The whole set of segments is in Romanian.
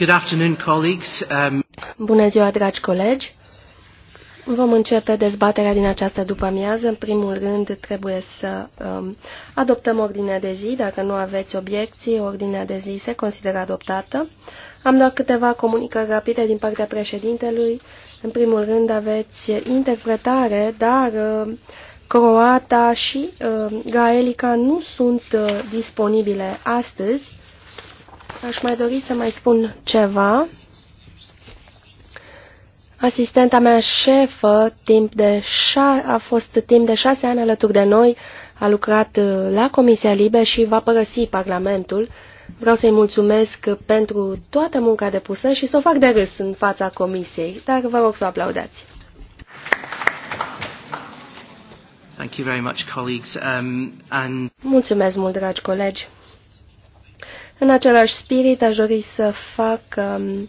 Good afternoon, colleagues. Um... Bună ziua, dragi colegi. Vom începe dezbaterea din această după-amiază. În primul rând, trebuie să um, adoptăm ordinea de zi. Dacă nu aveți obiecții, ordinea de zi se consideră adoptată. Am doar câteva comunicări rapide din partea președintelui. În primul rând, aveți interpretare, dar uh, croata și uh, gaelica nu sunt uh, disponibile astăzi Aș mai dori să mai spun ceva. Asistenta mea șefă timp de șa a fost timp de șase ani alături de noi, a lucrat uh, la Comisia Libe și va părăsi Parlamentul. Vreau să-i mulțumesc pentru toată munca depusă și să o fac de râs în fața Comisiei, dar vă rog să o aplaudați. Thank you very much, colleagues. Um, and... Mulțumesc mult, dragi colegi. În același spirit, aș dori să fac um,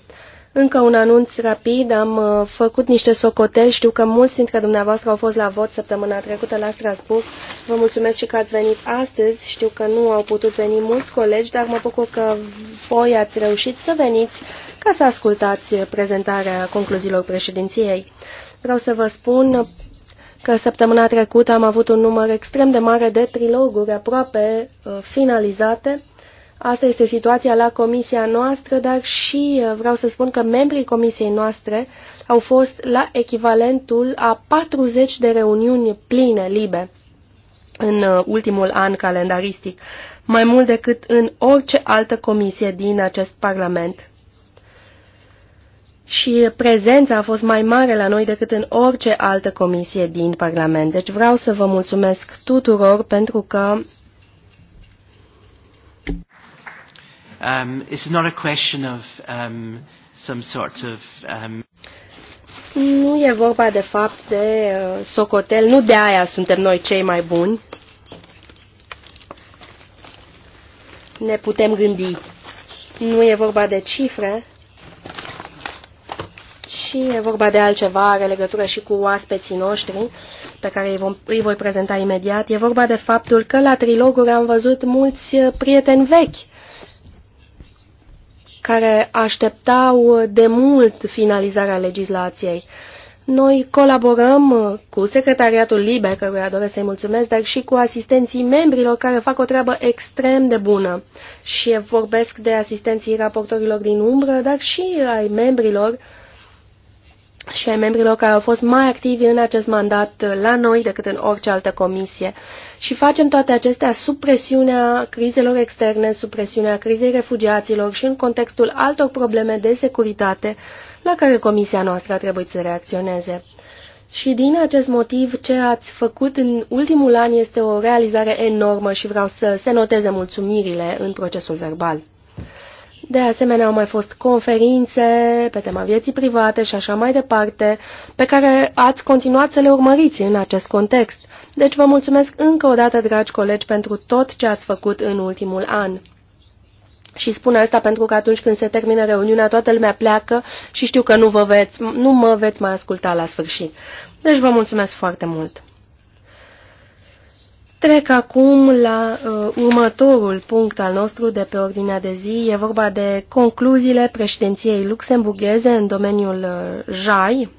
încă un anunț rapid. Am uh, făcut niște socoteli. Știu că mulți dintre dumneavoastră au fost la vot săptămâna trecută la Strasburg. Vă mulțumesc și că ați venit astăzi. Știu că nu au putut veni mulți colegi, dar mă bucur că voi ați reușit să veniți ca să ascultați prezentarea concluziilor președinției. Vreau să vă spun că săptămâna trecută am avut un număr extrem de mare de triloguri aproape uh, finalizate Asta este situația la comisia noastră, dar și uh, vreau să spun că membrii comisiei noastre au fost la echivalentul a 40 de reuniuni pline, libe, în uh, ultimul an calendaristic, mai mult decât în orice altă comisie din acest Parlament. Și prezența a fost mai mare la noi decât în orice altă comisie din Parlament. Deci vreau să vă mulțumesc tuturor pentru că Um, it's not a question of um, some sort of um, nu e vorba de fapt de uh, socotel, nu de aia suntem noi cei mai buni. Ne putem gândi. Nu e vorba de cifre, ci e vorba de altceva, are legătură și cu oaspeții noștri, pe care îi, vom, îi voi prezenta imediat. E vorba de faptul că la triloguri am văzut mulți uh, prieteni vechi care așteptau de mult finalizarea legislației. Noi colaborăm cu secretariatul LIBE, căruia doresc să-i mulțumesc, dar și cu asistenții membrilor care fac o treabă extrem de bună. Și vorbesc de asistenții raportorilor din umbră, dar și ai membrilor și ai membrilor care au fost mai activi în acest mandat la noi decât în orice altă comisie. Și facem toate acestea sub presiunea crizelor externe, sub presiunea crizei refugiaților și în contextul altor probleme de securitate la care comisia noastră a trebuit să reacționeze. Și din acest motiv, ce ați făcut în ultimul an este o realizare enormă și vreau să se noteze mulțumirile în procesul verbal. De asemenea, au mai fost conferințe pe tema vieții private și așa mai departe, pe care ați continuat să le urmăriți în acest context. Deci vă mulțumesc încă o dată, dragi colegi, pentru tot ce ați făcut în ultimul an. Și spun asta pentru că atunci când se termină reuniunea, toată lumea pleacă și știu că nu, vă veți, nu mă veți mai asculta la sfârșit. Deci vă mulțumesc foarte mult! Trec acum la uh, următorul punct al nostru de pe ordinea de zi. E vorba de concluziile președinției luxemburgheze în domeniul uh, JAI.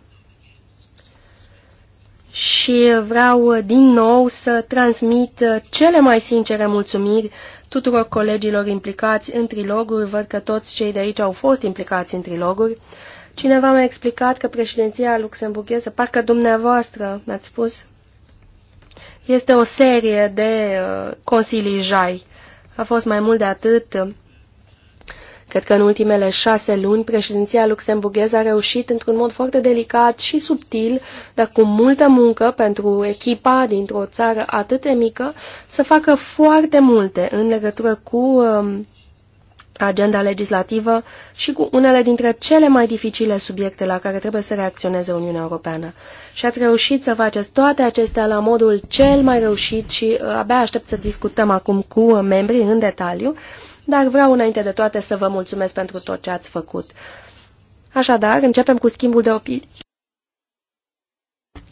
Și vreau din nou să transmit uh, cele mai sincere mulțumiri tuturor colegilor implicați în triloguri. Văd că toți cei de aici au fost implicați în triloguri. Cineva mi-a explicat că președinția luxemburgheză, parcă dumneavoastră mi-ați spus, este o serie de uh, consilii jai. A fost mai mult de atât. Cred că în ultimele șase luni președinția luxemburgheză a reușit într-un mod foarte delicat și subtil, dar cu multă muncă pentru echipa dintr-o țară atât de mică, să facă foarte multe în legătură cu um, agenda legislativă și cu unele dintre cele mai dificile subiecte la care trebuie să reacționeze Uniunea Europeană. Și ați reușit să faceți toate acestea la modul cel mai reușit și uh, abia aștept să discutăm acum cu membrii în detaliu, dar vreau înainte de toate să vă mulțumesc pentru tot ce ați făcut. Așadar, începem cu schimbul de opinii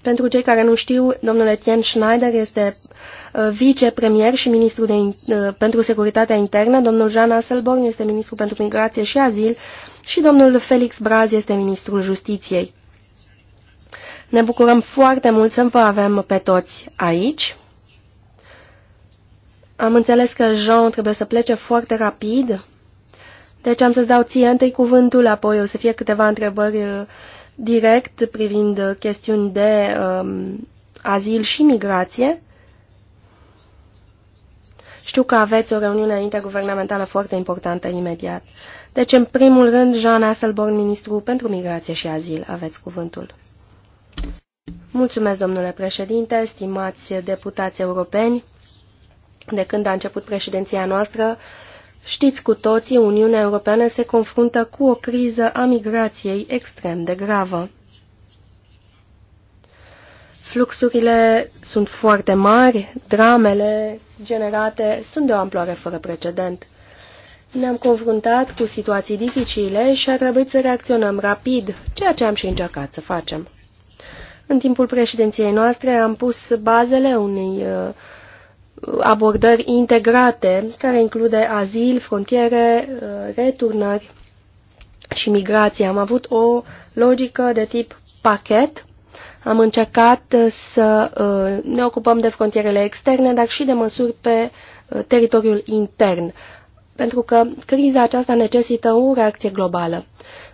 pentru cei care nu știu, domnul Etienne Schneider este uh, vicepremier și ministru de, uh, pentru securitatea internă, domnul Jean Asselborn este ministru pentru migrație și azil și domnul Felix Braz este ministrul justiției. Ne bucurăm foarte mult să vă avem pe toți aici. Am înțeles că Jean trebuie să plece foarte rapid, deci am să-ți dau ție întâi cuvântul, apoi o să fie câteva întrebări uh, direct privind chestiuni de um, azil și migrație. Știu că aveți o reuniune interguvernamentală foarte importantă imediat. Deci, în primul rând, Jean Asselborn, ministru pentru migrație și azil, aveți cuvântul. Mulțumesc, domnule președinte, stimați deputați europeni. De când a început președinția noastră, Știți cu toții, Uniunea Europeană se confruntă cu o criză a migrației extrem de gravă. Fluxurile sunt foarte mari, dramele generate sunt de o amploare fără precedent. Ne-am confruntat cu situații dificile și a trebuit să reacționăm rapid, ceea ce am și încercat să facem. În timpul președinției noastre am pus bazele unei uh, abordări integrate, care include azil, frontiere, uh, returnări și migrație. Am avut o logică de tip pachet. Am încercat să uh, ne ocupăm de frontierele externe, dar și de măsuri pe uh, teritoriul intern, pentru că criza aceasta necesită o reacție globală.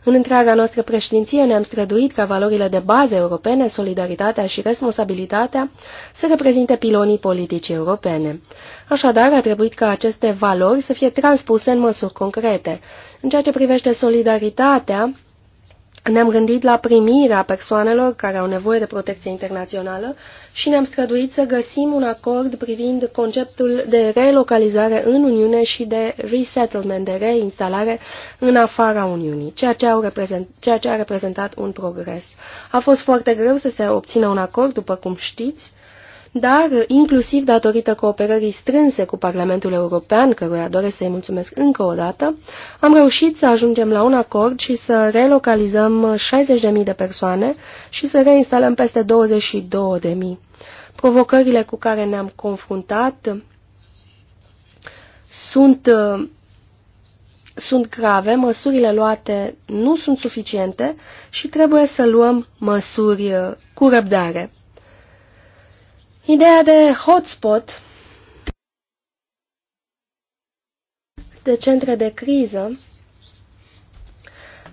În întreaga noastră președinție ne-am străduit ca valorile de bază europene, solidaritatea și responsabilitatea să reprezinte pilonii politicii europene. Așadar, a trebuit ca aceste valori să fie transpuse în măsuri concrete. În ceea ce privește solidaritatea, ne-am gândit la primirea persoanelor care au nevoie de protecție internațională și ne-am străduit să găsim un acord privind conceptul de relocalizare în Uniune și de resettlement, de reinstalare în afara Uniunii, ceea ce, au reprezent, ceea ce a reprezentat un progres. A fost foarte greu să se obțină un acord, după cum știți, dar inclusiv datorită cooperării strânse cu Parlamentul European, căruia doresc să-i mulțumesc încă o dată, am reușit să ajungem la un acord și să relocalizăm 60.000 de persoane și să reinstalăm peste 22.000. Provocările cu care ne-am confruntat sunt, sunt grave, măsurile luate nu sunt suficiente și trebuie să luăm măsuri cu răbdare. Ideea de hotspot, de centre de criză,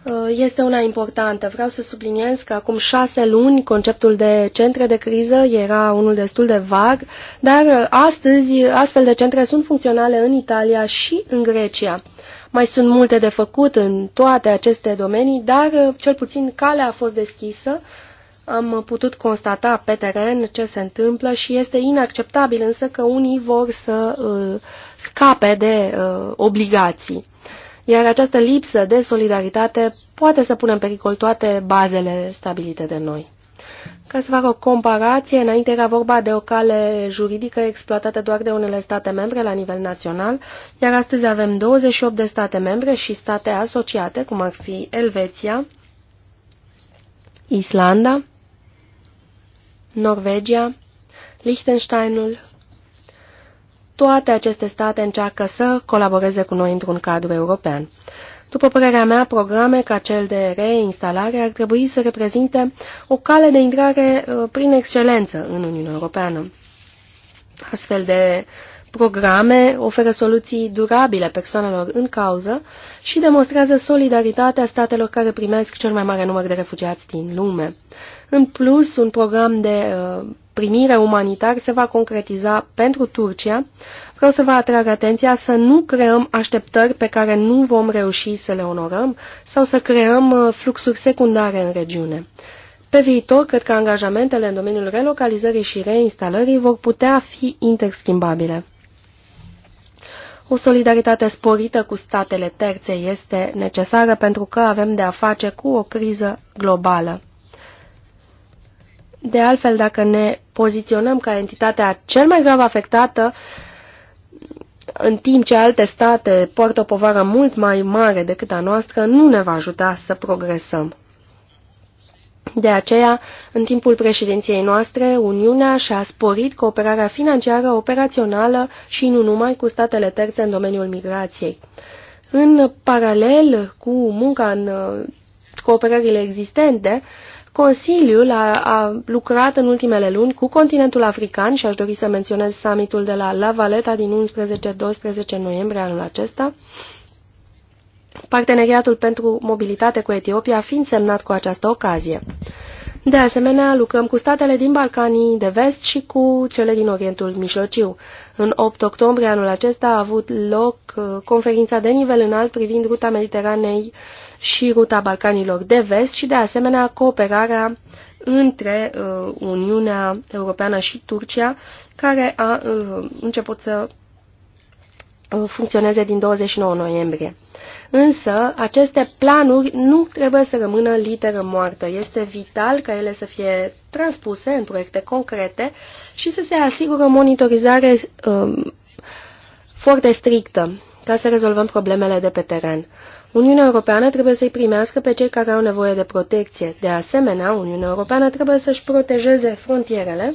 uh, este una importantă. Vreau să subliniez că acum șase luni conceptul de centre de criză era unul destul de vag, dar uh, astăzi astfel de centre sunt funcționale în Italia și în Grecia. Mai sunt multe de făcut în toate aceste domenii, dar uh, cel puțin calea a fost deschisă am putut constata pe teren ce se întâmplă și este inacceptabil însă că unii vor să uh, scape de uh, obligații. Iar această lipsă de solidaritate poate să pună în pericol toate bazele stabilite de noi. Ca să fac o comparație, înainte era vorba de o cale juridică exploatată doar de unele state membre la nivel național, iar astăzi avem 28 de state membre și state asociate, cum ar fi Elveția, Islanda, Norvegia, Liechtensteinul. Toate aceste state încearcă să colaboreze cu noi într-un cadru european. După părerea mea, programe ca cel de reinstalare ar trebui să reprezinte o cale de intrare uh, prin excelență în Uniunea Europeană. Astfel de programe oferă soluții durabile persoanelor în cauză și demonstrează solidaritatea statelor care primesc cel mai mare număr de refugiați din lume. În plus, un program de uh, primire umanitar se va concretiza pentru Turcia. Vreau să vă atrag atenția să nu creăm așteptări pe care nu vom reuși să le onorăm sau să creăm uh, fluxuri secundare în regiune. Pe viitor, cred că angajamentele în domeniul relocalizării și reinstalării vor putea fi interschimbabile. O solidaritate sporită cu statele terțe este necesară pentru că avem de a face cu o criză globală. De altfel, dacă ne poziționăm ca entitatea cel mai grav afectată, în timp ce alte state poartă o povară mult mai mare decât a noastră, nu ne va ajuta să progresăm. De aceea, în timpul președinției noastre, Uniunea și-a sporit cooperarea financiară operațională și nu numai cu statele terțe în domeniul migrației. În paralel cu munca în uh, cooperările existente, Consiliul a, a lucrat în ultimele luni cu continentul african și aș dori să menționez summitul de la La Valeta din 11-12 noiembrie anul acesta, parteneriatul pentru mobilitate cu Etiopia fiind semnat cu această ocazie. De asemenea, lucrăm cu statele din Balcanii de vest și cu cele din Orientul Mijlociu. În 8 octombrie anul acesta a avut loc uh, conferința de nivel înalt privind ruta Mediteranei și ruta Balcanilor de vest și, de asemenea, cooperarea între uh, Uniunea Europeană și Turcia, care a uh, început să uh, funcționeze din 29 noiembrie. Însă, aceste planuri nu trebuie să rămână literă moartă. Este vital ca ele să fie transpuse în proiecte concrete și să se asigură monitorizare um, foarte strictă ca să rezolvăm problemele de pe teren. Uniunea Europeană trebuie să-i primească pe cei care au nevoie de protecție. De asemenea, Uniunea Europeană trebuie să-și protejeze frontierele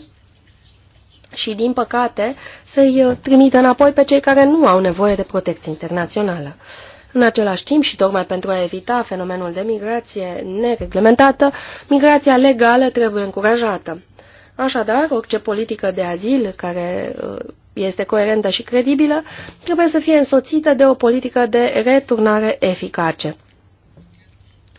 și, din păcate, să-i uh, trimită înapoi pe cei care nu au nevoie de protecție internațională. În același timp și tocmai pentru a evita fenomenul de migrație nereglementată, migrația legală trebuie încurajată. Așadar, orice politică de azil care uh, este coerentă și credibilă, trebuie să fie însoțită de o politică de returnare eficace.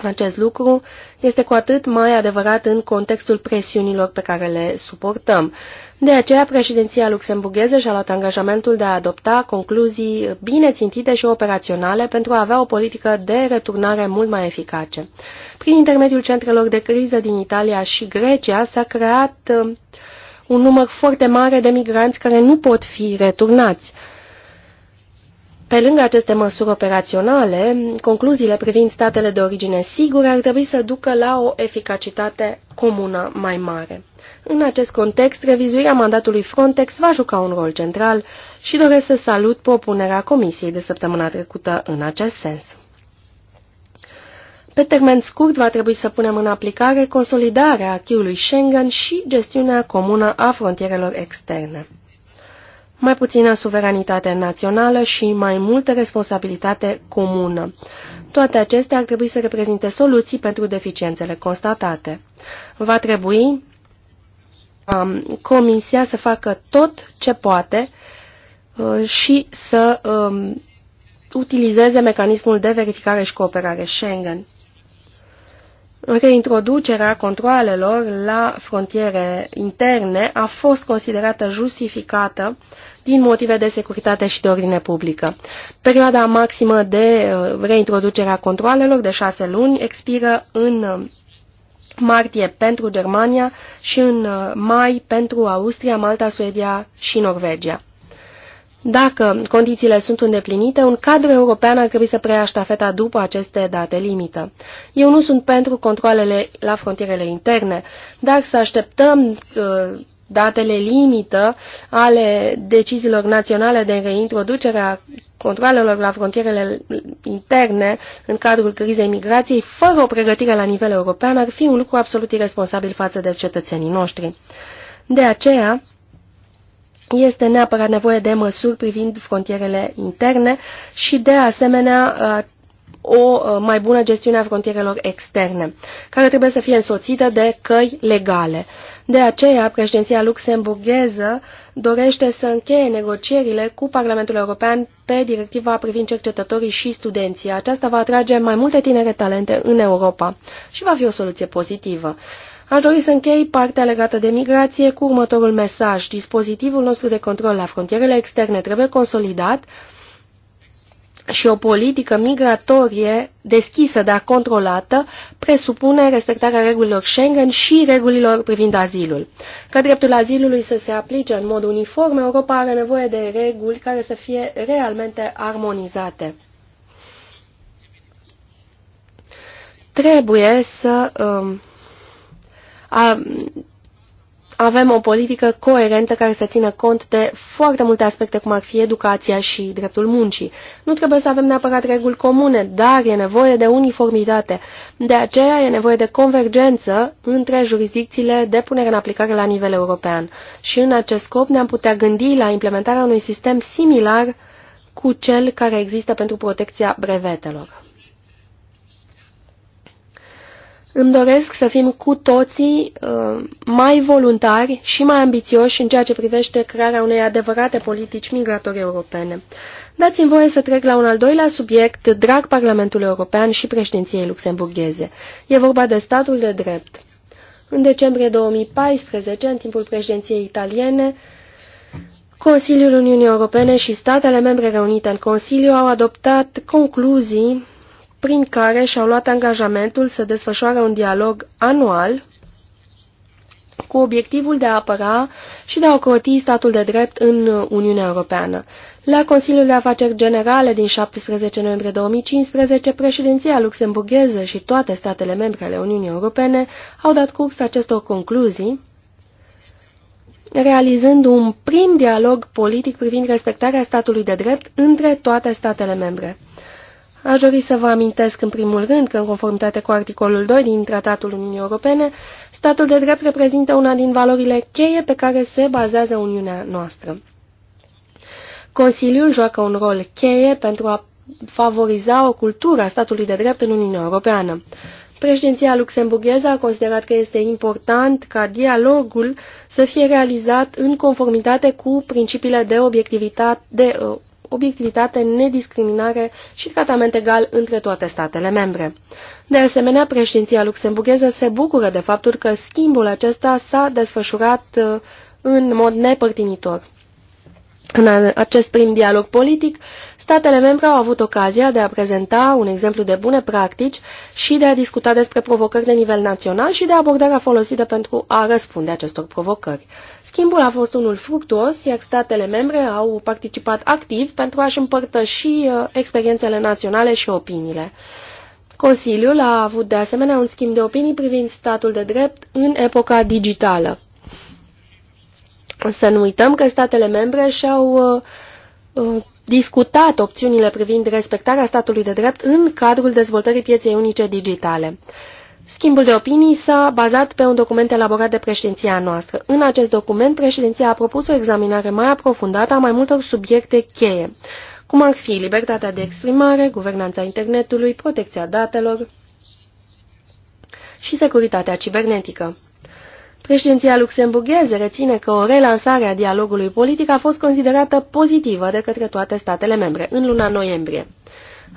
Acest lucru este cu atât mai adevărat în contextul presiunilor pe care le suportăm. De aceea, președinția luxemburgheză și-a luat angajamentul de a adopta concluzii bine țintite și operaționale pentru a avea o politică de returnare mult mai eficace. Prin intermediul centrelor de criză din Italia și Grecia s-a creat un număr foarte mare de migranți care nu pot fi returnați. Pe lângă aceste măsuri operaționale, concluziile privind statele de origine sigure ar trebui să ducă la o eficacitate comună mai mare. În acest context, revizuirea mandatului Frontex va juca un rol central și doresc să salut propunerea Comisiei de săptămâna trecută în acest sens. Pe termen scurt va trebui să punem în aplicare consolidarea acquis Schengen și gestiunea comună a frontierelor externe. Mai puțină suveranitate națională și mai multă responsabilitate comună. Toate acestea ar trebui să reprezinte soluții pentru deficiențele constatate. Va trebui um, Comisia să facă tot ce poate uh, și să um, utilizeze mecanismul de verificare și cooperare Schengen. Reintroducerea controalelor la frontiere interne a fost considerată justificată din motive de securitate și de ordine publică. Perioada maximă de uh, reintroducere a controalelor de șase luni expiră în uh, martie pentru Germania și în uh, mai pentru Austria, Malta, Suedia și Norvegia. Dacă condițiile sunt îndeplinite, un cadru european ar trebui să preia ștafeta după aceste date limită. Eu nu sunt pentru controlele la frontierele interne, dar să așteptăm uh, datele limită ale deciziilor naționale de reintroducere a controlelor la frontierele interne în cadrul crizei migrației, fără o pregătire la nivel european, ar fi un lucru absolut irresponsabil față de cetățenii noștri. De aceea, este neapărat nevoie de măsuri privind frontierele interne și, de asemenea, uh, o uh, mai bună gestiune a frontierelor externe, care trebuie să fie însoțită de căi legale. De aceea, președinția luxemburgheză dorește să încheie negocierile cu Parlamentul European pe directiva privind cercetătorii și studenții. Aceasta va atrage mai multe tinere talente în Europa și va fi o soluție pozitivă. Aș dori să închei partea legată de migrație cu următorul mesaj. Dispozitivul nostru de control la frontierele externe trebuie consolidat și o politică migratorie deschisă, dar controlată, presupune respectarea regulilor Schengen și regulilor privind azilul. Ca dreptul azilului să se aplice în mod uniform, Europa are nevoie de reguli care să fie realmente armonizate. Trebuie să um, avem o politică coerentă care să țină cont de foarte multe aspecte, cum ar fi educația și dreptul muncii. Nu trebuie să avem neapărat reguli comune, dar e nevoie de uniformitate. De aceea e nevoie de convergență între jurisdicțiile de punere în aplicare la nivel european. Și în acest scop ne-am putea gândi la implementarea unui sistem similar cu cel care există pentru protecția brevetelor. Îmi doresc să fim cu toții uh, mai voluntari și mai ambițioși în ceea ce privește crearea unei adevărate politici migratorii europene. Dați-mi voie să trec la un al doilea subiect, drag Parlamentul European și președinției luxemburgheze. E vorba de statul de drept. În decembrie 2014, în timpul președinției italiene, Consiliul Uniunii Europene și statele membre reunite în Consiliu au adoptat concluzii prin care și-au luat angajamentul să desfășoare un dialog anual cu obiectivul de a apăra și de a ocroti statul de drept în Uniunea Europeană. La Consiliul de Afaceri Generale din 17 noiembrie 2015, președinția luxemburgheză și toate statele membre ale Uniunii Europene au dat curs acestor concluzii, realizând un prim dialog politic privind respectarea statului de drept între toate statele membre. Aș dori să vă amintesc în primul rând că, în conformitate cu articolul 2 din Tratatul Uniunii Europene, statul de drept reprezintă una din valorile cheie pe care se bazează Uniunea noastră. Consiliul joacă un rol cheie pentru a favoriza o cultură a statului de drept în Uniunea Europeană. Președinția luxemburgheză a considerat că este important ca dialogul să fie realizat în conformitate cu principiile de obiectivitate, de obiectivitate, nediscriminare și tratament egal între toate statele membre. De asemenea, președinția luxemburgheză se bucură de faptul că schimbul acesta s-a desfășurat uh, în mod nepărtinitor. În acest prim dialog politic Statele membre au avut ocazia de a prezenta un exemplu de bune practici și de a discuta despre provocări de nivel național și de abordarea folosită pentru a răspunde acestor provocări. Schimbul a fost unul fructuos, iar statele membre au participat activ pentru a-și împărtăși uh, experiențele naționale și opiniile. Consiliul a avut de asemenea un schimb de opinii privind statul de drept în epoca digitală. Să nu uităm că statele membre și-au uh, uh, discutat opțiunile privind respectarea statului de drept în cadrul dezvoltării pieței unice digitale. Schimbul de opinii s-a bazat pe un document elaborat de președinția noastră. În acest document, președinția a propus o examinare mai aprofundată a mai multor subiecte cheie, cum ar fi libertatea de exprimare, guvernanța internetului, protecția datelor și securitatea cibernetică. Președinția luxemburgheză reține că o relansare a dialogului politic a fost considerată pozitivă de către toate statele membre în luna noiembrie.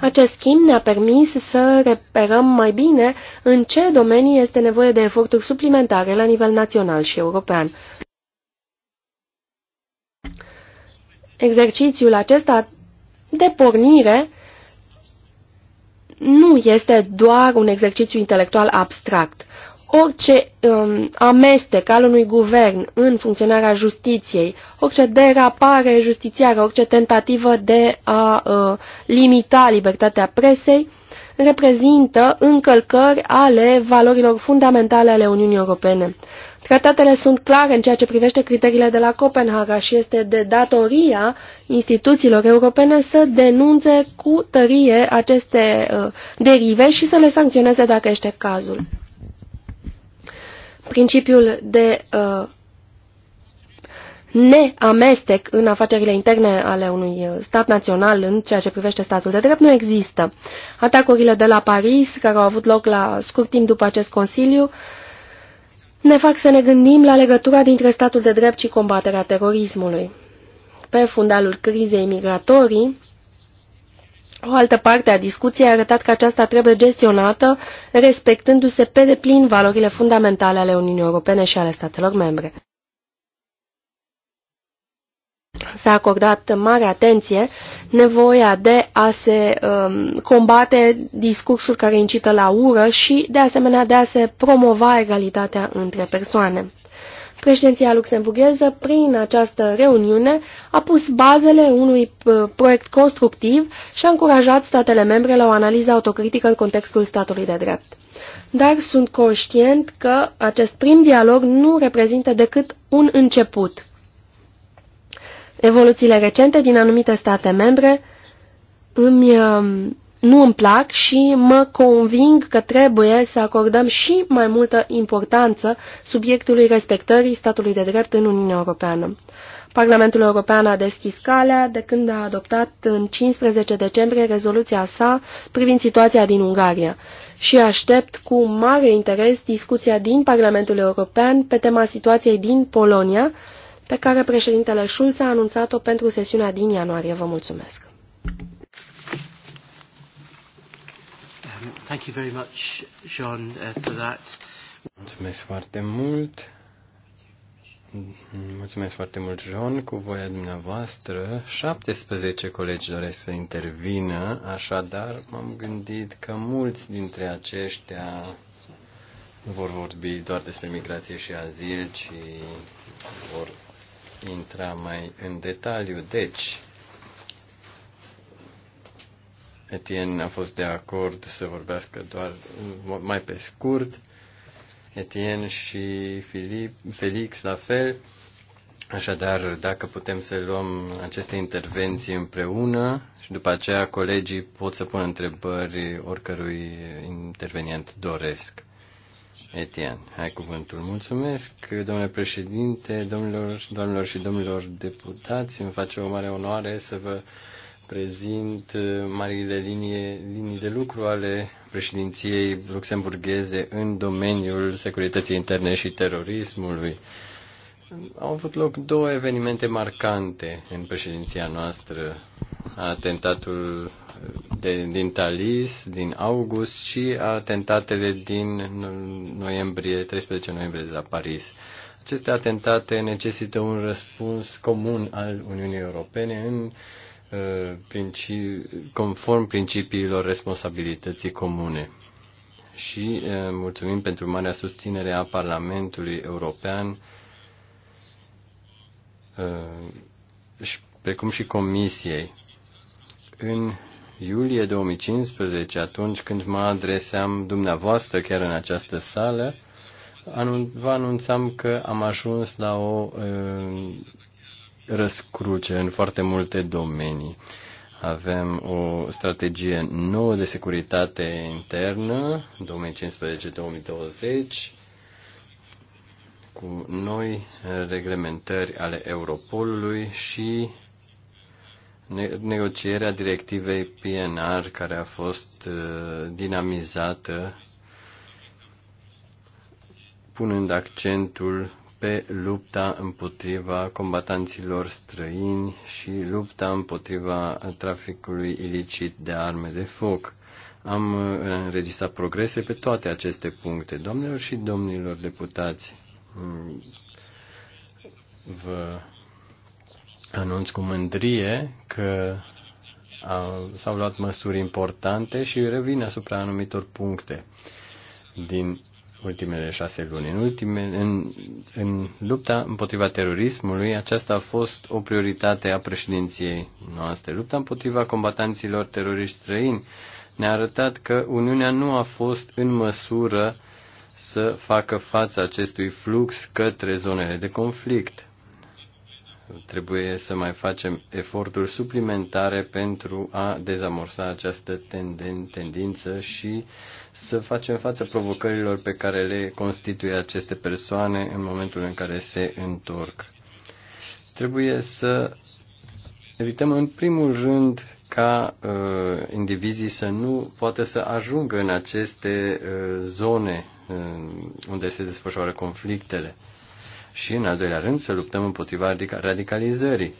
Acest schimb ne-a permis să reperăm mai bine în ce domenii este nevoie de eforturi suplimentare la nivel național și european. Exercițiul acesta de pornire nu este doar un exercițiu intelectual abstract orice um, amestec al unui guvern în funcționarea justiției, orice derapare justițiară, orice tentativă de a uh, limita libertatea presei, reprezintă încălcări ale valorilor fundamentale ale Uniunii Europene. Tratatele sunt clare în ceea ce privește criteriile de la Copenhaga și este de datoria instituțiilor europene să denunțe cu tărie aceste uh, derive și să le sancționeze dacă este cazul principiul de uh, neamestec în afacerile interne ale unui uh, stat național în ceea ce privește statul de drept nu există. Atacurile de la Paris, care au avut loc la scurt timp după acest Consiliu, ne fac să ne gândim la legătura dintre statul de drept și combaterea terorismului. Pe fundalul crizei migratorii, o altă parte a discuției a arătat că aceasta trebuie gestionată respectându-se pe deplin valorile fundamentale ale Uniunii Europene și ale statelor membre. S-a acordat mare atenție nevoia de a se um, combate discursul care incită la ură și, de asemenea, de a se promova egalitatea între persoane. Președinția luxemburgheză, prin această reuniune, a pus bazele unui uh, proiect constructiv și a încurajat statele membre la o analiză autocritică în contextul statului de drept. Dar sunt conștient că acest prim dialog nu reprezintă decât un început. Evoluțiile recente din anumite state membre îmi uh, nu îmi plac și mă conving că trebuie să acordăm și mai multă importanță subiectului respectării statului de drept în Uniunea Europeană. Parlamentul European a deschis calea de când a adoptat în 15 decembrie rezoluția sa privind situația din Ungaria și aștept cu mare interes discuția din Parlamentul European pe tema situației din Polonia, pe care președintele Schulz a anunțat-o pentru sesiunea din ianuarie. Vă mulțumesc! Thank you very much, John, uh, for that. Mulțumesc foarte mult. Mulțumesc foarte mult, John. Cu voia dumneavoastră, 17 colegi doresc să intervină, așadar m-am gândit că mulți dintre aceștia vor vorbi doar despre migrație și azil, ci vor intra mai în detaliu. Deci, Etienne a fost de acord să vorbească doar mai pe scurt. Etienne și Filip, Felix la fel. Așadar, dacă putem să luăm aceste intervenții împreună și după aceea colegii pot să pună întrebări oricărui intervenient doresc. Etienne, hai cuvântul. Mulțumesc, domnule președinte, domnilor, domnilor și domnilor deputați. Îmi face o mare onoare să vă prezint uh, marile linie, linii de lucru ale președinției luxemburgheze în domeniul securității interne și terorismului. Au avut loc două evenimente marcante în președinția noastră. Atentatul uh, de, din Talis din august și atentatele din noiembrie, 13 noiembrie de la Paris. Aceste atentate necesită un răspuns comun al Uniunii Europene în uh, conform principiilor responsabilității comune. Și eh, mulțumim pentru marea susținere a Parlamentului European eh, și precum și Comisiei. În iulie 2015, atunci când mă adreseam dumneavoastră chiar în această sală, anun- vă anunțam că am ajuns la o uh, răscruce în foarte multe domenii. Avem o strategie nouă de securitate internă, 2015-2020, cu noi reglementări ale Europolului și negocierea directivei PNR care a fost uh, dinamizată punând accentul pe lupta împotriva combatanților străini și lupta împotriva traficului ilicit de arme de foc. Am uh, înregistrat progrese pe toate aceste puncte. Doamnelor și domnilor deputați, mm, vă anunț cu mândrie că s-au luat măsuri importante și revin asupra anumitor puncte din ultimele șase luni. În, ultime, în, în lupta împotriva terorismului, aceasta a fost o prioritate a președinției noastre. Lupta împotriva combatanților teroriști străini ne-a arătat că Uniunea nu a fost în măsură să facă față acestui flux către zonele de conflict. Trebuie să mai facem eforturi suplimentare pentru a dezamorsa această tendință și uh, să facem față provocărilor pe care le constituie aceste persoane în momentul în care se întorc. Trebuie să evităm în primul rând ca uh, indivizii să nu poată să ajungă în aceste uh, zone uh, unde se desfășoară conflictele. Și, în al doilea rând, să luptăm împotriva radicalizării.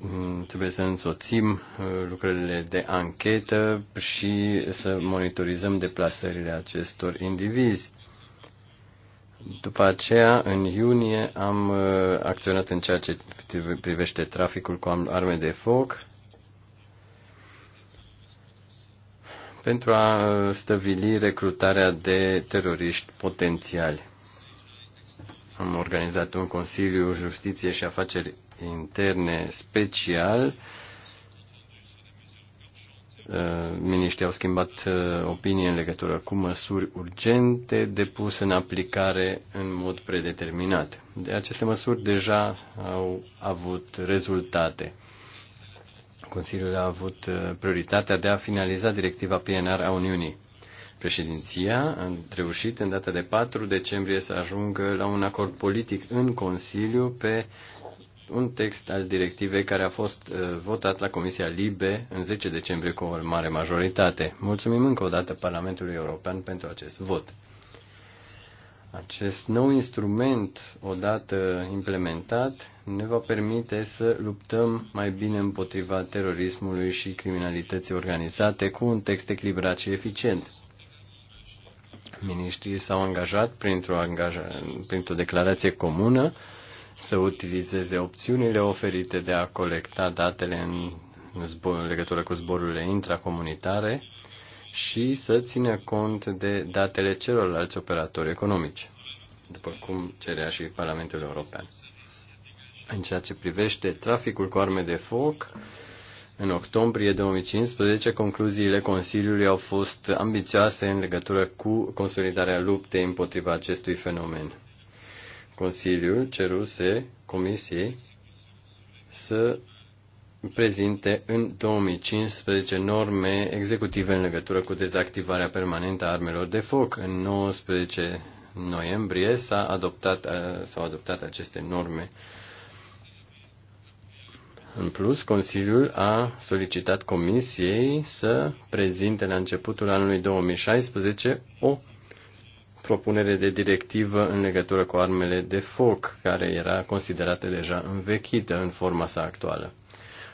Mm, trebuie să însoțim uh, lucrările de anchetă și să monitorizăm deplasările acestor indivizi. După aceea, în iunie, am uh, acționat în ceea ce privește traficul cu arme de foc pentru a uh, stăvili recrutarea de teroriști potențiali. Am organizat un Consiliu Justiție și Afaceri interne special. Uh, miniștrii au schimbat uh, opinie în legătură cu măsuri urgente depuse în aplicare în mod predeterminat. De aceste măsuri deja au avut rezultate. Consiliul a avut uh, prioritatea de a finaliza directiva PNR a Uniunii. Președinția a reușit în data de 4 decembrie să ajungă la un acord politic în Consiliu pe un text al directivei care a fost uh, votat la Comisia Libe în 10 decembrie cu o mare majoritate. Mulțumim încă o dată Parlamentului European pentru acest vot. Acest nou instrument, odată implementat, ne va permite să luptăm mai bine împotriva terorismului și criminalității organizate cu un text echilibrat și eficient. Ministrii s-au angajat printr-o, angaja, printr-o declarație comună să utilizeze opțiunile oferite de a colecta datele în, zbor, în legătură cu zborurile intracomunitare și să țină cont de datele celorlalți operatori economici, după cum cerea și Parlamentul European. În ceea ce privește traficul cu arme de foc, în octombrie 2015, concluziile Consiliului au fost ambițioase în legătură cu consolidarea luptei împotriva acestui fenomen. Consiliul ceruse Comisiei să prezinte în 2015 norme executive în legătură cu dezactivarea permanentă a armelor de foc. În 19 noiembrie s au adoptat, s adoptat aceste norme. În plus, Consiliul a solicitat Comisiei să prezinte la începutul anului 2016 o propunere de directivă în legătură cu armele de foc, care era considerată deja învechită în forma sa actuală.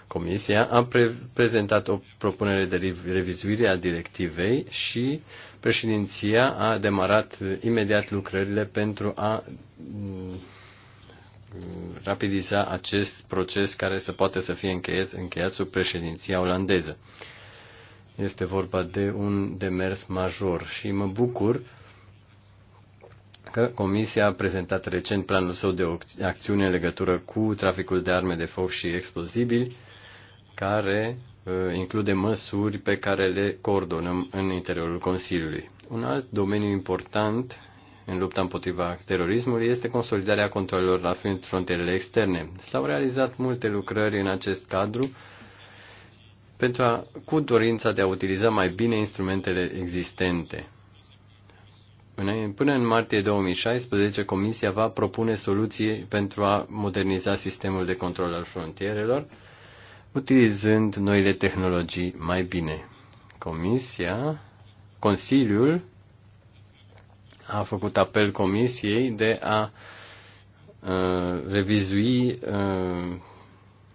Comisia a pre- prezentat o propunere de revizuire a directivei și președinția a demarat imediat lucrările pentru a mm, rapidiza acest proces care să poate să fie încheiat, încheiat sub președinția olandeză. Este vorba de un demers major și mă bucur că Comisia a prezentat recent planul său de acțiune în legătură cu traficul de arme de foc și explozibili, care uh, include măsuri pe care le coordonăm în interiorul Consiliului. Un alt domeniu important în lupta împotriva terorismului este consolidarea controlelor la frontierele externe. S-au realizat multe lucrări în acest cadru pentru a, cu dorința de a utiliza mai bine instrumentele existente. Până în martie 2016, Comisia va propune soluții pentru a moderniza sistemul de control al frontierelor, utilizând noile tehnologii mai bine. Comisia, Consiliul a făcut apel Comisiei de a uh, revizui uh,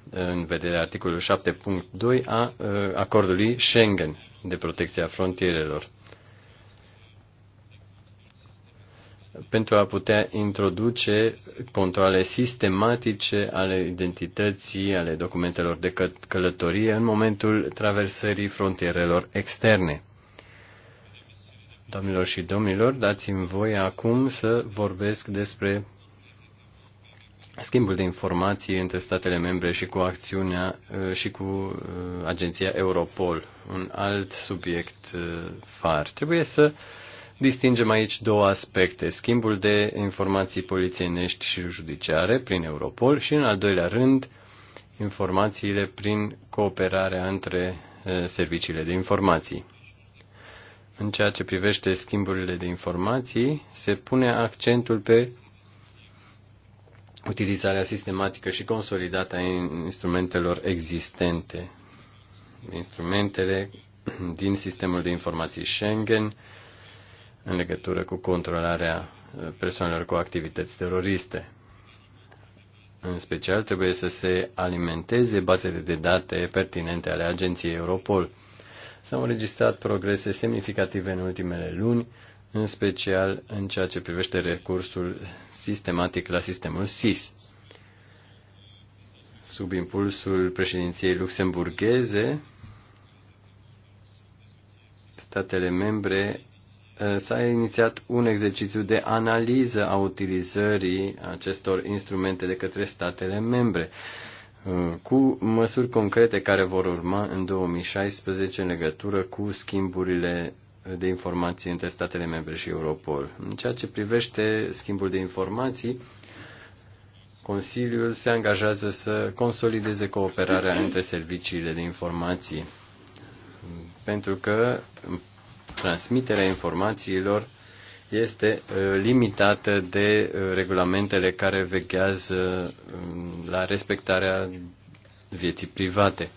în vederea articolului 7.2 a uh, acordului Schengen de protecția frontierelor. pentru a putea introduce controle sistematice ale identității, ale documentelor de călătorie în momentul traversării frontierelor externe. Domnilor și domnilor, dați-mi voie acum să vorbesc despre schimbul de informații între statele membre și cu acțiunea uh, și cu uh, agenția Europol, un alt subiect uh, far. Trebuie să uh, Distingem aici două aspecte, schimbul de informații polițienești și judiciare prin Europol și, în al doilea rând, informațiile prin cooperarea între serviciile de informații. În ceea ce privește schimburile de informații, se pune accentul pe utilizarea sistematică și consolidată a instrumentelor existente. Instrumentele din sistemul de informații Schengen, în legătură cu controlarea uh, persoanelor cu activități teroriste. În special trebuie să se alimenteze bazele de date pertinente ale agenției Europol. S-au înregistrat progrese semnificative în ultimele luni, în special în ceea ce privește recursul sistematic la sistemul SIS. Sub impulsul președinției luxemburgheze, statele membre s-a inițiat un exercițiu de analiză a utilizării acestor instrumente de către statele membre, uh, cu măsuri concrete care vor urma în 2016 în legătură cu schimburile de informații între statele membre și Europol. În ceea ce privește schimbul de informații, Consiliul se angajează să consolideze cooperarea între serviciile de informații pentru că transmiterea informațiilor este uh, limitată de uh, regulamentele care vechează um, la respectarea vieții private.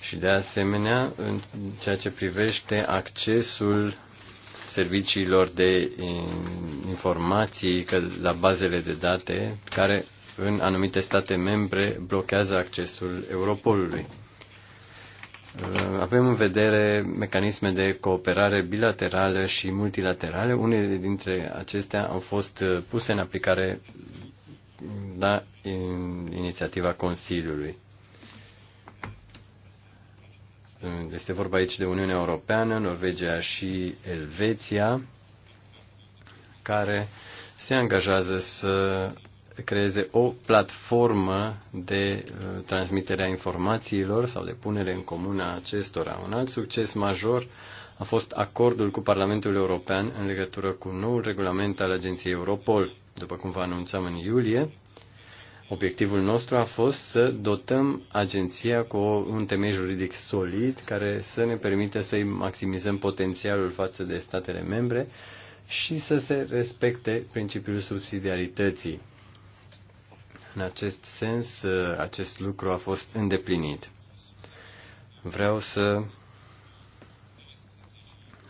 Și de asemenea, în ceea ce privește accesul serviciilor de um, informații la bazele de date, care în anumite state membre blochează accesul Europolului. Uh, avem în vedere mecanisme de cooperare bilaterală și multilaterale. Unele dintre acestea au fost uh, puse în aplicare la inițiativa Consiliului. Uh, este vorba aici de Uniunea Europeană, Norvegia și Elveția, care se angajează să creeze o platformă de uh, transmitere a informațiilor sau de punere în comun a acestora. Un alt succes major a fost acordul cu Parlamentul European în legătură cu noul regulament al agenției Europol. După cum vă anunțam în iulie, obiectivul nostru a fost să dotăm agenția cu un temei juridic solid care să ne permită să-i maximizăm potențialul față de statele membre și să se respecte principiul subsidiarității. În acest sens, ă, acest lucru a fost îndeplinit. Vreau să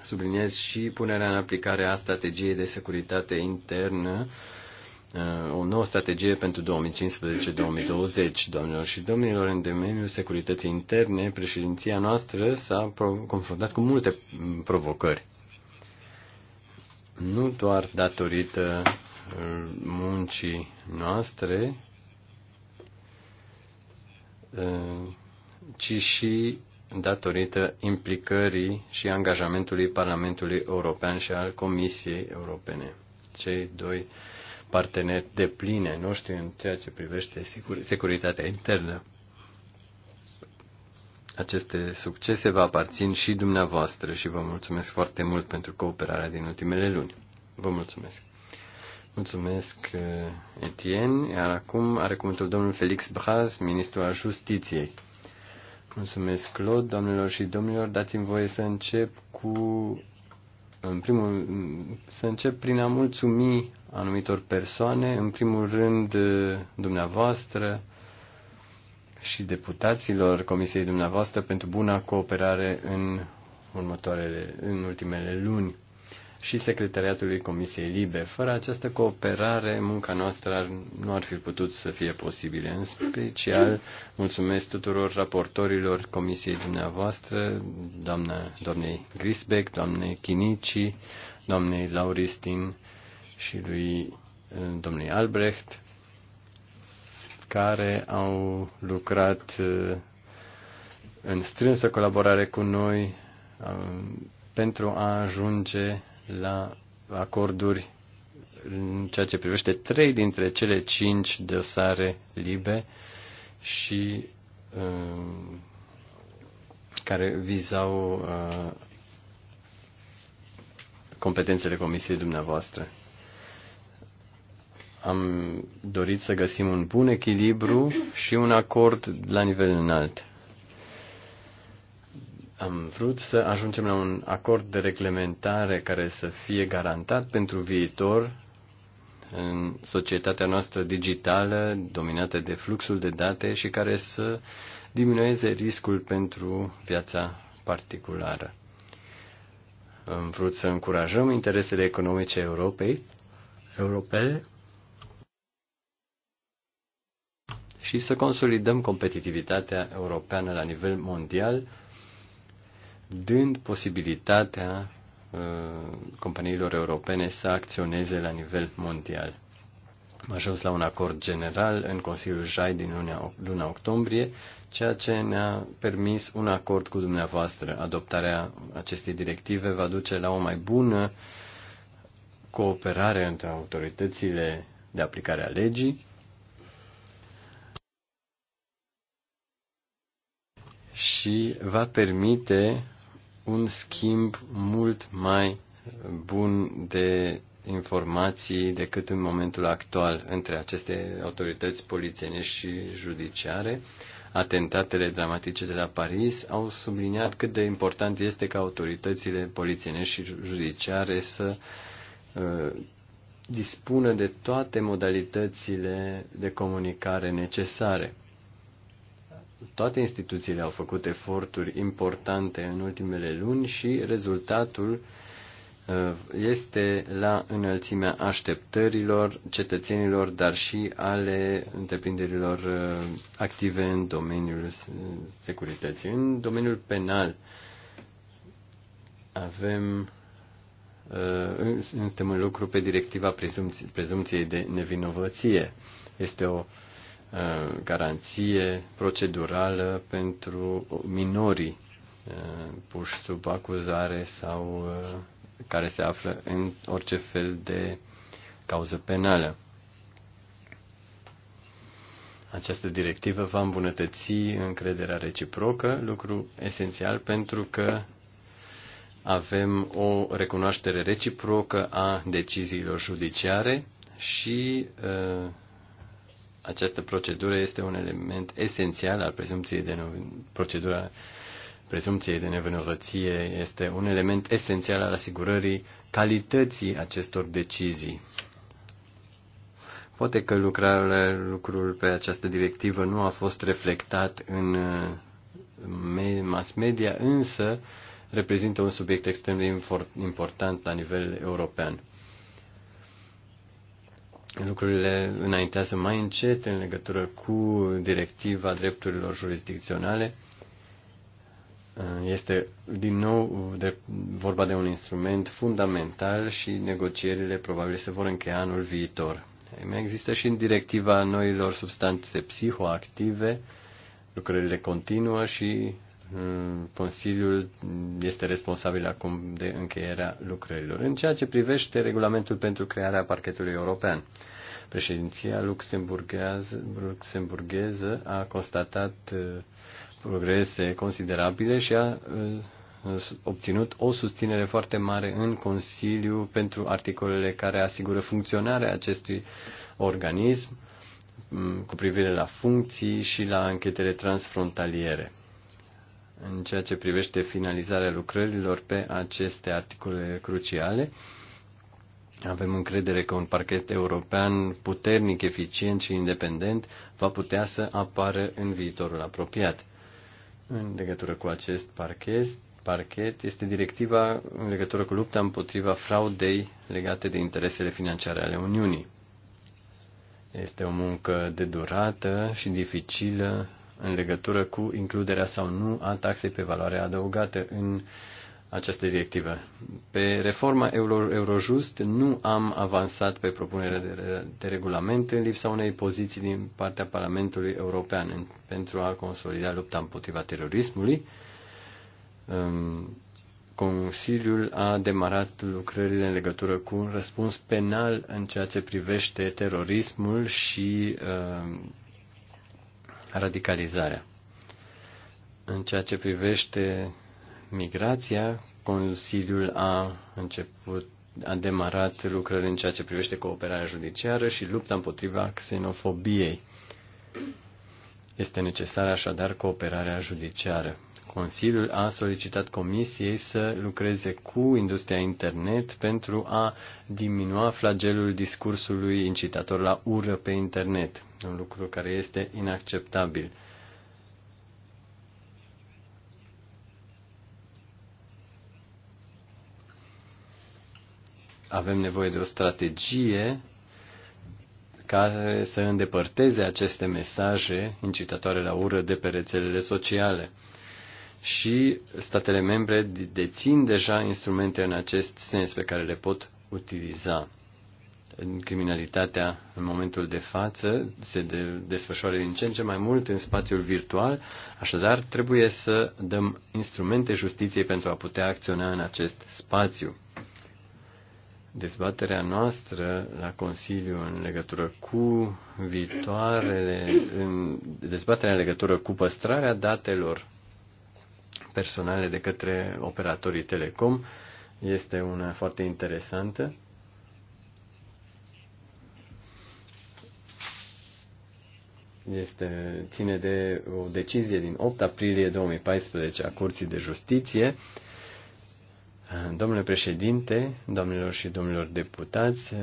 subliniez și punerea în aplicare a strategiei de securitate internă, ă, o nouă strategie pentru 2015-2020. domnilor și domnilor, în domeniul securității interne, președinția noastră s-a confruntat cu multe provocări. Nu doar datorită ă, muncii noastre, Eh, ci și datorită implicării și angajamentului Parlamentului European și al Comisiei Europene. Cei doi parteneri de pline noștri în ceea ce privește securitatea internă. Aceste succese vă aparțin și dumneavoastră și vă mulțumesc foarte mult pentru cooperarea din ultimele luni. Vă mulțumesc! Mulțumesc, eh, Etienne. Iar acum are cuvântul domnul Felix Braz, ministru al Justiției. Mulțumesc, Claude, doamnelor și domnilor. Dați-mi voie să încep cu, în primul, să încep prin a mulțumi anumitor persoane, în primul rând eh, dumneavoastră și deputaților Comisiei dumneavoastră pentru buna cooperare în următoarele, în ultimele luni și Secretariatului Comisiei Libe. Fără această cooperare, munca noastră ar, nu ar fi putut să fie posibilă. În special, mulțumesc tuturor raportorilor Comisiei dumneavoastră, doamna, doamnei Grisbeck, doamnei Chinici, doamnei Lauristin și lui domnului Albrecht, care au lucrat uh, în strânsă colaborare cu noi uh, pentru a ajunge la acorduri în ceea ce privește trei dintre cele cinci dosare libe și um, care vizau uh, competențele comisiei dumneavoastră. Am dorit să găsim un bun echilibru și un acord la nivel înalt. Am vrut să ajungem la un acord de reglementare care să fie garantat pentru viitor în societatea noastră digitală, dominată de fluxul de date și care să diminueze riscul pentru viața particulară. Am vrut să încurajăm interesele economice Europei, europene și să consolidăm competitivitatea europeană la nivel mondial, dând posibilitatea uh, companiilor europene să acționeze la nivel mondial. Am ajuns la un acord general în Consiliul JAI din luna, luna octombrie, ceea ce ne-a permis un acord cu dumneavoastră. Adoptarea acestei directive va duce la o mai bună cooperare între autoritățile de aplicare a legii și va permite un schimb mult mai bun de informații decât în momentul actual între aceste autorități polițienești și judiciare. Atentatele dramatice de la Paris au subliniat cât de important este ca autoritățile polițienești și judiciare să uh, dispună de toate modalitățile de comunicare necesare. Toate instituțiile au făcut eforturi importante în ultimele luni și rezultatul uh, este la înălțimea așteptărilor cetățenilor, dar și ale întreprinderilor uh, active în domeniul securității. În domeniul penal avem uh, suntem în lucru pe directiva prezumției de nevinovăție. Este o Uh, garanție procedurală pentru minorii uh, puși sub acuzare sau uh, care se află în orice fel de cauză penală. Această directivă va îmbunătăți încrederea reciprocă, lucru esențial pentru că avem o recunoaștere reciprocă a deciziilor judiciare și uh, această procedură este un element esențial al prezumției de procedura prezumției de nevinovăție este un element esențial al asigurării calității acestor decizii. Poate că lucrarea, lucrul pe această directivă nu a fost reflectat în mass media, însă reprezintă un subiect extrem de important la nivel european lucrurile înaintează mai încet în legătură cu directiva drepturilor jurisdicționale. Este din nou de, vorba de un instrument fundamental și negocierile probabil se vor încheia anul viitor. Mai există și în directiva noilor substanțe psihoactive, lucrările continuă și Mm, Consiliul este responsabil acum de încheierea lucrărilor. În ceea ce privește regulamentul pentru crearea parchetului european, președinția luxemburgheză a constatat uh, progrese considerabile și a uh, obținut o susținere foarte mare în Consiliu pentru articolele care asigură funcționarea acestui organism mm, cu privire la funcții și la anchetele transfrontaliere în ceea ce privește finalizarea lucrărilor pe aceste articole cruciale. Avem încredere că un parchet european puternic, eficient și independent va putea să apară în viitorul apropiat. În legătură cu acest parchet, parchet este directiva în legătură cu lupta împotriva fraudei legate de interesele financiare ale Uniunii. Este o muncă de durată și dificilă în legătură cu includerea sau nu a taxei pe valoare adăugată în această directivă. Pe reforma Euro, Eurojust nu am avansat pe propunerea de, de regulament în lipsa unei poziții din partea Parlamentului European în, pentru a consolida lupta împotriva terorismului. Um, Consiliul a demarat lucrările în legătură cu un răspuns penal în ceea ce privește terorismul și uh, radicalizarea. În ceea ce privește migrația, Consiliul a început a demarat lucrări în ceea ce privește cooperarea judiciară și lupta împotriva xenofobiei. Este necesară așadar cooperarea judiciară. Consiliul a solicitat Comisiei să lucreze cu industria internet pentru a diminua flagelul discursului incitator la ură pe internet, un lucru care este inacceptabil. Avem nevoie de o strategie care să îndepărteze aceste mesaje incitatoare la ură de pe rețelele sociale și statele membre dețin deja instrumente în acest sens pe care le pot utiliza. Criminalitatea în momentul de față se de, desfășoară din ce în ce mai mult în spațiul virtual, așadar trebuie să dăm instrumente justiției pentru a putea acționa în acest spațiu. Dezbaterea noastră la Consiliu în legătură cu viitoarele, în dezbaterea în legătură cu păstrarea datelor personale de către operatorii telecom este una foarte interesantă. Este, ține de o decizie din 8 aprilie 2014 a Curții de Justiție. Domnule președinte, domnilor și domnilor deputați,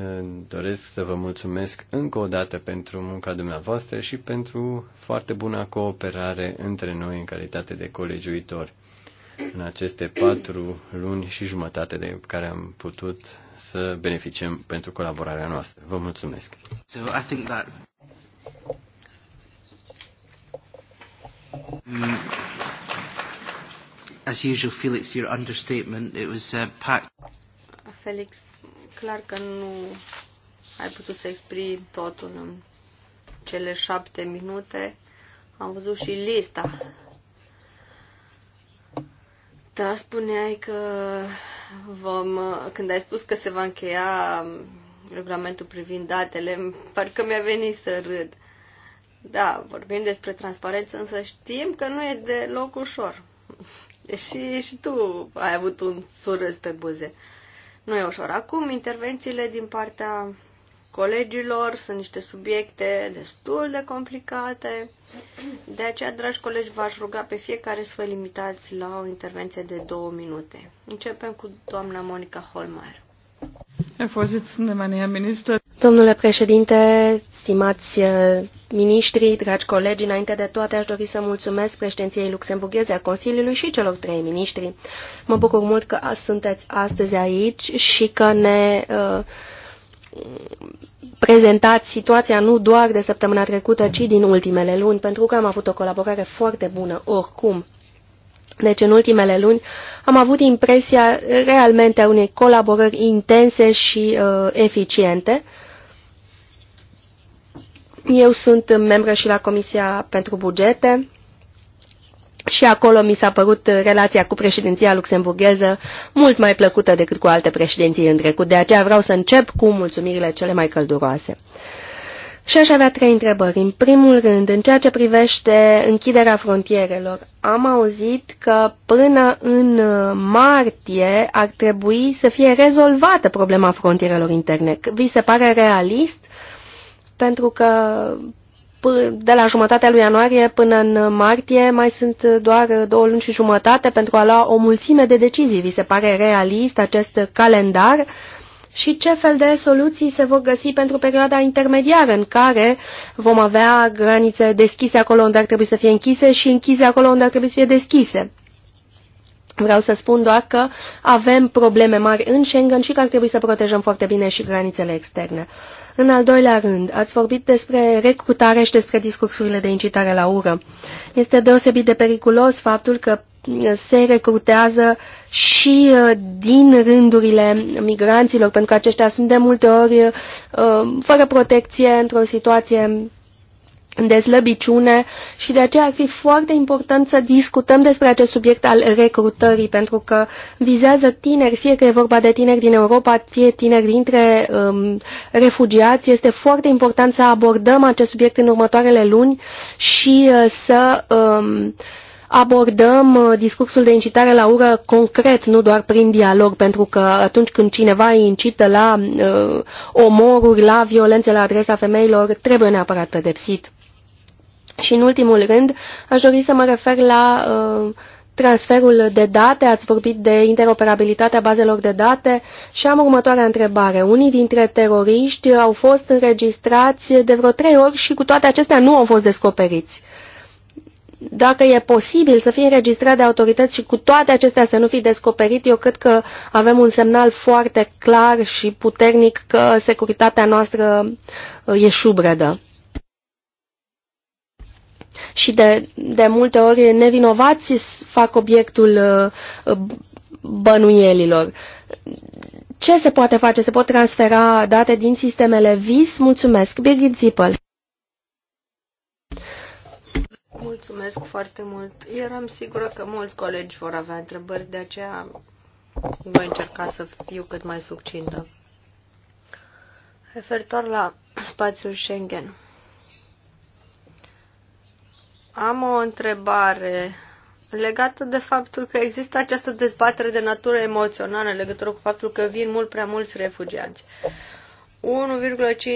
doresc să vă mulțumesc încă o dată pentru munca dumneavoastră și pentru foarte bună cooperare între noi în calitate de colegiuitori în aceste patru luni și jumătate de care am putut să beneficiem pentru colaborarea noastră. Vă mulțumesc! So I think that... Mm. As usual, Felix, your understatement, it was uh, packed. Felix, clar că nu ai putut să exprimi totul în cele șapte minute. Am văzut și lista da, spuneai că vom, când ai spus că se va încheia regulamentul privind datele, parcă mi-a venit să râd. Da, vorbim despre transparență, însă știm că nu e deloc ușor. Și, și tu ai avut un surâs pe buze. Nu e ușor. Acum, intervențiile din partea colegilor. Sunt niște subiecte destul de complicate. De aceea, dragi colegi, v-aș ruga pe fiecare să vă limitați la o intervenție de două minute. Începem cu doamna Monica Holmeier. Domnule președinte, stimați uh, miniștri, dragi colegi, înainte de toate aș dori să mulțumesc președinției luxemburgheze a Consiliului și celor trei miniștri. Mă bucur mult că sunteți astăzi aici și că ne uh, prezentat situația nu doar de săptămâna trecută, ci din ultimele luni, pentru că am avut o colaborare foarte bună oricum. Deci în ultimele luni am avut impresia realmente a unei colaborări intense și uh, eficiente. Eu sunt membră și la Comisia pentru Bugete și acolo mi s-a părut uh, relația cu președinția luxemburgheză mult mai plăcută decât cu alte președinții în trecut. De aceea vreau să încep cu mulțumirile cele mai călduroase. Și aș avea trei întrebări. În primul rând, în ceea ce privește închiderea frontierelor, am auzit că până în uh, martie ar trebui să fie rezolvată problema frontierelor interne. Vi se pare realist? Pentru că de la jumătatea lui ianuarie până în martie mai sunt doar două luni și jumătate pentru a lua o mulțime de decizii. Vi se pare realist acest calendar? Și ce fel de soluții se vor găsi pentru perioada intermediară în care vom avea granițe deschise acolo unde ar trebui să fie închise și închise acolo unde ar trebui să fie deschise? Vreau să spun doar că avem probleme mari în Schengen și că ar trebui să protejăm foarte bine și granițele externe. În al doilea rând, ați vorbit despre recrutare și despre discursurile de incitare la ură. Este deosebit de periculos faptul că uh, se recrutează și uh, din rândurile migranților, pentru că aceștia sunt de multe ori uh, fără protecție, într-o situație de slăbiciune și de aceea ar fi foarte important să discutăm despre acest subiect al recrutării, pentru că vizează tineri, fie că e vorba de tineri din Europa, fie tineri dintre um, refugiați. Este foarte important să abordăm acest subiect în următoarele luni și uh, să um, abordăm uh, discursul de incitare la ură concret, nu doar prin dialog, pentru că atunci când cineva îi incită la uh, omoruri, la violențe la adresa femeilor, trebuie neapărat pedepsit. Și în ultimul rând, aș dori să mă refer la uh, transferul de date, ați vorbit de interoperabilitatea bazelor de date și am următoarea întrebare. Unii dintre teroriști au fost înregistrați de vreo trei ori și cu toate acestea nu au fost descoperiți. Dacă e posibil să fie înregistrat de autorități și cu toate acestea să nu fi descoperit, eu cred că avem un semnal foarte clar și puternic că securitatea noastră uh, e șubredă și de, de multe ori nevinovați fac obiectul uh, bănuielilor. Ce se poate face? Se pot transfera date din sistemele VIS? Mulțumesc, Birgit Zippel. Mulțumesc foarte mult. Eram sigură că mulți colegi vor avea întrebări, de aceea voi încerca să fiu cât mai succintă. Referitor la spațiul Schengen, am o întrebare legată de faptul că există această dezbatere de natură emoțională în legătură cu faptul că vin mult prea mulți refugiați.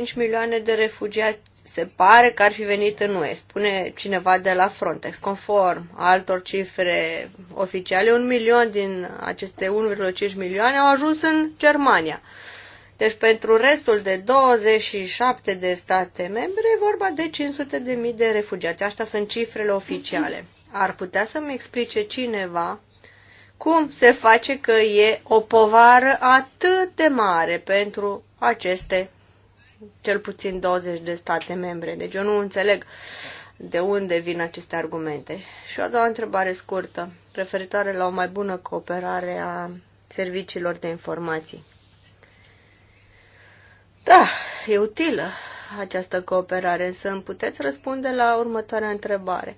1,5 milioane de refugiați se pare că ar fi venit în UE, spune cineva de la Frontex. Conform altor cifre oficiale, un milion din aceste 1,5 milioane au ajuns în Germania. Deci pentru restul de 27 de state membre e vorba de 500 de mii de refugiați. Asta sunt cifrele oficiale. Ar putea să-mi explice cineva cum se face că e o povară atât de mare pentru aceste cel puțin 20 de state membre. Deci eu nu înțeleg de unde vin aceste argumente. Și o doua întrebare scurtă, referitoare la o mai bună cooperare a serviciilor de informații. Da, e utilă această cooperare, să îmi puteți răspunde la următoarea întrebare.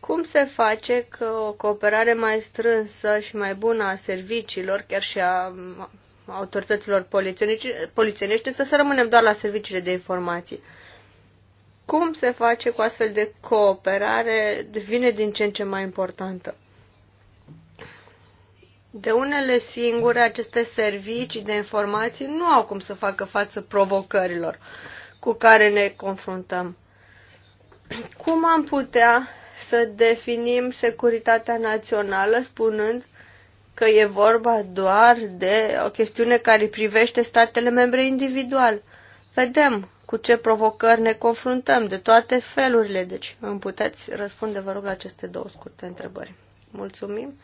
Cum se face că o cooperare mai strânsă și mai bună a serviciilor, chiar și a autorităților polițienești, să, să rămânem doar la serviciile de informații? Cum se face cu astfel de cooperare devine din ce în ce mai importantă? De unele singure, aceste servicii de informații nu au cum să facă față provocărilor cu care ne confruntăm. Cum am putea să definim securitatea națională spunând că e vorba doar de o chestiune care privește statele membre individual? Vedem cu ce provocări ne confruntăm de toate felurile, deci îmi puteți răspunde, vă rog, la aceste două scurte întrebări. Mulțumim!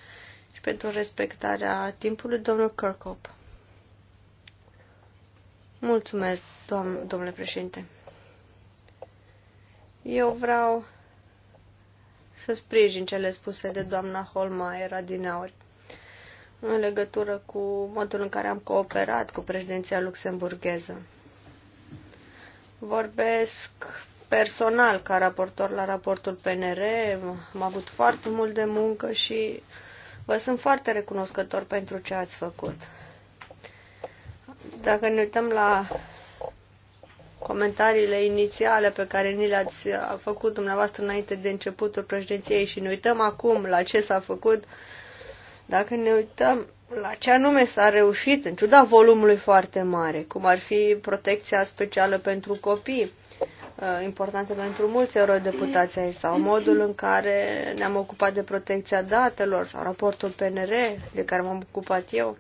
pentru respectarea timpului, domnul Kirkhope. Mulțumesc, doam- domnule președinte. Eu vreau să sprijin cele spuse de doamna din adineauri în legătură cu modul în care am cooperat cu președinția luxemburgheză. Vorbesc personal ca raportor la raportul PNR, am avut foarte mult de muncă și Vă sunt foarte recunoscător pentru ce ați făcut. Dacă ne uităm la comentariile inițiale pe care ni le-ați uh, făcut dumneavoastră înainte de începutul președinției și ne uităm acum la ce s-a făcut, dacă ne uităm la ce anume s-a reușit, în ciuda volumului foarte mare, cum ar fi protecția specială pentru copii, Uh, importante pentru mulți eurodeputații ai sau modul în care ne-am ocupat de protecția datelor sau raportul PNR de care m-am ocupat eu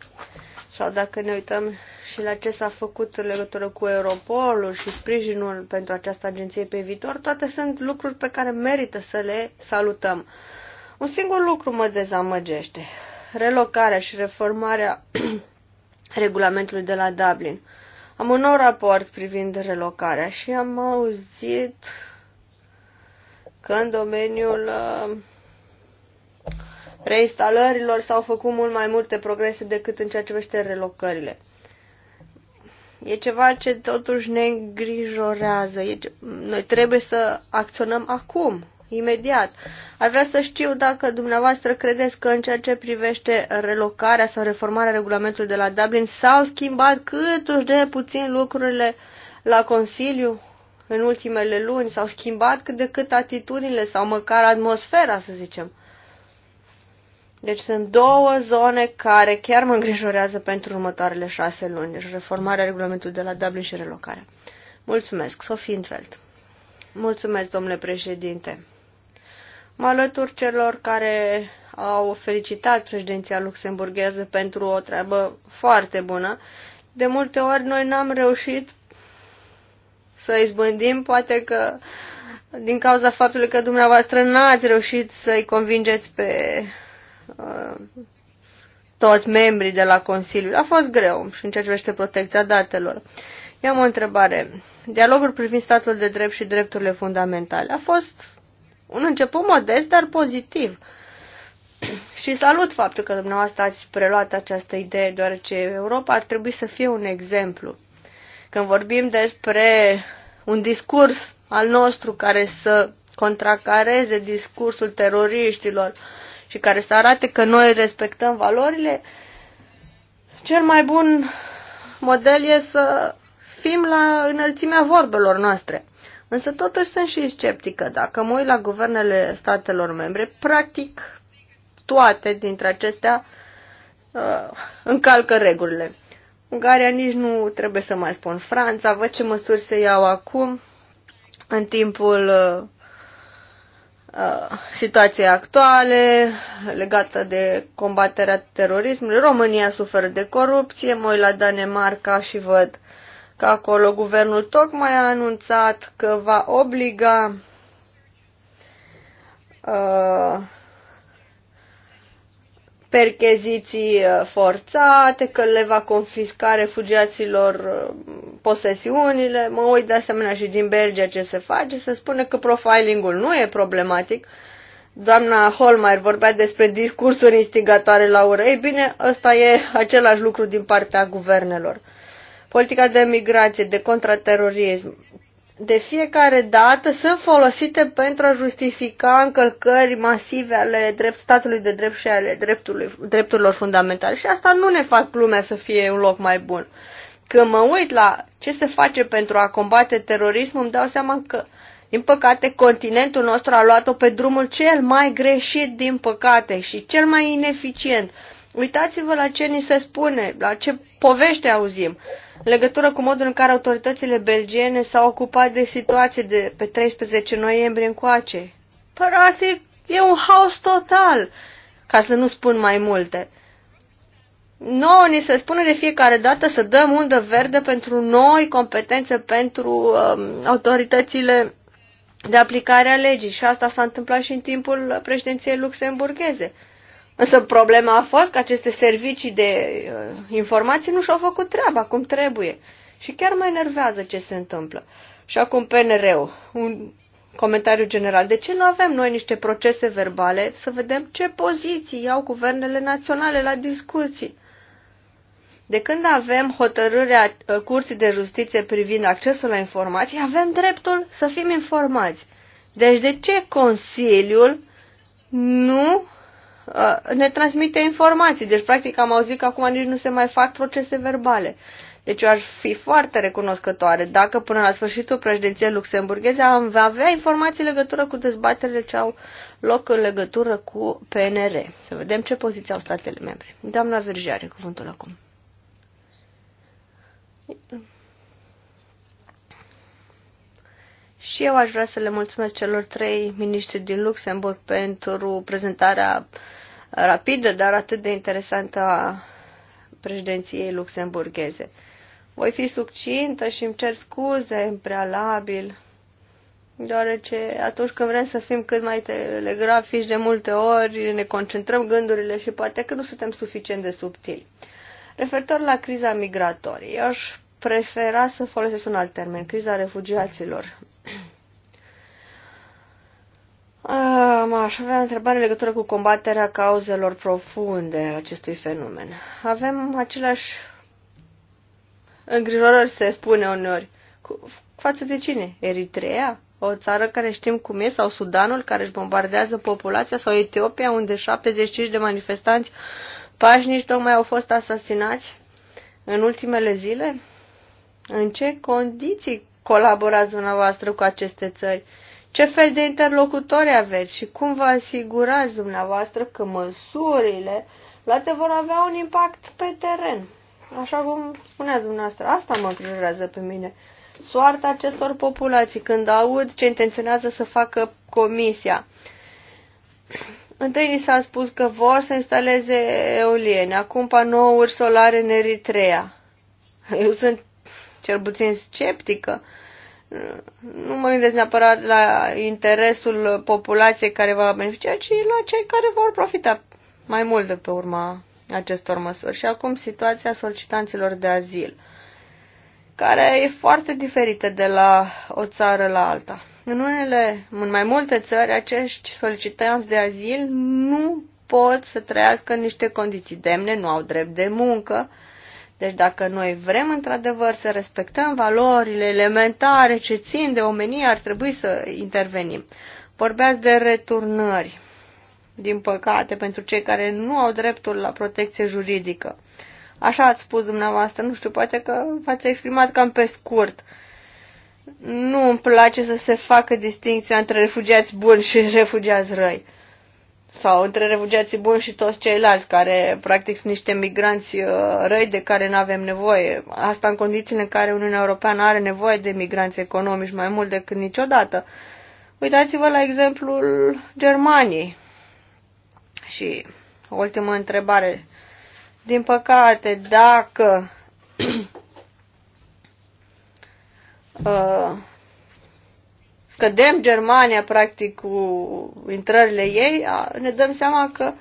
sau dacă ne uităm și la ce s-a făcut în legătură cu Europolul și sprijinul pentru această agenție pe viitor, toate sunt lucruri pe care merită să le salutăm. Un singur lucru mă dezamăgește. Relocarea și reformarea regulamentului de la Dublin. Uh, am un nou raport privind relocarea și am auzit că în domeniul uh, reinstalărilor s-au făcut mult mai multe progrese decât în ceea ce vește relocările. E ceva ce totuși ne îngrijorează. Noi trebuie să acționăm acum imediat. Ar vrea să știu dacă dumneavoastră credeți că în ceea ce privește relocarea sau reformarea regulamentului de la Dublin s-au schimbat câtuși de puțin lucrurile la Consiliu în ultimele luni, s-au schimbat cât de cât atitudinile sau măcar atmosfera, să zicem. Deci sunt două zone care chiar mă îngrijorează pentru următoarele șase luni. Deci reformarea regulamentului de la Dublin și relocarea. Mulțumesc, Sofie Infeld. Mulțumesc, domnule președinte. Mă alătur celor care au felicitat președinția luxemburgheză pentru o treabă foarte bună. De multe ori noi n-am reușit să izbândim, poate că din cauza faptului că dumneavoastră n-ați reușit să-i convingeți pe uh, toți membrii de la Consiliu. A fost greu și în ceea ce privește protecția datelor. I-am o întrebare. Dialogul privind statul de drept și drepturile fundamentale a fost un început modest, dar pozitiv. Și salut faptul că dumneavoastră ați preluat această idee, deoarece Europa ar trebui să fie un exemplu. Când vorbim despre un discurs al nostru care să contracareze discursul teroriștilor și care să arate că noi respectăm valorile, cel mai bun model e să fim la înălțimea vorbelor noastre. Însă totuși sunt și sceptică. Dacă mă uit la guvernele statelor membre, practic toate dintre acestea uh, încalcă regulile. Ungaria nici nu trebuie să mai spun Franța, văd ce măsuri se iau acum în timpul uh, uh situației actuale legată de combaterea terorismului. România suferă de corupție, mă uit la Danemarca și văd că acolo guvernul tocmai a anunțat că va obliga uh, percheziții uh, forțate, că le va confisca refugiaților uh, posesiunile. Mă uit de asemenea și din Belgia ce se face. Se spune că profilingul nu e problematic. Doamna Holmeier vorbea despre discursuri instigatoare la ură. Ei bine, ăsta e același lucru din partea guvernelor politica de migrație, de contraterorism, de fiecare dată sunt folosite pentru a justifica încălcări masive ale drept, statului de drept și ale dreptului, drepturilor fundamentale. Și asta nu ne fac lumea să fie un loc mai bun. Când mă uit la ce se face pentru a combate terorismul, îmi dau seama că, din păcate, continentul nostru a luat-o pe drumul cel mai greșit, din păcate, și cel mai ineficient. Uitați-vă la ce ni se spune, la ce povești auzim. Uh, în legătură cu modul în care autoritățile belgiene s-au ocupat de situație de pe 13 noiembrie încoace. Practic, e un haos total, ca să nu spun mai multe. Noi ni se spune de fiecare dată să dăm undă verde pentru noi competențe pentru um, autoritățile de aplicare a legii și asta s-a întâmplat și în timpul președinției luxemburgheze. Însă problema a fost că aceste servicii de uh, informații nu și-au făcut treaba cum trebuie. Și chiar mă enervează ce se întâmplă. Și acum PNR-ul, un comentariu general. De ce nu avem noi niște procese verbale să vedem ce poziții iau guvernele naționale la discuții? De când avem hotărârea uh, Curții de Justiție privind accesul la informații, avem dreptul să fim informați. Deci de ce Consiliul nu Uh, ne transmite informații. Deci, practic, am auzit că acum nici nu se mai fac procese verbale. Deci eu aș fi foarte recunoscătoare dacă până la sfârșitul președinției luxemburgheze am avea informații în legătură cu dezbaterile ce au loc în legătură cu PNR. Să vedem ce poziție au statele membre. Doamna Verge are cuvântul acum. Și eu aș vrea să le mulțumesc celor trei miniștri din Luxemburg pentru prezentarea rapidă, dar atât de interesantă a președinției luxemburgheze. Voi fi succintă și îmi cer scuze în prealabil, deoarece atunci când vrem să fim cât mai telegrafici de multe ori, ne concentrăm gândurile și poate că nu suntem suficient de subtili. Referitor la criza migratorie, eu aș prefera să folosesc un alt termen, criza refugiaților. M-aș avea întrebare legătură cu combaterea cauzelor profunde acestui fenomen. Avem aceleași îngrijorări, se spune uneori. Cu, față de cine? Eritrea? O țară care știm cum e? Sau Sudanul care își bombardează populația? Sau Etiopia unde 75 de manifestanți pașnici tocmai au fost asasinați în ultimele zile? În ce condiții colaborați dumneavoastră cu aceste țări? Ce fel de interlocutori aveți și cum vă asigurați dumneavoastră că măsurile luate vor avea un impact pe teren? Așa cum spuneați dumneavoastră, asta mă îngrijorează pe mine. Soarta acestor populații când aud ce intenționează să facă comisia. Întâi ni s-a spus că vor să instaleze eoliene, acum panouri solare în Eritrea. Eu sunt cel puțin sceptică. Nu mă gândesc neapărat la interesul populației care va beneficia, ci la cei care vor profita mai mult de pe urma acestor măsuri. Și acum situația solicitanților de azil, care e foarte diferită de la o țară la alta. În unele, în mai multe țări, acești solicitanți de azil nu pot să trăiască în niște condiții demne, nu au drept de muncă, deci dacă noi vrem într-adevăr să respectăm valorile elementare ce țin de omenie, ar trebui să intervenim. Vorbeați de returnări, din păcate, pentru cei care nu au dreptul la protecție juridică. Așa ați spus dumneavoastră, nu știu, poate că v-ați exprimat cam pe scurt. Nu îmi place să se facă distinția între refugiați buni și refugiați răi sau între refugiații buni și toți ceilalți care practic sunt niște migranți uh, răi de care nu avem nevoie. Asta în condițiile în care Uniunea Europeană are nevoie de migranți economici mai mult decât niciodată. Uitați-vă la exemplul Germaniei. Și ultimă întrebare. Din păcate, dacă uh, scădem Germania, practic, cu intrările ei, ne dăm seama că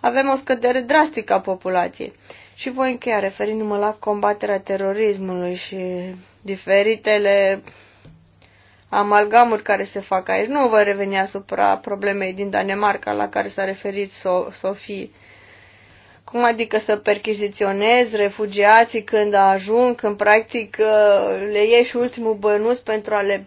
avem o scădere drastică a populației. Și voi încheia referindu-mă la combaterea terorismului și diferitele amalgamuri care se fac aici. Nu vă reveni asupra problemei din Danemarca la care s-a referit so- Sofie. Cum adică să perchiziționezi refugiații când ajung, când practic le iei și ultimul bănuț pentru a le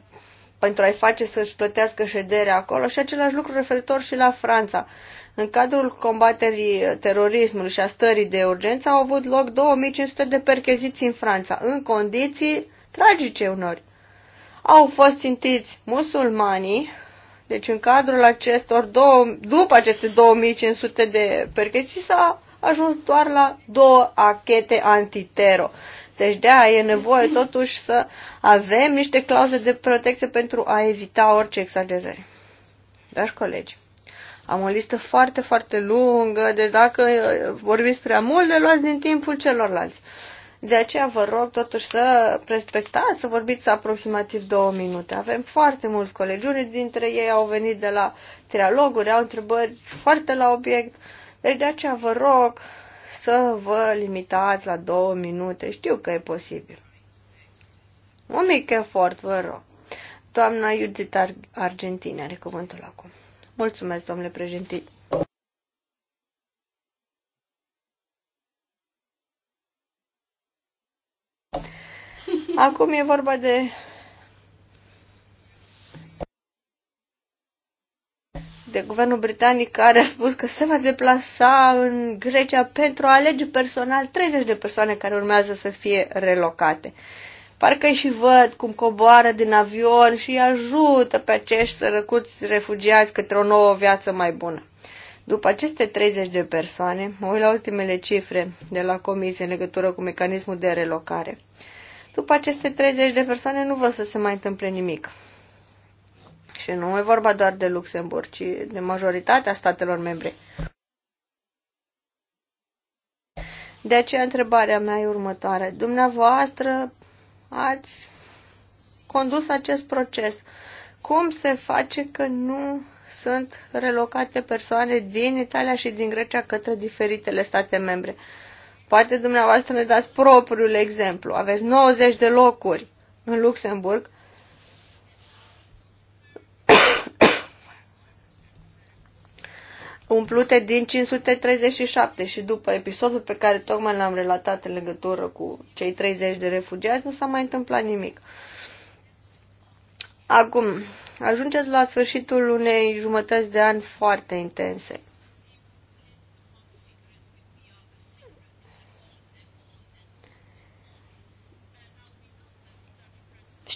pentru a-i face să-și plătească șederea acolo și același lucru referitor și la Franța. În cadrul combaterii terorismului și a stării de urgență au avut loc 2500 de percheziții în Franța, în condiții tragice unor. Au fost țintiți musulmanii, deci în cadrul acestor, două, după aceste 2500 de percheziții s-a ajuns doar la două achete antitero. Deci de aia e nevoie totuși să avem niște clauze de protecție pentru a evita orice exagerări. Dragi colegi, am o listă foarte, foarte lungă, de dacă vorbiți prea mult, le luați din timpul celorlalți. De aceea vă rog totuși să respectați, să vorbiți aproximativ două minute. Avem foarte mulți colegi, unii dintre ei au venit de la trialoguri, au întrebări foarte la obiect. Deci de aceea vă rog să vă limitați la două minute. Știu că e posibil. Un mic efort, vă rog. Doamna Judith Ar- Argentina are cuvântul acum. Mulțumesc, domnule președinte. Acum e vorba de Uite, guvernul britanic care a spus că se va deplasa în Grecia pentru a alege personal 30 de persoane care urmează să fie relocate. Parcă și văd cum coboară din avion și ajută pe acești sărăcuți refugiați către o nouă viață mai bună. După aceste 30 de persoane, mă uit la ultimele cifre de la comisie în legătură cu mecanismul de relocare. După aceste 30 de persoane nu vă să se mai întâmple nimic. Și nu e vorba doar de Luxemburg, ci de majoritatea statelor membre. De aceea întrebarea mea e următoare. Dumneavoastră ați condus acest proces. Cum se face că nu sunt relocate persoane din Italia și din Grecia către diferitele state membre? Poate dumneavoastră ne dați propriul exemplu. Aveți 90 de locuri în Luxemburg umplute din 537 și după episodul pe care tocmai l-am relatat în legătură cu cei 30 de refugiați, nu s-a mai întâmplat nimic. Acum, ajungeți la sfârșitul unei jumătăți de ani foarte intense.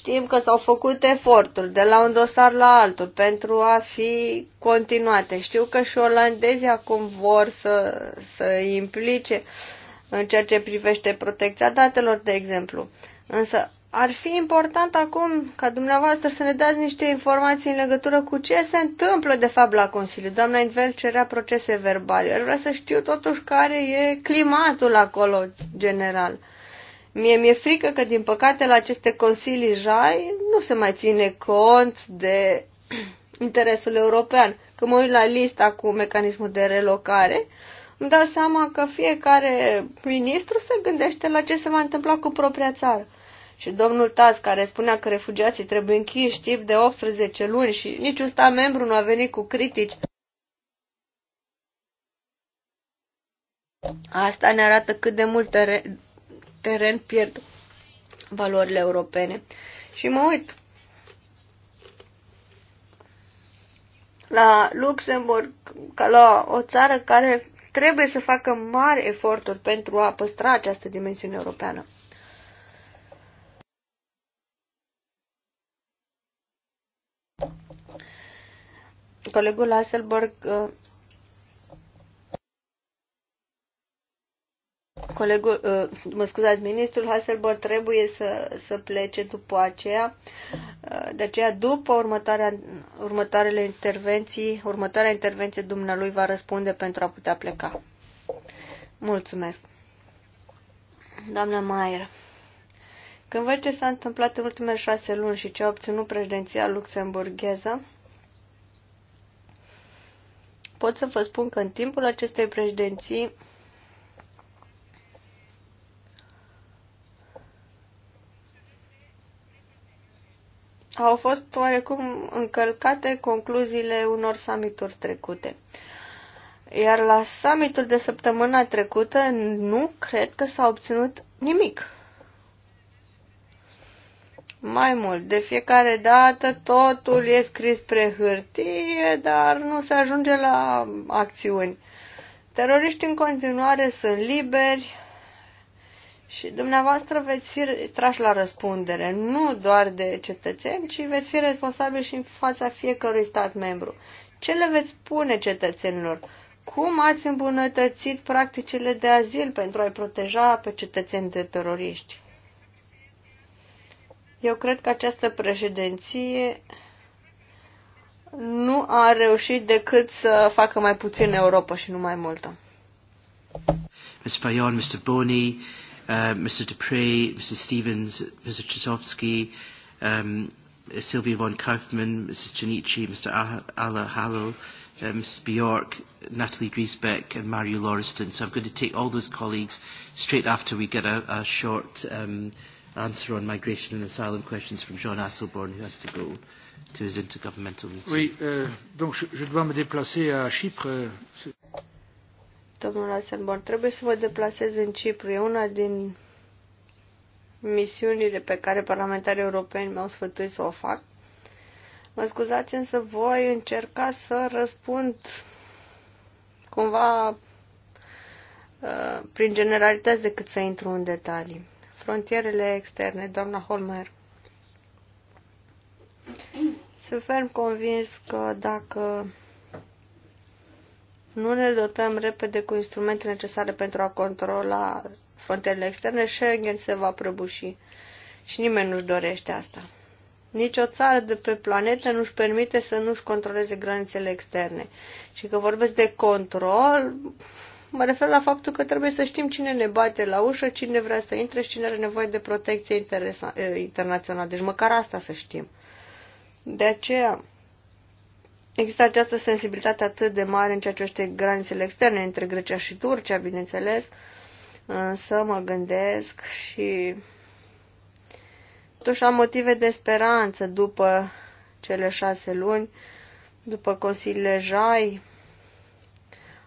știm că s-au făcut eforturi de la un dosar la altul pentru a fi continuate. Știu că și olandezii acum vor să, să implice în ceea ce privește protecția datelor, de exemplu. Însă ar fi important acum ca dumneavoastră să ne dați niște informații în legătură cu ce se întâmplă de fapt la Consiliu. Doamna Invel cerea procese verbale. Ar vrea să știu totuși care e climatul acolo general. Mie mi-e frică că, din păcate, la aceste consilii jai nu se mai ține cont de interesul european. Când mă uit la lista cu mecanismul de relocare, îmi dau seama că fiecare ministru se gândește la ce se va întâmpla cu propria țară. Și domnul Taz care spunea că refugiații trebuie închiși tip de 18 luni și niciun stat membru nu a venit cu critici. Asta ne arată cât de multe re- teren pierd valorile europene. Și mă uit la Luxemburg ca la o țară care trebuie să facă mari eforturi pentru a păstra această dimensiune europeană. Colegul Hasselberg uh, colegul, uh, mă scuzați, ministrul Hasselborn trebuie să, să plece după aceea. Uh, de aceea, după următoarea, următoarele intervenții, următoarea intervenție dumnealui va răspunde pentru a putea pleca. Mulțumesc. Doamna Maier, când văd ce s-a întâmplat în ultimele șase luni și ce a obținut președinția luxemburgheză, pot să vă spun că în timpul acestei președinții au fost oarecum încălcate concluziile unor summituri trecute. Iar la summitul de săptămâna trecută nu cred că s-a obținut nimic. Mai mult, de fiecare dată totul e scris pe hârtie, dar nu se ajunge la acțiuni. Teroriștii în continuare sunt liberi, și dumneavoastră veți fi trași la răspundere, nu doar de cetățeni, ci veți fi responsabili și în fața fiecărui stat membru. Ce le veți spune cetățenilor? Cum ați îmbunătățit practicile de azil pentru a-i proteja pe cetățeni de teroriști? Eu cred că această președinție nu a reușit decât să facă mai puțin Europa și nu mai multă. Mr. Bayon, Mr. Boni, Uh, Mr. Dupre, Mrs. Stevens, Mr. Chisovsky, um, Sylvia von Kaufmann, Mrs. Janici, Mr. Ala Hallow, uh, Mrs. Bjork, Natalie Griesbeck and Mario Lauriston. So I'm going to take all those colleagues straight after we get a, a short um, answer on migration and asylum questions from John Asselborn, who has to go to his intergovernmental meeting. Oui, euh, donc je, je dois me déplacer à Chypre. Euh, domnul Asenborn, trebuie să vă deplasez în Cipru. E una din misiunile pe care parlamentarii europeni mi-au sfătuit să o fac. Mă scuzați, însă voi încerca să răspund cumva uh, prin generalități decât să intru în detalii. Frontierele externe, doamna Holmer. Sunt ferm convins că dacă nu ne dotăm repede cu instrumente necesare pentru a controla frontierele externe, Schengen se va prăbuși. Și nimeni nu-și dorește asta. Nici o țară de pe planetă nu-și permite să nu-și controleze granițele externe. Și că vorbesc de control, mă refer la faptul că trebuie să știm cine ne bate la ușă, cine vrea să intre și cine are nevoie de protecție interesa- eh, internațională. Deci măcar asta să știm. De aceea, Există această sensibilitate atât de mare în ceea ce este granițele externe între Grecia și Turcia, bineînțeles, însă mă gândesc și totuși am motive de speranță după cele șase luni, după consiliile Jai.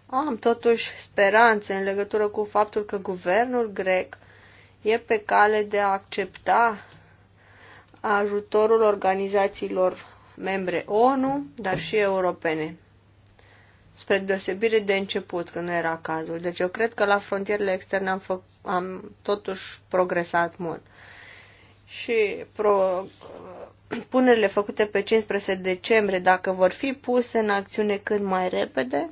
Am totuși speranțe în legătură cu faptul că guvernul grec e pe cale de a accepta ajutorul organizațiilor membre ONU, dar și europene. Spre deosebire de început, când nu era cazul. Deci eu cred că la frontierele externe am, fă, am totuși progresat mult. Și pro, punerile făcute pe 15 decembrie, dacă vor fi puse în acțiune cât mai repede,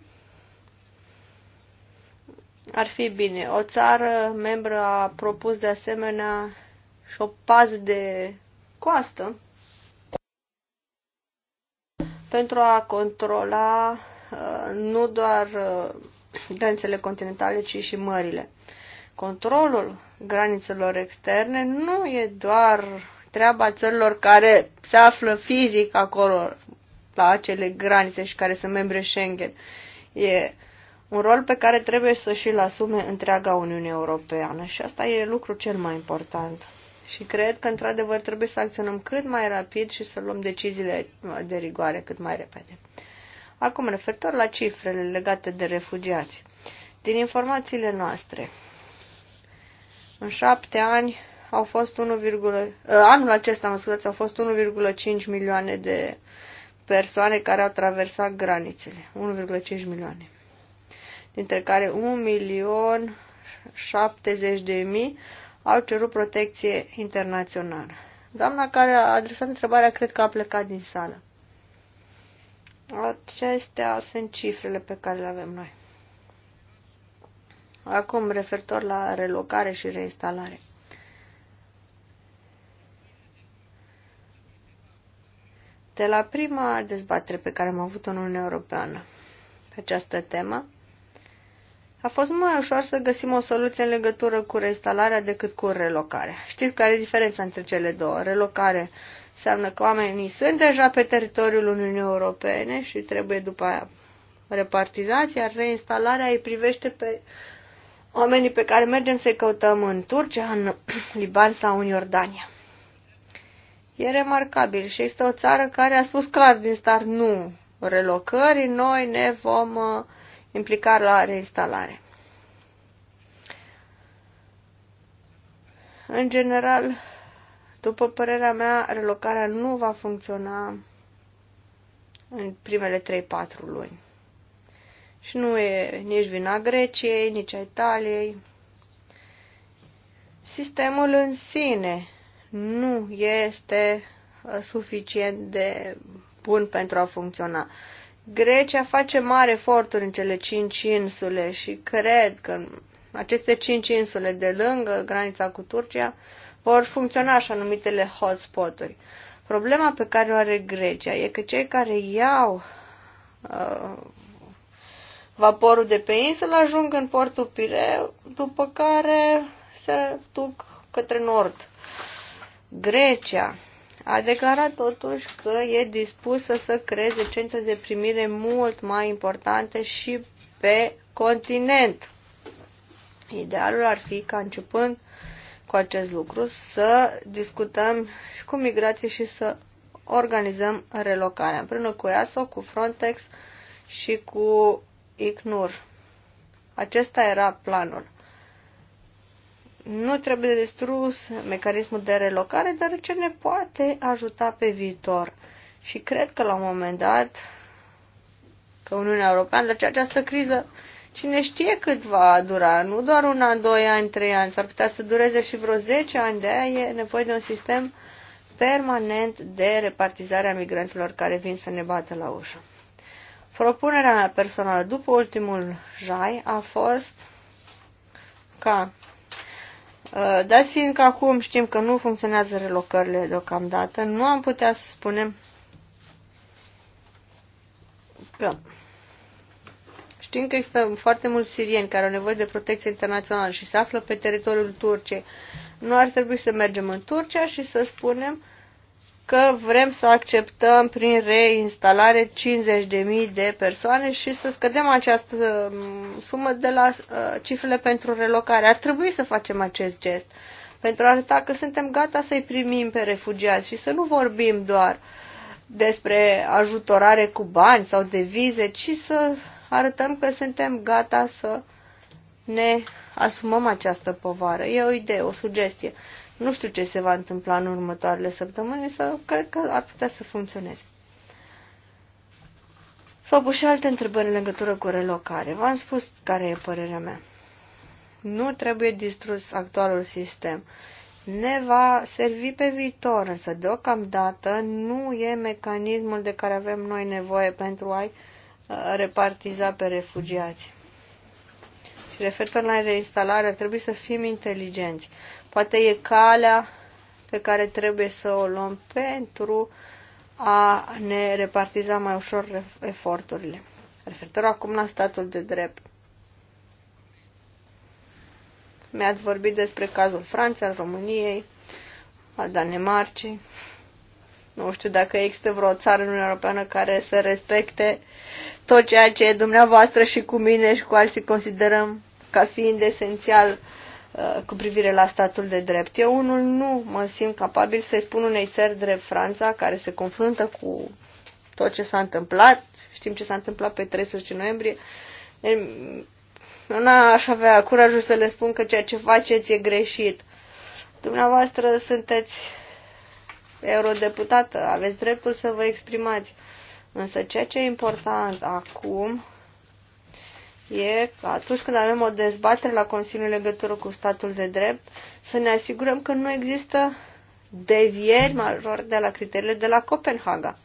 ar fi bine. O țară membră a propus de asemenea și o pază de coastă pentru a controla uh, nu doar uh, granițele continentale, ci și mările. Controlul granițelor externe nu e doar treaba țărilor care se află fizic acolo, la acele granițe și care sunt membre Schengen. E un rol pe care trebuie să și-l asume întreaga Uniune Europeană și asta e lucru cel mai important. Și cred că, într-adevăr, trebuie să acționăm cât mai rapid și să luăm deciziile uh, de rigoare cât mai repede. Acum, referitor la cifrele legate de refugiați. Din informațiile noastre, în șapte ani au fost 1, uh, anul acesta, mă scuzați, au fost 1,5 milioane de persoane care au traversat granițele. 1,5 milioane. Dintre care 1 milion 70 de mii au cerut protecție internațională. Doamna care a adresat întrebarea cred că a plecat din sală. Acestea sunt cifrele pe care le avem noi. Acum, referitor la relocare și reinstalare. De la prima dezbatere pe care am avut-o în Uniunea Europeană pe această temă, a fost mai ușor să găsim o soluție în legătură cu reinstalarea decât cu relocarea. Știți care e diferența între cele două? Relocare înseamnă că oamenii sunt deja pe teritoriul Uniunii Europene și trebuie după aia repartizați, iar reinstalarea îi privește pe oamenii pe care mergem să-i căutăm în Turcia, în Liban sau în Iordania. E remarcabil și este o țară care a spus clar din start nu relocării, noi ne vom uh, implicat la reinstalare. În general, după părerea mea, relocarea nu va funcționa în primele 3-4 luni. Și nu e nici vina Greciei, nici a Italiei. Sistemul în sine nu este suficient de bun pentru a funcționa. Grecia face mari eforturi în cele cinci insule și cred că aceste cinci insule de lângă granița cu Turcia vor funcționa așa numitele hotspot-uri. Problema pe care o are Grecia e că cei care iau uh, vaporul de pe insulă ajung în portul Pireu, după care se duc către nord. Grecia a declarat totuși că e dispusă să creeze centre de primire mult mai importante și pe continent. Idealul ar fi ca începând cu acest lucru să discutăm și cu migrație și să organizăm relocarea împreună cu EASO, cu Frontex și cu ICNUR. Acesta era planul. Nu trebuie destrus mecanismul de relocare, dar ce ne poate ajuta pe viitor. Și cred că la un moment dat, că Uniunea Europeană, la deci această criză, cine știe cât va dura, nu doar un an, doi ani, trei ani, s-ar putea să dureze și vreo zece ani, de aia e nevoie de un sistem permanent de repartizare a migranților care vin să ne bată la ușă. Propunerea mea personală după ultimul jai a fost ca Uh, dat fiind că acum știm că nu funcționează relocările deocamdată, nu am putea să spunem că știm că există foarte mulți sirieni care au nevoie de protecție internațională și se află pe teritoriul Turciei. Nu ar trebui să mergem în Turcia și să spunem că vrem să acceptăm prin reinstalare 50.000 de persoane și să scădem această um, sumă de la uh, cifrele pentru relocare. Ar trebui să facem acest gest pentru a arăta că suntem gata să-i primim pe refugiați și să nu vorbim doar despre ajutorare cu bani sau de vize, ci să arătăm că suntem gata să ne asumăm această povară. E o idee, o sugestie. Nu știu ce se va întâmpla în următoarele săptămâni, însă cred că ar putea să funcționeze. S-au pus și alte întrebări în legătură cu relocare. V-am spus care e părerea mea. Nu trebuie distrus actualul sistem. Ne va servi pe viitor, însă deocamdată nu e mecanismul de care avem noi nevoie pentru a-i uh, repartiza pe refugiați. Și referitor la reinstalare, trebuie să fim inteligenți. Poate e calea pe care trebuie să o luăm pentru a ne repartiza mai ușor eforturile. Referitor acum la statul de drept. Mi-ați vorbit despre cazul Franței, al României, al Danemarcei. Nu știu dacă există vreo țară în Uniunea Europeană care să respecte tot ceea ce dumneavoastră și cu mine și cu alții considerăm ca fiind esențial uh, Uh, cu privire la statul de drept. Eu unul nu mă simt capabil să-i spun unei țări drept Franța, care se confruntă cu tot ce s-a întâmplat, știm ce s-a întâmplat pe 13 noiembrie, nu aș avea curajul să le spun că ceea ce faceți e greșit. Dumneavoastră sunteți eurodeputată, aveți dreptul să vă exprimați. Însă ceea ce e important acum e că atunci când avem o dezbatere la Consiliu în legătură cu statul de drept, să ne asigurăm că nu există devieri majore de la criteriile de la Copenhaga.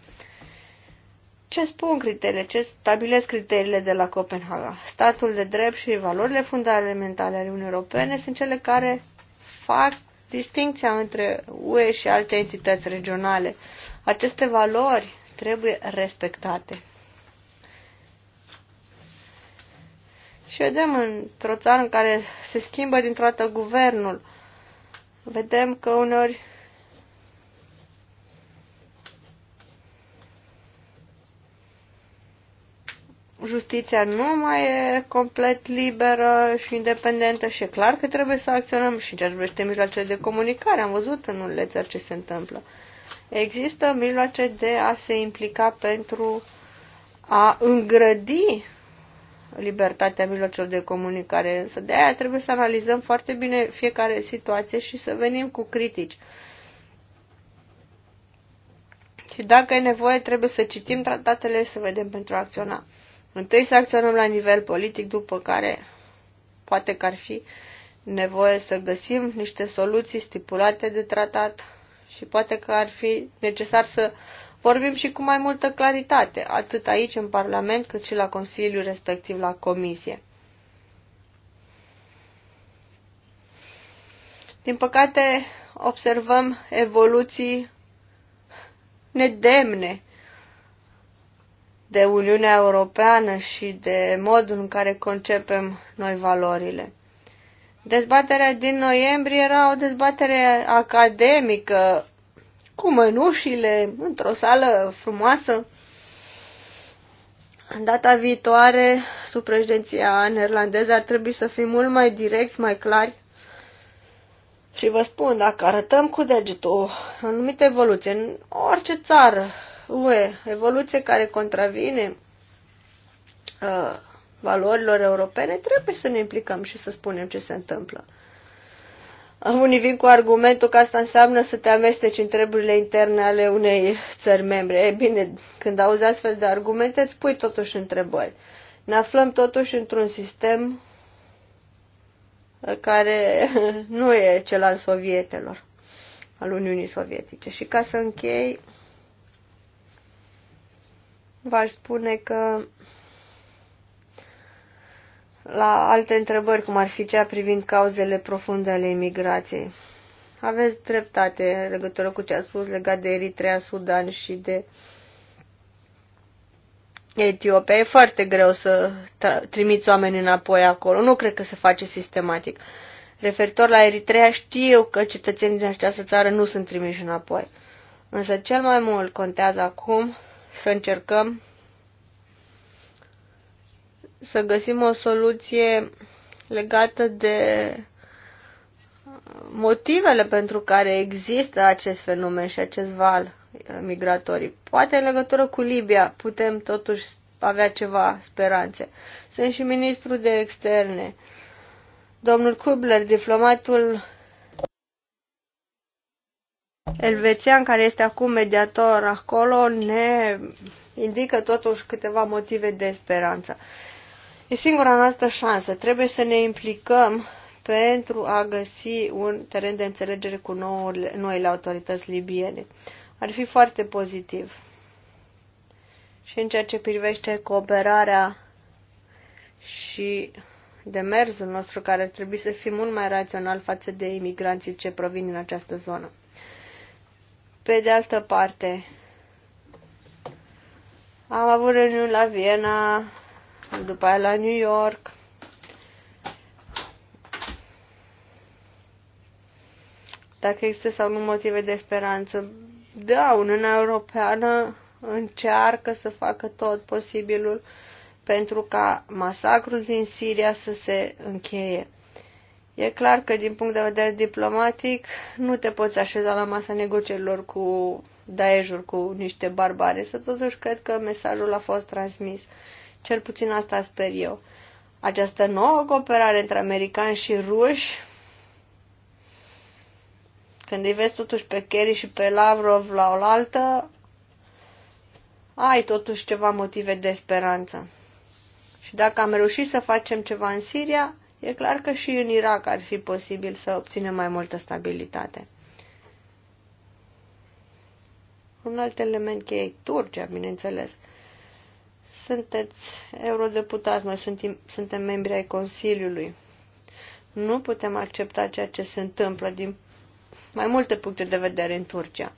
Ce spun criteriile? Ce stabilesc criteriile de la Copenhaga? Statul de drept și valorile fundamentale ale Uniunii Europene sunt cele care fac distinția între UE și alte entități regionale. Aceste valori trebuie respectate. Și vedem într-o țară în care se schimbă dintr-o dată guvernul, vedem că uneori justiția nu mai e complet liberă și independentă și e clar că trebuie să acționăm și în ceea ce privește mijloace de comunicare. Am văzut în unele țări ce se întâmplă. Există mijloace de a se implica pentru a îngrădi libertatea mijlocilor de comunicare. Însă de aia trebuie să analizăm foarte bine fiecare situație și să venim cu critici. Și dacă e nevoie, trebuie să citim tratatele și să vedem pentru a acționa. Întâi să acționăm la nivel politic, după care poate că ar fi nevoie să găsim niște soluții stipulate de tratat și poate că ar fi necesar să vorbim și cu mai multă claritate, atât aici în Parlament, cât și la Consiliu, respectiv la Comisie. Din păcate, observăm evoluții nedemne de Uniunea Europeană și de modul în care concepem noi valorile. Dezbaterea din noiembrie era o dezbatere academică cu mănușile, într-o sală frumoasă. În data viitoare, sub președinția neerlandeză, ar trebui să fim mult mai direcți, mai clari. Și vă spun, dacă arătăm cu degetul anumite evoluție în orice țară, UE, evoluție care contravine uh, valorilor europene, trebuie să ne implicăm și să spunem ce se întâmplă. Unii vin cu argumentul că asta înseamnă să te amesteci în treburile interne ale unei țări membre. E bine, când auzi astfel de argumente, îți pui totuși întrebări. Ne aflăm totuși într-un sistem care nu e cel al sovietelor, al Uniunii Sovietice. Și ca să închei, v-aș spune că la alte întrebări, cum ar fi cea privind cauzele profunde ale imigrației. Aveți dreptate în legătură cu ce a spus legat de Eritrea, Sudan și de Etiopia. E foarte greu să trimiți oameni înapoi acolo. Nu cred că se face sistematic. Referitor la Eritrea, știu că cetățenii din această țară nu sunt trimiși înapoi. Însă cel mai mult contează acum să încercăm să găsim o soluție legată de motivele pentru care există acest fenomen și acest val migratorii. Poate în legătură cu Libia putem totuși avea ceva speranțe. Sunt și ministru de externe. Domnul Kubler, diplomatul elvețian care este acum mediator acolo, ne indică totuși câteva motive de speranță. E singura noastră șansă. Trebuie să ne implicăm pentru a găsi un teren de înțelegere cu noul, noile autorități libiene. Ar fi foarte pozitiv. Și în ceea ce privește cooperarea și demersul nostru, care ar trebui să fie mult mai rațional față de imigranții ce provin din această zonă. Pe de altă parte, am avut reuniuni la Viena, după aia la New York. Dacă există sau nu motive de speranță. Da, Uniunea Europeană încearcă să facă tot posibilul pentru ca masacrul din Siria să se încheie. E clar că din punct de vedere diplomatic nu te poți așeza la masa negocierilor cu Daeshul, cu niște barbare, să totuși cred că mesajul a fost transmis. Cel puțin asta sper eu. Această nouă cooperare între americani și ruși, când îi vezi totuși pe Kerry și pe Lavrov la oaltă, ai totuși ceva motive de speranță. Și dacă am reușit să facem ceva în Siria, e clar că și în Irak ar fi posibil să obținem mai multă stabilitate. Un alt element cheie, Turcia, bineînțeles. Sunteți eurodeputați, noi suntem, suntem membri ai Consiliului. Nu putem accepta ceea ce se întâmplă din mai multe puncte de vedere în Turcia.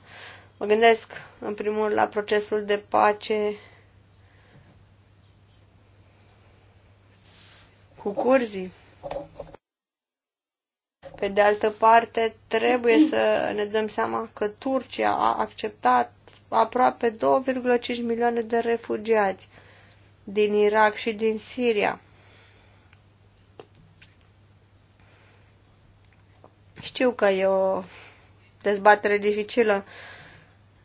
Mă gândesc, în primul rând, la procesul de pace cu curzii. Pe de altă parte, trebuie să ne dăm seama că Turcia a acceptat aproape 2,5 milioane de refugiați din Irak și din Siria. Știu că e o dezbatere dificilă,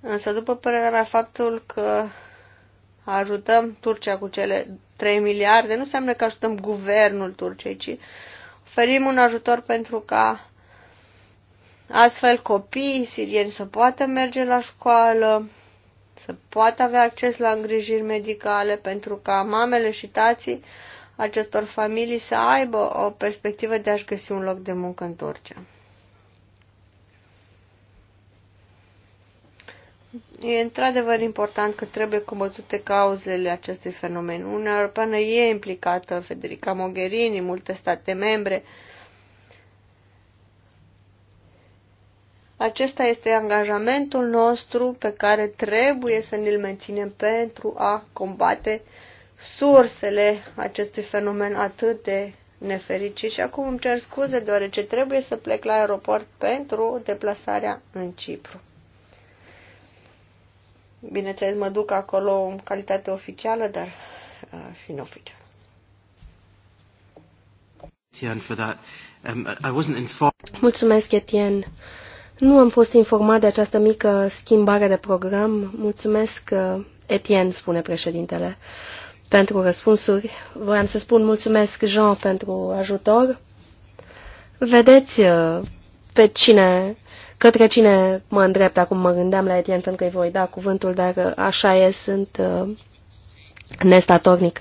însă după părerea mea faptul că ajutăm Turcia cu cele 3 miliarde nu înseamnă că ajutăm guvernul Turciei, ci oferim un ajutor pentru ca astfel copiii sirieni să poată merge la școală, să poată avea acces la îngrijiri medicale pentru ca mamele și tații acestor familii să aibă o perspectivă de a-și găsi un loc de muncă în Turcia. E într-adevăr important că trebuie combătute cauzele acestui fenomen. Uniunea Europeană e implicată, Federica Mogherini, multe state membre, uh, Acesta este angajamentul nostru pe care trebuie să ne-l menținem pentru a combate sursele acestui fenomen atât de nefericit. Și acum îmi cer scuze deoarece trebuie să plec la aeroport pentru deplasarea în Cipru. Bineînțeles, mă duc acolo în calitate oficială, dar uh, neoficială. Um, Mulțumesc, Etienne. Nu am fost informat de această mică schimbare de program. Mulțumesc, uh, Etienne, spune președintele, pentru răspunsuri. Voiam să spun mulțumesc, Jean, pentru ajutor. Vedeți uh, pe cine, către cine mă îndrept acum, mă gândeam la Etienne pentru că îi voi da cuvântul, dar uh, așa e, sunt nestatornic.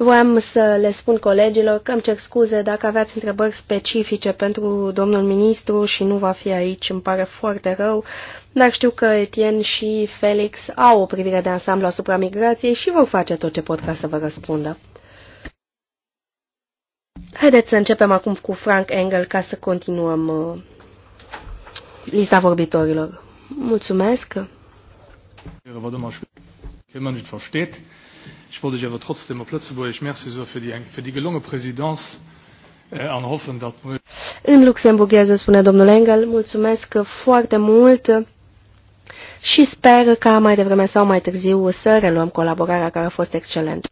Voiam să le spun colegilor că îmi cer scuze dacă aveați întrebări specifice pentru domnul ministru și nu va fi aici, îmi pare foarte rău, dar știu că Etienne și Felix au o privire de ansamblu asupra migrației și vor face tot ce pot ca să vă răspundă. Haideți să începem acum cu Frank Engel ca să continuăm uh, lista vorbitorilor. Mulțumesc! Ich wollte dich aber trotzdem auf Plötzeburg, merci so für die, für die gelungene Präsidenz. äh, dass În luxemburgheză, spune domnul Engel, mulțumesc foarte mult și sper ca mai devreme sau mai târziu să reluăm colaborarea care a fost excelentă.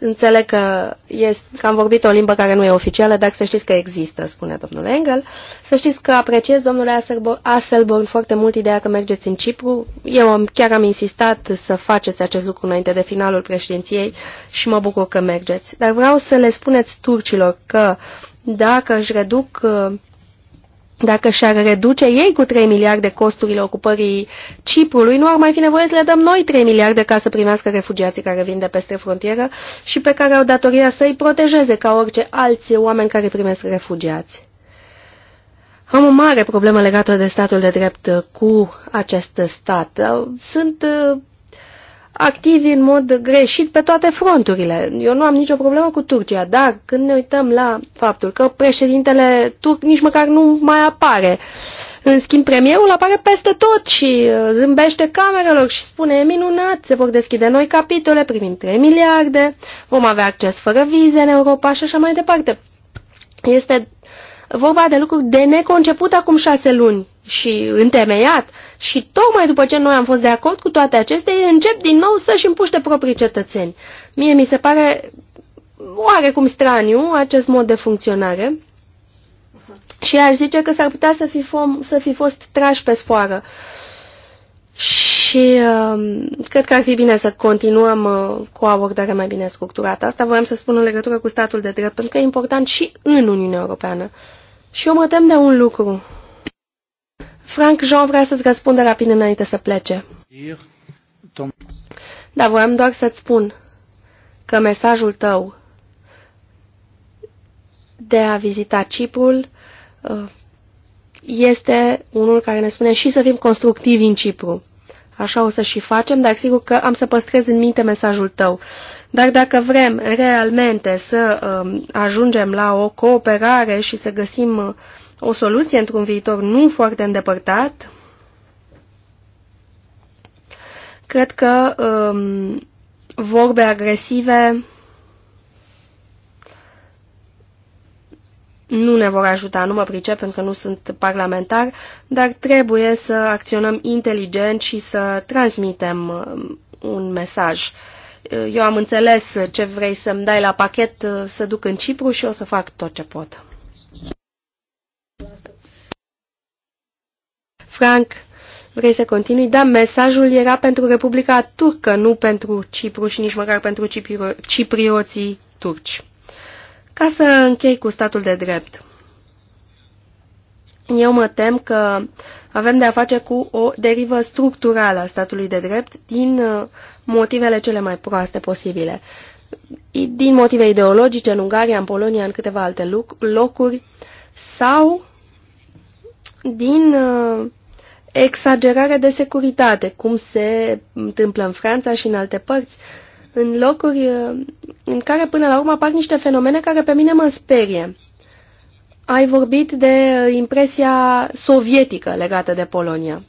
Înțeleg că, este, că am vorbit o limbă care nu e oficială, dar să știți că există, spune domnul Engel. Să știți că apreciez, domnule Asselborn, foarte mult ideea că mergeți în Cipru. Eu am, chiar am insistat să faceți acest lucru înainte de finalul președinției și mă bucur că mergeți. Dar vreau să le spuneți turcilor că dacă își reduc uh, dacă și-ar reduce ei cu 3 miliarde costurile ocupării Ciprului, nu ar mai fi nevoie să le dăm noi 3 miliarde ca să primească refugiații care vin de peste frontieră și pe care au datoria să-i protejeze ca orice alți oameni care primesc refugiați. Am o mare problemă legată de statul de drept cu acest stat. Sunt activi în mod greșit pe toate fronturile. Eu nu am nicio problemă cu Turcia, dar când ne uităm la faptul că președintele turc nici măcar nu mai apare, în schimb premierul apare peste tot și uh, zâmbește camerelor și spune e minunat, se vor deschide noi capitole, primim 3 miliarde, vom avea acces fără vize în Europa și așa mai departe. Este vorba de lucruri de neconceput acum șase luni și întemeiat și tocmai după ce noi am fost de acord cu toate acestea, ei încep din nou să-și împuște proprii cetățeni. Mie mi se pare oarecum straniu acest mod de funcționare și aș zice că s-ar putea să fi, fom, să fi fost trași pe sfoară. Și uh, cred că ar fi bine să continuăm uh, cu o abordare mai bine structurată. Asta voiam să spun în legătură cu statul de drept, pentru că e important și în Uniunea Europeană. Și eu mă tem de un lucru Frank Jean vrea să-ți răspundă rapid înainte să plece. Da, voiam doar să-ți spun că mesajul tău de a vizita Ciprul uh, este unul care ne spune și să fim constructivi în Cipru. Așa o să și facem, dar sigur că am să păstrez în minte mesajul tău. Dar dacă vrem realmente să um, ajungem la o cooperare și să găsim uh, o soluție într-un viitor nu foarte îndepărtat, cred că um, vorbe agresive nu ne vor ajuta, nu mă pricep pentru că nu sunt parlamentar, dar trebuie să acționăm inteligent și să transmitem um, un mesaj. Eu am înțeles ce vrei să-mi dai la pachet, să duc în Cipru și o să fac tot ce pot. Frank, vrei să continui? Da, mesajul era pentru Republica Turcă, nu pentru Cipru și nici măcar pentru cipiro ciprioții turci. Ca să închei cu statul de drept. Eu mă tem că avem de a face cu o derivă structurală a statului de drept din uh, motivele cele mai proaste posibile. Din motive ideologice în Ungaria, în Polonia, în câteva alte locuri sau din uh, exagerare de securitate, cum se întâmplă în Franța și în alte părți, în locuri uh, în care până la urmă apar niște fenomene care pe mine mă sperie. Ai vorbit de uh, impresia sovietică legată de Polonia.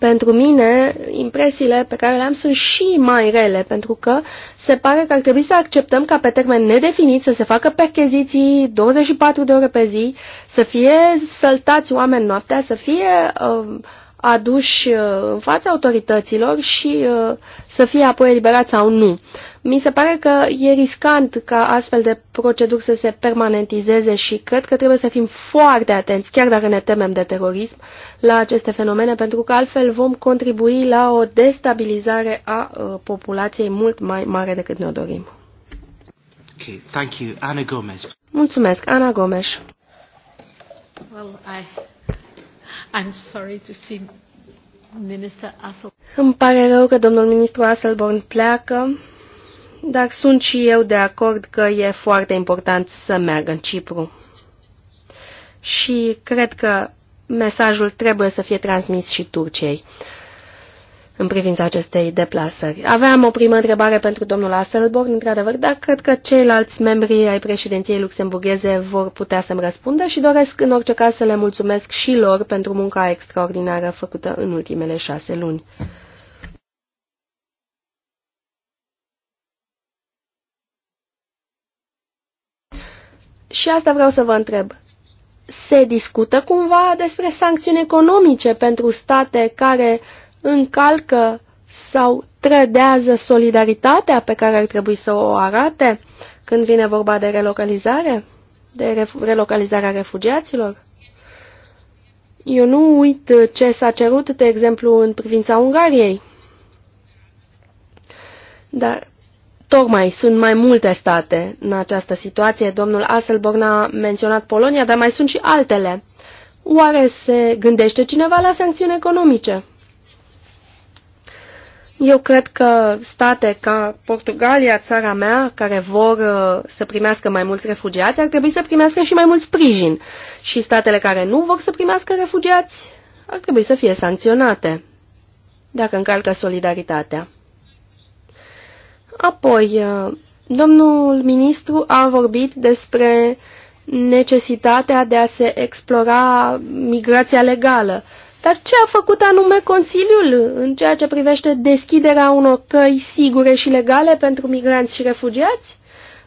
Pentru mine, impresiile pe care le-am sunt și mai rele, pentru că se pare că ar trebui să acceptăm ca pe termen nedefinit să se facă percheziții 24 de ore pe zi, să fie săltați oameni noaptea, să fie uh, aduși uh, în fața autorităților și uh, să fie apoi eliberați sau nu. Mi se pare că e riscant ca astfel de proceduri să se permanentizeze și cred că trebuie să fim foarte atenți, chiar dacă ne temem de terorism, la aceste fenomene, pentru că altfel vom contribui la o destabilizare a uh, populației mult mai mare decât ne-o dorim. Okay, thank you. Ana Gomez. Mulțumesc, Ana Gomes. Well, I, I'm sorry to see Minister Asselborn. Îmi pare rău că domnul ministru Asselborn pleacă dar sunt și eu de acord că e foarte important să meargă în Cipru. Și cred că mesajul trebuie să fie transmis și Turciei în privința acestei deplasări. Aveam o primă întrebare pentru domnul Asselborn, într-adevăr, dar cred că ceilalți membri ai președinției luxemburgheze vor putea să-mi răspundă și doresc în orice caz să le mulțumesc și lor pentru munca extraordinară făcută în ultimele șase luni. Și asta vreau să vă întreb. Se discută cumva despre sancțiuni economice pentru state care încalcă sau trădează solidaritatea pe care ar trebui să o arate când vine vorba de relocalizare, de relocalizarea refugiaților? Eu nu uit ce s-a cerut, de exemplu, în privința Ungariei. Dar Tocmai sunt mai multe state în această situație. Domnul Asselborn a menționat Polonia, dar mai sunt și altele. Oare se gândește cineva la sancțiuni economice? Eu cred că state ca Portugalia, țara mea, care vor uh, să primească mai mulți refugiați, ar trebui să primească și mai mult sprijin. Și statele care nu vor să primească refugiați ar trebui să fie sancționate, dacă încalcă solidaritatea. Apoi, uh, domnul ministru a vorbit despre necesitatea de a se explora migrația legală. Dar ce a făcut anume Consiliul în ceea ce privește deschiderea unor căi sigure și legale pentru migranți și refugiați?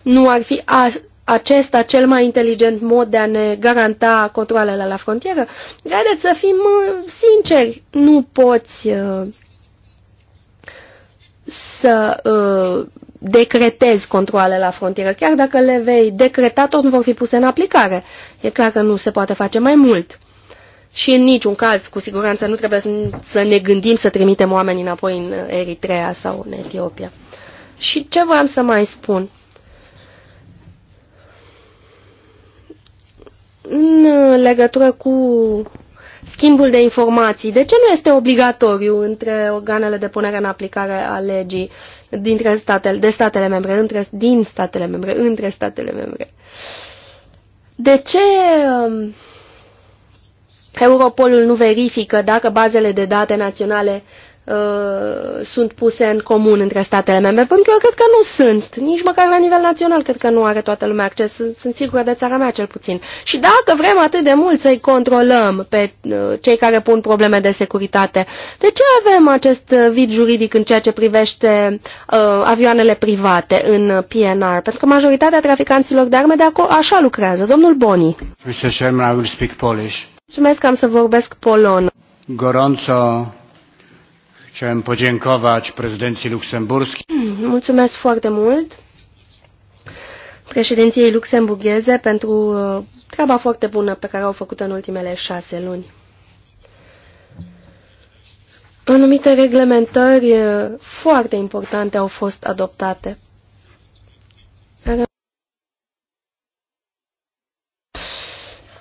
Nu ar fi a, acesta cel mai inteligent mod de a ne garanta controlele la frontieră? Haideți să fim uh, sinceri, nu poți uh, să uh, decretezi controle la frontieră. Chiar dacă le vei decreta, tot nu vor fi puse în aplicare. E clar că nu se poate face mai mult. Și în niciun caz, cu siguranță, nu trebuie să ne gândim să trimitem oameni înapoi în Eritrea sau în Etiopia. Și ce voiam să mai spun? În legătură cu schimbul de informații. De ce nu este obligatoriu între organele de punere în aplicare a legii dintre statele, de statele membre, între, din statele membre, între statele membre? De ce um, Europolul nu verifică dacă bazele de date naționale Uh, sunt puse în comun între statele membre, pentru că eu cred că nu sunt, nici măcar la nivel național cred că nu are toată lumea acces, sunt, sunt sigură de țara mea cel puțin. Și dacă vrem atât de mult să-i controlăm pe uh, cei care pun probleme de securitate, de ce avem acest uh, vid juridic în ceea ce privește uh, avioanele private în PNR? Pentru că majoritatea traficanților de arme de acolo așa lucrează. Domnul Boni. Mr. Chairman, I will speak Polish. Mulțumesc, am să vorbesc polon. Gorąco Chciałem podziękować prezydencji luksemburskiej. Hmm, mulțumesc foarte mult președinției luxemburgheze pentru uh, treaba foarte bună pe care au făcut-o în ultimele șase luni. Anumite reglementări uh, foarte importante au fost adoptate.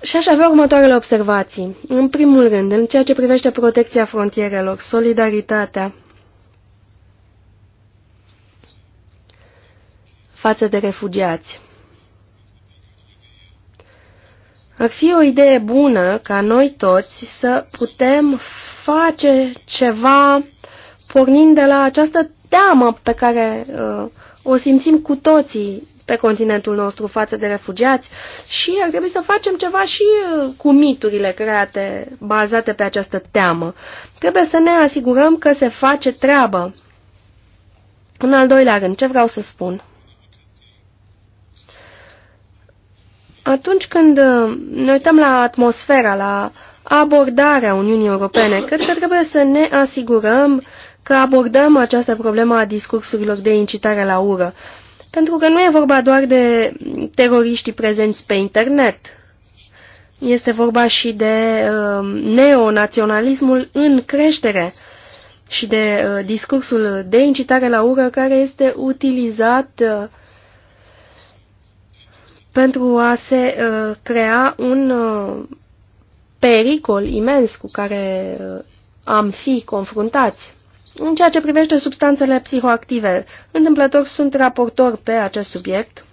Și aș avea următoarele observații. În primul rând, în ceea ce privește protecția frontierelor, solidaritatea față de refugiați. Ar fi o idee bună ca noi toți să putem face ceva pornind de la această teamă pe care uh, o simțim cu toții pe continentul nostru față de refugiați și ar trebui să facem ceva și uh, cu miturile create, bazate pe această teamă. Trebuie să ne asigurăm că se face treabă. În al doilea rând, ce vreau să spun? Atunci când uh, ne uităm la atmosfera, la abordarea Uniunii Europene, cred că trebuie să ne asigurăm că abordăm această problemă a discursurilor de incitare la ură, pentru că nu e vorba doar de teroriștii prezenți pe internet. Este vorba și de uh, neonaționalismul în creștere și de uh, discursul de incitare la ură care este utilizat uh, pentru a se uh, crea un uh, pericol imens cu care uh, am fi confruntați. În ceea ce privește substanțele psihoactive, întâmplător sunt raportor pe acest subiect.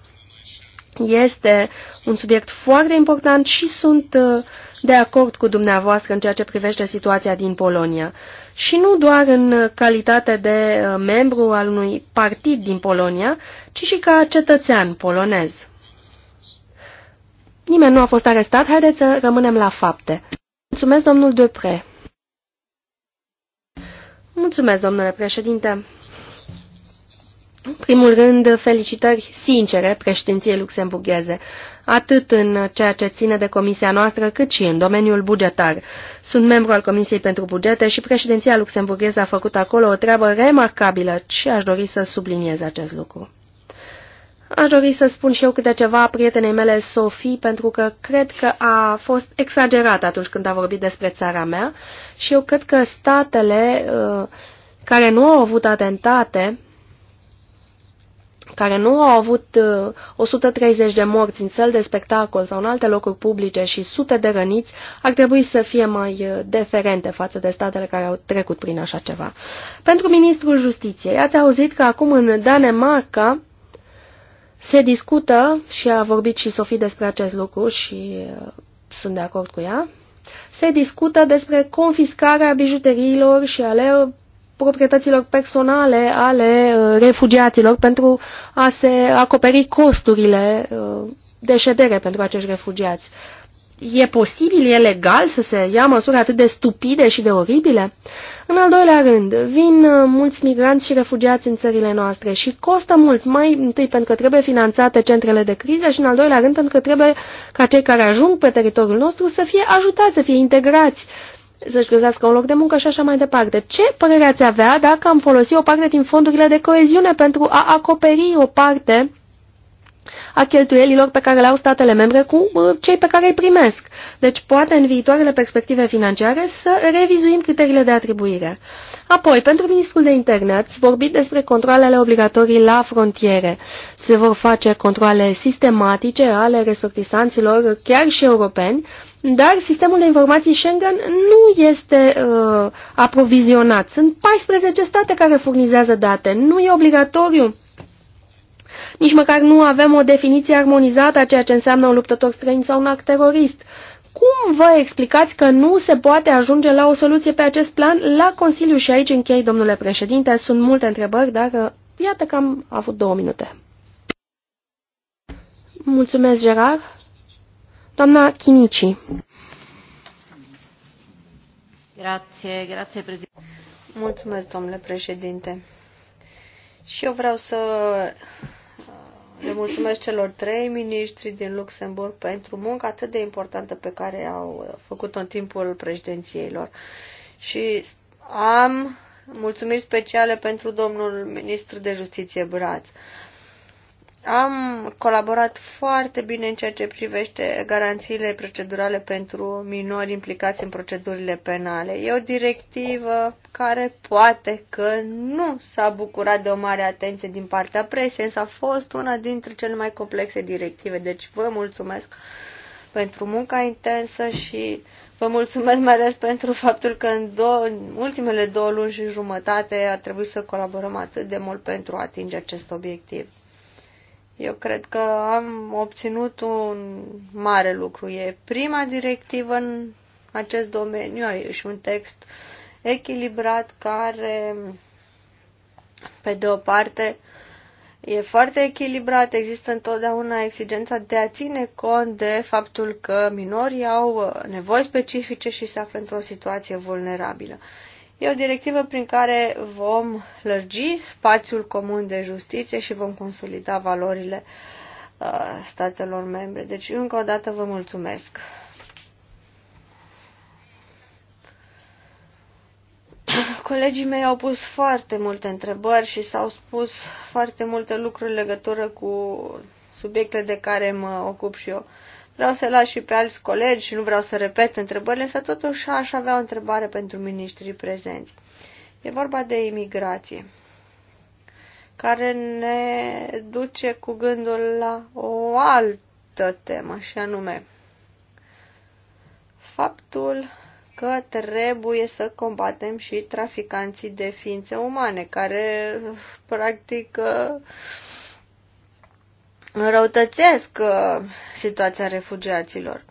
Este un subiect foarte important și sunt uh, de acord cu dumneavoastră în ceea ce privește situația din Polonia. Și nu doar în calitate de uh, membru al unui partid din Polonia, ci și ca cetățean polonez. Nimeni nu a fost arestat, haideți să rămânem la fapte. Mulțumesc, domnul Dupre. Mulțumesc, domnule președinte. În primul rând, felicitări sincere președinției luxemburgheze, atât în ceea ce ține de comisia noastră, cât și în domeniul bugetar. Sunt membru al Comisiei pentru Bugete și președinția luxemburgheză a făcut acolo o treabă remarcabilă și aș dori să subliniez acest lucru. Aș dori să spun și eu câte ceva prietenei mele, Sofie, pentru că cred că a fost exagerat atunci când a vorbit despre țara mea și eu cred că statele uh, care nu au avut atentate, care nu au avut uh, 130 de morți în țel de spectacol sau în alte locuri publice și sute de răniți, ar trebui să fie mai uh, deferente față de statele care au trecut prin așa ceva. Pentru ministrul justiției, ați auzit că acum în Danemarca, se discută, și a vorbit și Sofie despre acest lucru și uh, sunt de acord cu ea, se discută despre confiscarea bijuteriilor și ale proprietăților personale ale uh, refugiaților pentru a se acoperi costurile uh, de ședere pentru acești refugiați. E posibil, e legal să se ia măsuri atât de stupide și de oribile? În al doilea rând, vin uh, mulți migranți și refugiați în țările noastre și costă mult, mai întâi pentru că trebuie finanțate centrele de criză și în al doilea rând pentru că trebuie ca cei care ajung pe teritoriul nostru să fie ajutați, să fie integrați, să-și găsească un loc de muncă și așa mai departe. Ce părere ați avea dacă am folosit o parte din fondurile de coeziune pentru a acoperi o parte a cheltuielilor pe care le au statele membre cu uh, cei pe care îi primesc. Deci poate în viitoarele perspective financiare să revizuim criteriile de atribuire. Apoi, pentru ministrul de interne ați vorbit despre controlele obligatorii la frontiere. Se vor face controle sistematice ale resortisanților, chiar și europeni, dar sistemul de informații Schengen nu este uh, aprovizionat. Sunt 14 state care furnizează date. Nu e obligatoriu nici măcar nu avem o definiție armonizată a ceea ce înseamnă un luptător străin sau un act terorist. Cum vă explicați că nu se poate ajunge la o soluție pe acest plan la Consiliu? Și aici închei, domnule președinte, sunt multe întrebări, dar uh, iată că am avut două minute. Mulțumesc, Gerard. Doamna Chinici. Grație, grație, președinte. Mulțumesc, domnule președinte. Și eu vreau să le mulțumesc celor trei miniștri din Luxemburg pentru munca atât de importantă pe care au uh, făcut-o în timpul lor Și am mulțumiri speciale pentru domnul ministru de justiție Braț. Am colaborat foarte bine în ceea ce privește garanțiile procedurale pentru minori implicați în procedurile penale. E o directivă care poate că nu s-a bucurat de o mare atenție din partea presei, însă a fost una dintre cele mai complexe directive. Deci vă mulțumesc pentru munca intensă și vă mulțumesc mai ales pentru faptul că în, două, în ultimele două luni și jumătate a trebuit să colaborăm atât de mult pentru a atinge acest obiectiv. Eu cred că am obținut un mare lucru. E prima directivă în acest domeniu, și un text echilibrat care, pe de o parte, e foarte echilibrat, există întotdeauna exigența de a ține cont de faptul că minorii au nevoi specifice și se află într-o situație vulnerabilă. E o directivă prin care vom lărgi spațiul comun de justiție și vom consolida valorile uh, statelor membre. Deci, încă o dată, vă mulțumesc. Colegii mei au pus foarte multe întrebări și s-au spus foarte multe lucruri în legătură cu subiectele de care mă ocup și eu. Vreau să las și pe alți colegi și nu vreau să repet întrebările, să totuși aș avea o întrebare pentru ministrii prezenți. E vorba de imigrație, care ne duce cu gândul la o altă temă, și anume faptul că trebuie să combatem și traficanții de ființe umane, care practic înrăutățesc uh, situația refugiaților.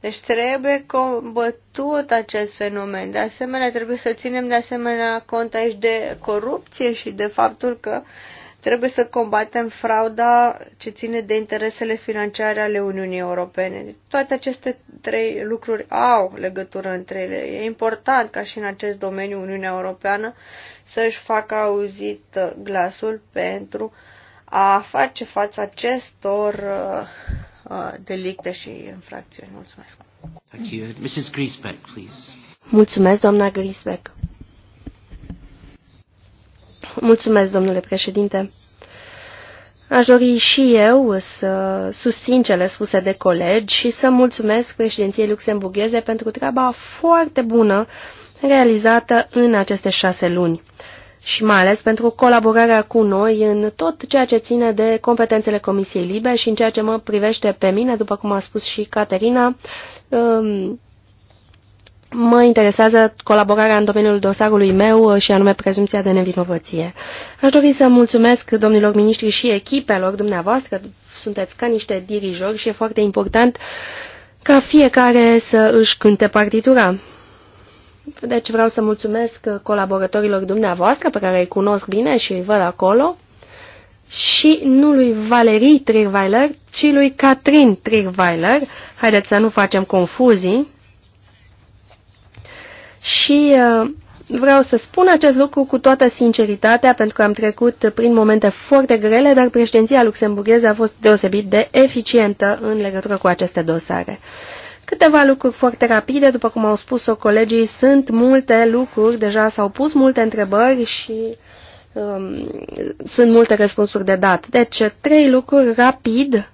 Deci trebuie combătut acest fenomen. De asemenea, trebuie să ținem de asemenea cont aici de corupție și de faptul că trebuie să combatem frauda ce ține de interesele financiare ale Uniunii Europene. Toate aceste trei lucruri au legătură între ele. E important ca și în acest domeniu Uniunea Europeană să-și facă auzit glasul pentru uh, a face față acestor uh, uh, delicte și infracțiuni. Mulțumesc. Thank you. Mrs. Griesbeck, please. Mulțumesc, doamna Griesbeck. Mulțumesc, domnule președinte. Aș dori și eu să susțin cele spuse de colegi și să mulțumesc președinției luxemburgheze pentru treaba foarte bună realizată în aceste șase luni și mai ales pentru colaborarea cu noi în tot ceea ce ține de competențele Comisiei Libe și în ceea ce mă privește pe mine, după cum a spus și Caterina, um, mă interesează colaborarea în domeniul dosarului meu și anume prezumția de nevinovăție. Aș dori să mulțumesc domnilor miniștri și echipelor dumneavoastră, sunteți ca niște dirijori și e foarte important ca fiecare să își cânte partitura. Deci vreau să mulțumesc colaboratorilor dumneavoastră, pe care îi cunosc bine și îi văd acolo, și nu lui Valerii Trierweiler, ci lui Catrin Trierweiler. Haideți să nu facem confuzii. Și uh, vreau să spun acest lucru cu toată sinceritatea, pentru că am trecut prin momente foarte grele, dar președinția luxemburgheză a fost deosebit de eficientă în legătură cu aceste dosare. Câteva lucruri foarte rapide, după cum au spus-o colegii, sunt multe lucruri, deja s-au pus multe întrebări și um, sunt multe răspunsuri de dat. Deci, trei lucruri rapid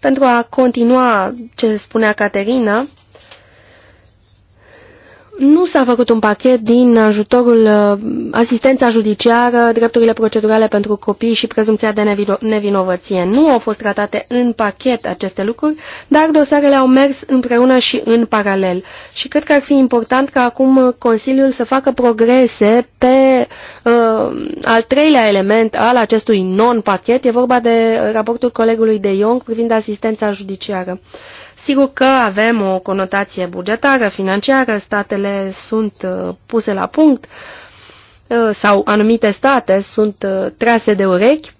pentru a continua ce spunea Caterina nu s-a făcut un pachet din ajutorul, uh, asistența judiciară, drepturile procedurale pentru copii și prezumția de nevino nevinovăție. Nu au fost tratate în pachet aceste lucruri, dar dosarele au mers împreună și în paralel. Și cred că ar fi important ca acum Consiliul să facă progrese pe uh, al treilea element al acestui non-pachet. E vorba de raportul colegului de Ion privind asistența judiciară. Uh, Sigur că avem o conotație bugetară, financiară, statele sunt uh, puse la punct uh, sau anumite state sunt uh, trase de urechi,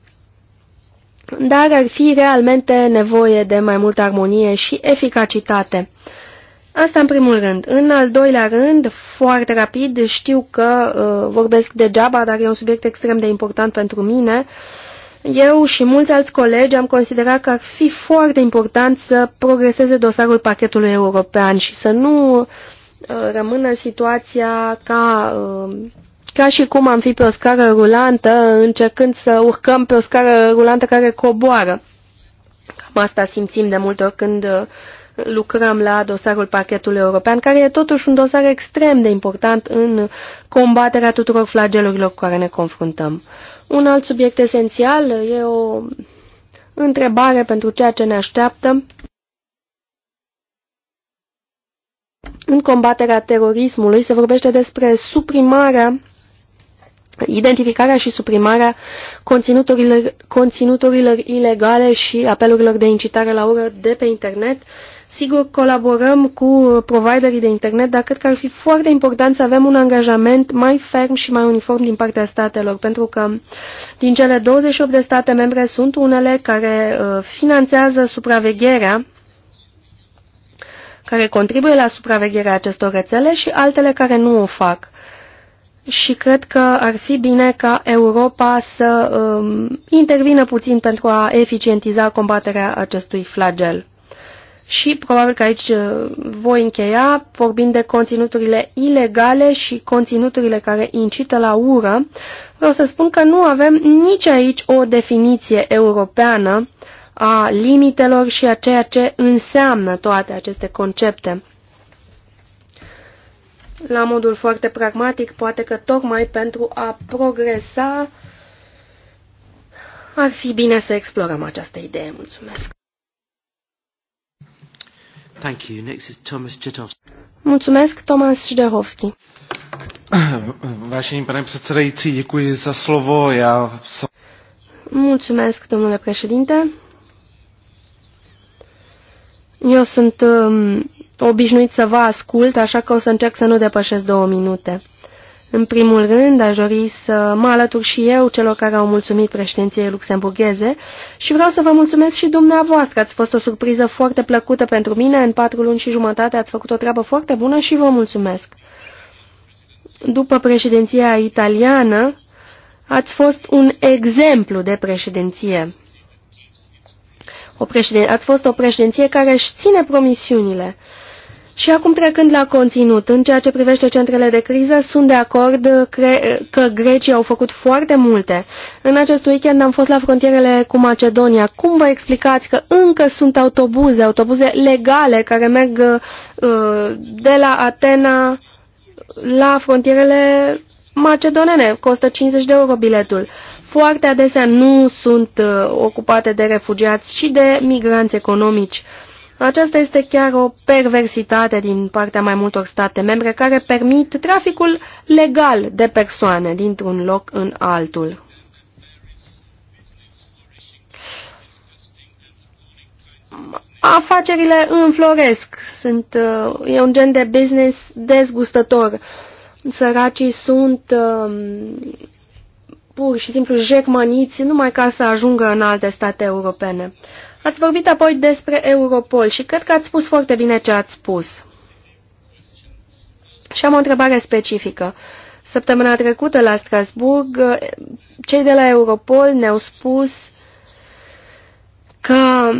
dar ar fi realmente nevoie de mai multă armonie și eficacitate. Asta în primul rând. În al doilea rând, foarte rapid, știu că uh, vorbesc degeaba, dar e un subiect extrem de important pentru mine. Uh, eu și mulți alți colegi am considerat că ar fi foarte important să progreseze dosarul pachetului european și să nu uh, rămână situația ca, uh, ca și cum am fi pe o scară rulantă, încercând să urcăm pe o scară rulantă care coboară. Cam asta simțim de multe ori când uh, lucrăm la dosarul pachetului european, care e totuși un dosar extrem de important în combaterea tuturor flagelurilor cu care ne confruntăm. Un alt subiect esențial e o întrebare pentru ceea ce ne așteaptă în combaterea terorismului. Se vorbește despre suprimarea, identificarea și suprimarea conținuturilor, conținuturilor ilegale și apelurilor de incitare la ură de pe internet. Uh, Sigur, colaborăm cu providerii de internet, dar cred că ar fi foarte important să avem un angajament mai ferm și mai uniform din partea statelor, pentru că din cele 28 de state membre sunt unele care uh, finanțează supravegherea, care contribuie la supravegherea acestor rețele și altele care nu o fac. Și cred că ar fi bine ca Europa să um, intervină puțin pentru a eficientiza combaterea acestui flagel. Și probabil că aici uh, voi încheia vorbind de conținuturile ilegale și conținuturile care incită la ură. Vreau să spun că nu avem nici aici o definiție europeană a limitelor și a ceea ce înseamnă toate aceste concepte. La modul foarte pragmatic, poate că tocmai pentru a progresa ar fi bine să explorăm această idee. Mulțumesc! Thank you. Next is Thomas Chidovsky. Mulțumesc, Thomas Șdehovski. Vážený pane předsedající, děkuji za slovo. Já... Mulțumesc, domnule președinte. Eu sunt um, obișnuit să vă ascult, așa că o să încerc să nu depășesc două minute. În primul rând, aș dori să mă alătur și eu celor care au mulțumit președinției luxemburgheze și vreau să vă mulțumesc și dumneavoastră. Ați fost o surpriză foarte plăcută pentru mine. În patru luni și jumătate ați făcut o treabă foarte bună și vă mulțumesc. După președinția italiană, ați fost un exemplu de președinție. O președin ați fost o președinție care își ține promisiunile. Și acum trecând la conținut, în ceea ce privește centrele de criză, sunt de acord că grecii au făcut foarte multe. În acest weekend am fost la frontierele cu Macedonia. Cum vă explicați că încă sunt autobuze, autobuze legale care merg uh, de la Atena la frontierele macedonene? Costă 50 de euro biletul. Foarte adesea nu sunt uh, ocupate de refugiați și de migranți economici. Uh, aceasta este chiar o perversitate din partea mai multor state membre care permit traficul legal de persoane dintr-un loc în altul. Afacerile înfloresc, sunt, uh, e un gen de business dezgustător. Săracii sunt um, pur și simplu jecmăniți numai ca să ajungă în alte state europene. Ați vorbit apoi despre Europol și cred că ați spus foarte bine ce ați spus. Și am o întrebare specifică. Săptămâna trecută la Strasburg, cei de la Europol ne-au spus că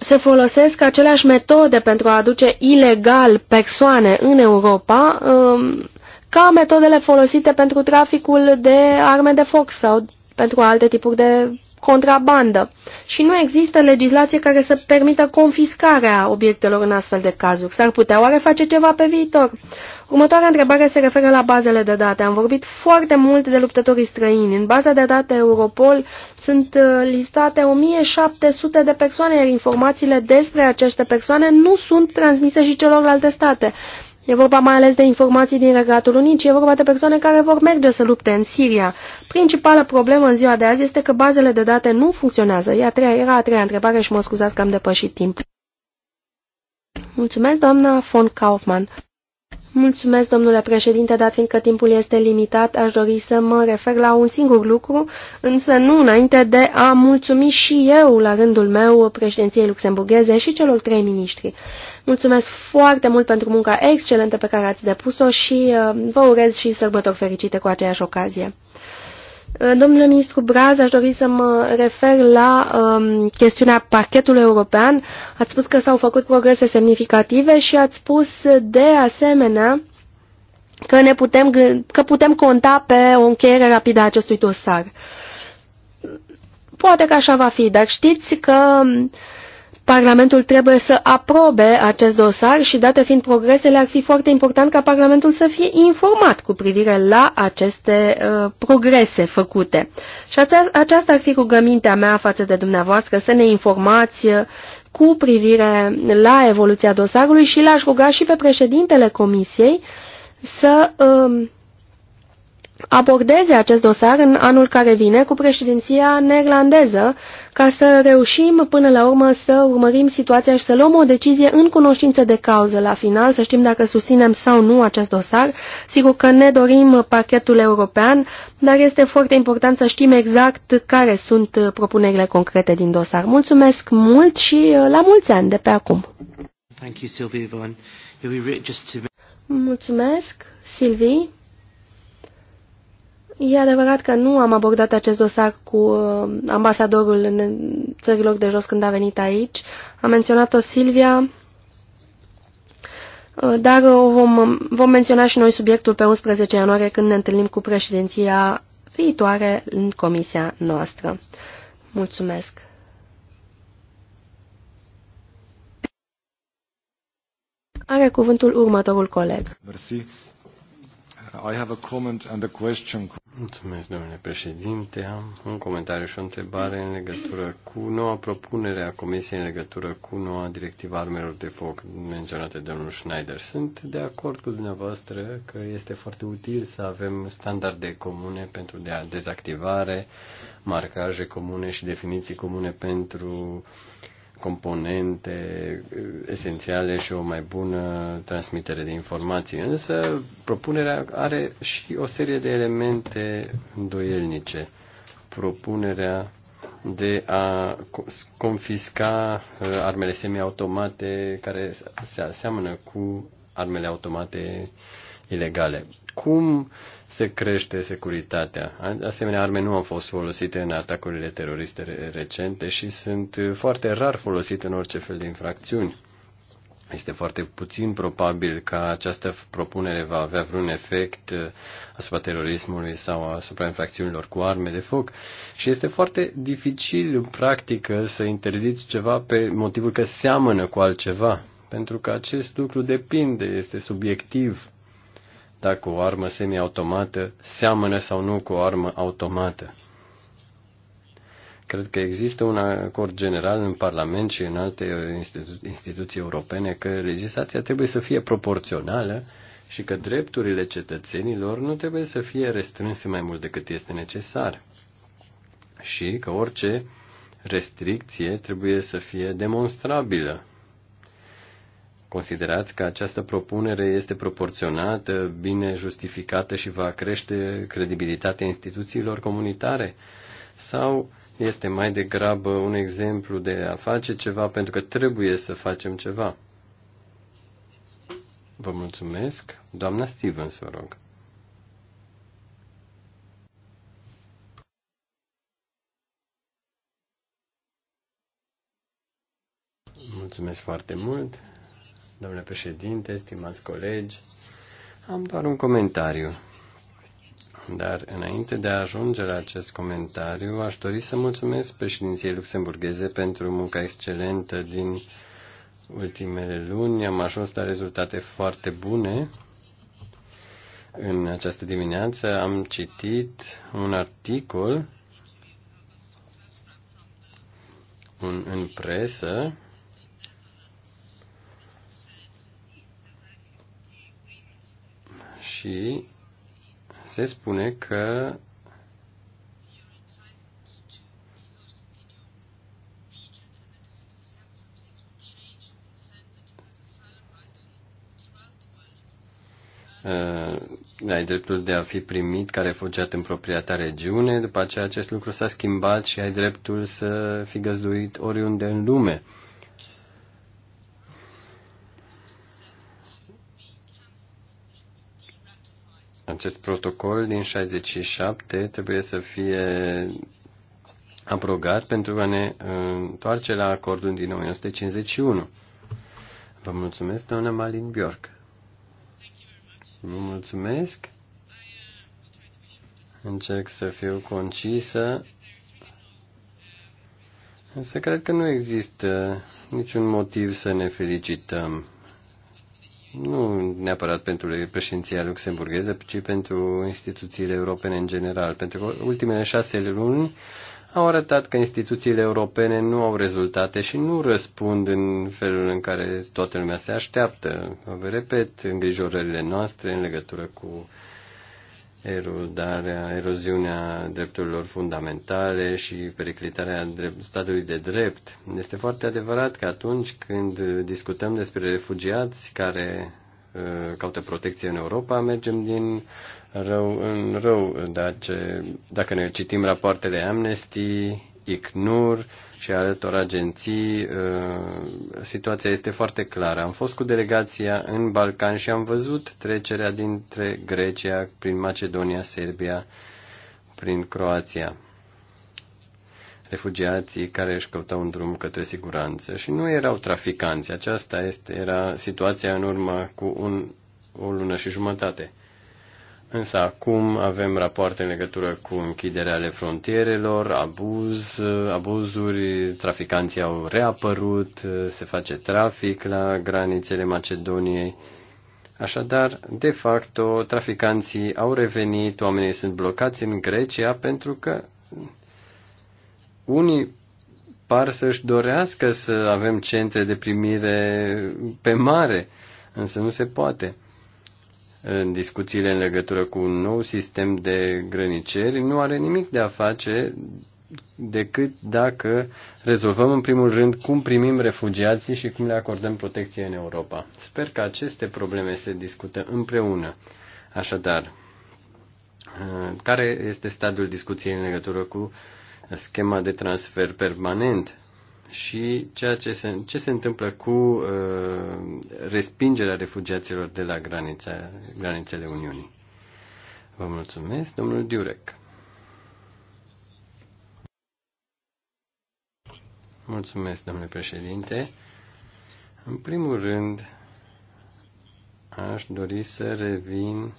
se folosesc aceleași metode pentru a aduce ilegal persoane în Europa um, ca metodele folosite pentru traficul de arme de foc sau pentru alte tipuri de contrabandă. Și nu există legislație care să permită confiscarea obiectelor în astfel de cazuri. S-ar putea oare face ceva pe viitor? Următoarea întrebare se referă la bazele de date. Am vorbit foarte mult de luptătorii străini. În baza de date Europol sunt uh, listate 1700 de persoane, iar informațiile despre aceste persoane nu sunt transmise și celorlalte state. E vorba mai ales de informații din Regatul Unit e vorba de persoane care vor merge să lupte în Siria. Principala problemă în ziua de azi este că bazele de date nu funcționează. E a treia, era a treia întrebare și mă scuzați că am depășit timp. Mulțumesc, doamna von Kaufmann. Mulțumesc, domnule președinte, dat fiindcă timpul este limitat, aș dori să mă refer la un singur lucru, însă nu înainte de a mulțumi și eu, la rândul meu, președinției luxemburgheze și celor trei miniștri. Mulțumesc foarte mult pentru munca excelentă pe care ați depus-o și uh, vă urez și sărbători fericite cu aceeași ocazie. Uh, domnule ministru Braz, aș dori să mă refer la um, chestiunea parchetului european. Ați spus că s-au făcut progrese semnificative și ați spus de asemenea că, ne putem, că putem conta pe o încheiere rapidă a acestui dosar. Poate că așa va fi, dar știți că um, Parlamentul trebuie să aprobe acest dosar și, date fiind progresele, ar fi foarte important ca Parlamentul să fie informat cu privire la aceste uh, progrese făcute. Și aceasta ar fi rugămintea mea față de dumneavoastră, să ne informați uh, cu privire la evoluția dosarului și l-aș ruga și pe președintele Comisiei să... Uh, abordeze acest dosar în anul care vine cu președinția neerlandeză, ca să reușim până la urmă să urmărim situația și să luăm o decizie în cunoștință de cauză la final, să știm dacă susținem sau nu acest dosar. Sigur că ne dorim pachetul european, dar este foarte important să știm exact care sunt propunerile concrete din dosar. Mulțumesc mult și uh, la mulți ani de pe acum! Mulțumesc, Silvii! E adevărat că nu am abordat acest dosar cu uh, ambasadorul în țărilor de jos când a venit aici. A menționat-o Silvia, uh, dar uh, o vom, vom menționa și noi subiectul pe 11 ianuarie când ne întâlnim cu președinția viitoare în comisia noastră. Mulțumesc! Are cuvântul următorul coleg. Mersi. I have a comment and a question. Mulțumesc, domnule președinte. Am un comentariu și o întrebare în legătură cu noua propunere a Comisiei în legătură cu noua directivă armelor de foc menționată de domnul Schneider. Sunt de acord cu dumneavoastră că este foarte util să avem standarde comune pentru dezactivare, marcaje comune și definiții comune pentru uh, componente eh, esențiale și o mai bună transmitere de informații. Însă, propunerea are și o serie de elemente îndoielnice. Propunerea de a confisca eh, armele semiautomate care se aseamănă cu armele automate ilegale. Cum uh, se crește securitatea. Asemenea, arme nu au fost folosite în atacurile teroriste recente și sunt foarte rar folosite în orice fel de infracțiuni. Este foarte puțin probabil că această propunere va avea vreun efect uh, asupra terorismului sau asupra infracțiunilor cu arme de foc și este foarte dificil în practică să interziți ceva pe motivul că seamănă cu altceva, pentru că acest lucru depinde, este subiectiv dacă o armă semiautomată seamănă sau nu cu o armă automată. Cred că există un acord general în Parlament și în alte institu- instituții europene că legislația trebuie să fie proporțională și că drepturile cetățenilor nu trebuie să fie restrânse mai mult decât este necesar. Și că orice restricție trebuie să fie demonstrabilă Considerați că această propunere este proporționată, bine justificată și va crește credibilitatea instituțiilor comunitare? Sau este mai degrabă un exemplu de a face ceva pentru că trebuie să facem ceva? Vă mulțumesc. Doamna Stevens, vă rog. Mulțumesc foarte mult domnule președinte, stimați colegi. Am doar un comentariu. Dar înainte de a ajunge la acest comentariu, aș dori să mulțumesc președinției luxemburgheze pentru munca excelentă din ultimele luni. Am ajuns la rezultate foarte bune. În această dimineață am citit un articol un, în presă și se spune că uh, ai dreptul de a fi primit care refugiat în propria ta regiune, după aceea acest lucru s-a schimbat și ai dreptul să fii găzduit oriunde în lume. Uh, acest protocol din 67 trebuie să fie abrogat pentru a ne uh, întoarce la acordul din 1951. Vă mulțumesc, doamna Malin Bjork. Vă mulțumesc. Încerc să fiu concisă. Însă cred că nu există niciun motiv să ne felicităm nu neapărat pentru președinția luxemburgheză, ci pentru instituțiile europene în general. Pentru că ultimele șase luni au arătat că instituțiile europene nu au rezultate și nu răspund în felul în care toată lumea se așteaptă. Vă repet îngrijorările noastre în legătură cu erodarea, eroziunea drepturilor fundamentale și periclitarea drept, statului de drept. Este foarte adevărat că atunci când discutăm despre refugiați care uh, caută protecție în Europa, mergem din rău în rău. Dacă, dacă ne citim rapoartele Amnesty ICNUR și altor agenții, uh, situația este foarte clară. Am fost cu delegația în Balcan și am văzut trecerea dintre Grecia, prin Macedonia, Serbia, prin Croația. Refugiații care își căutau un drum către siguranță și nu erau traficanți. Aceasta este, era situația în urmă cu un, o lună și jumătate. Însă acum avem rapoarte în legătură cu închiderea ale frontierelor, abuz, abuzuri, traficanții au reapărut, se face trafic la granițele Macedoniei. Așadar, de facto, traficanții au revenit, oamenii sunt blocați în Grecia pentru că unii par să-și dorească să avem centre de primire pe mare, însă nu se poate în discuțiile în legătură cu un nou sistem de grăniceri nu are nimic de a face decât dacă rezolvăm în primul rând cum primim refugiații și cum le acordăm protecție în Europa. Sper că aceste probleme se discută împreună. Așadar, uh, care este stadiul discuției în legătură cu schema de transfer permanent și ceea ce se, ce se întâmplă cu uh, respingerea refugiaților de la granița, granițele Uniunii. Vă mulțumesc, domnul Diurec. Mulțumesc, domnule președinte. În primul rând, aș dori să revin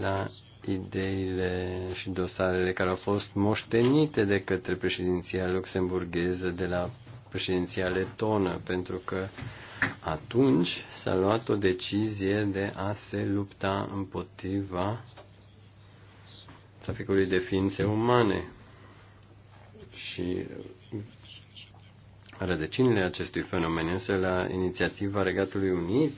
la ideile și dosarele care au fost moștenite de către președinția luxemburgheză de la președinția letonă, pentru că atunci s-a luat o decizie de a se lupta împotriva traficului de ființe umane. Și rădăcinile acestui fenomen însă la inițiativa Regatului Unit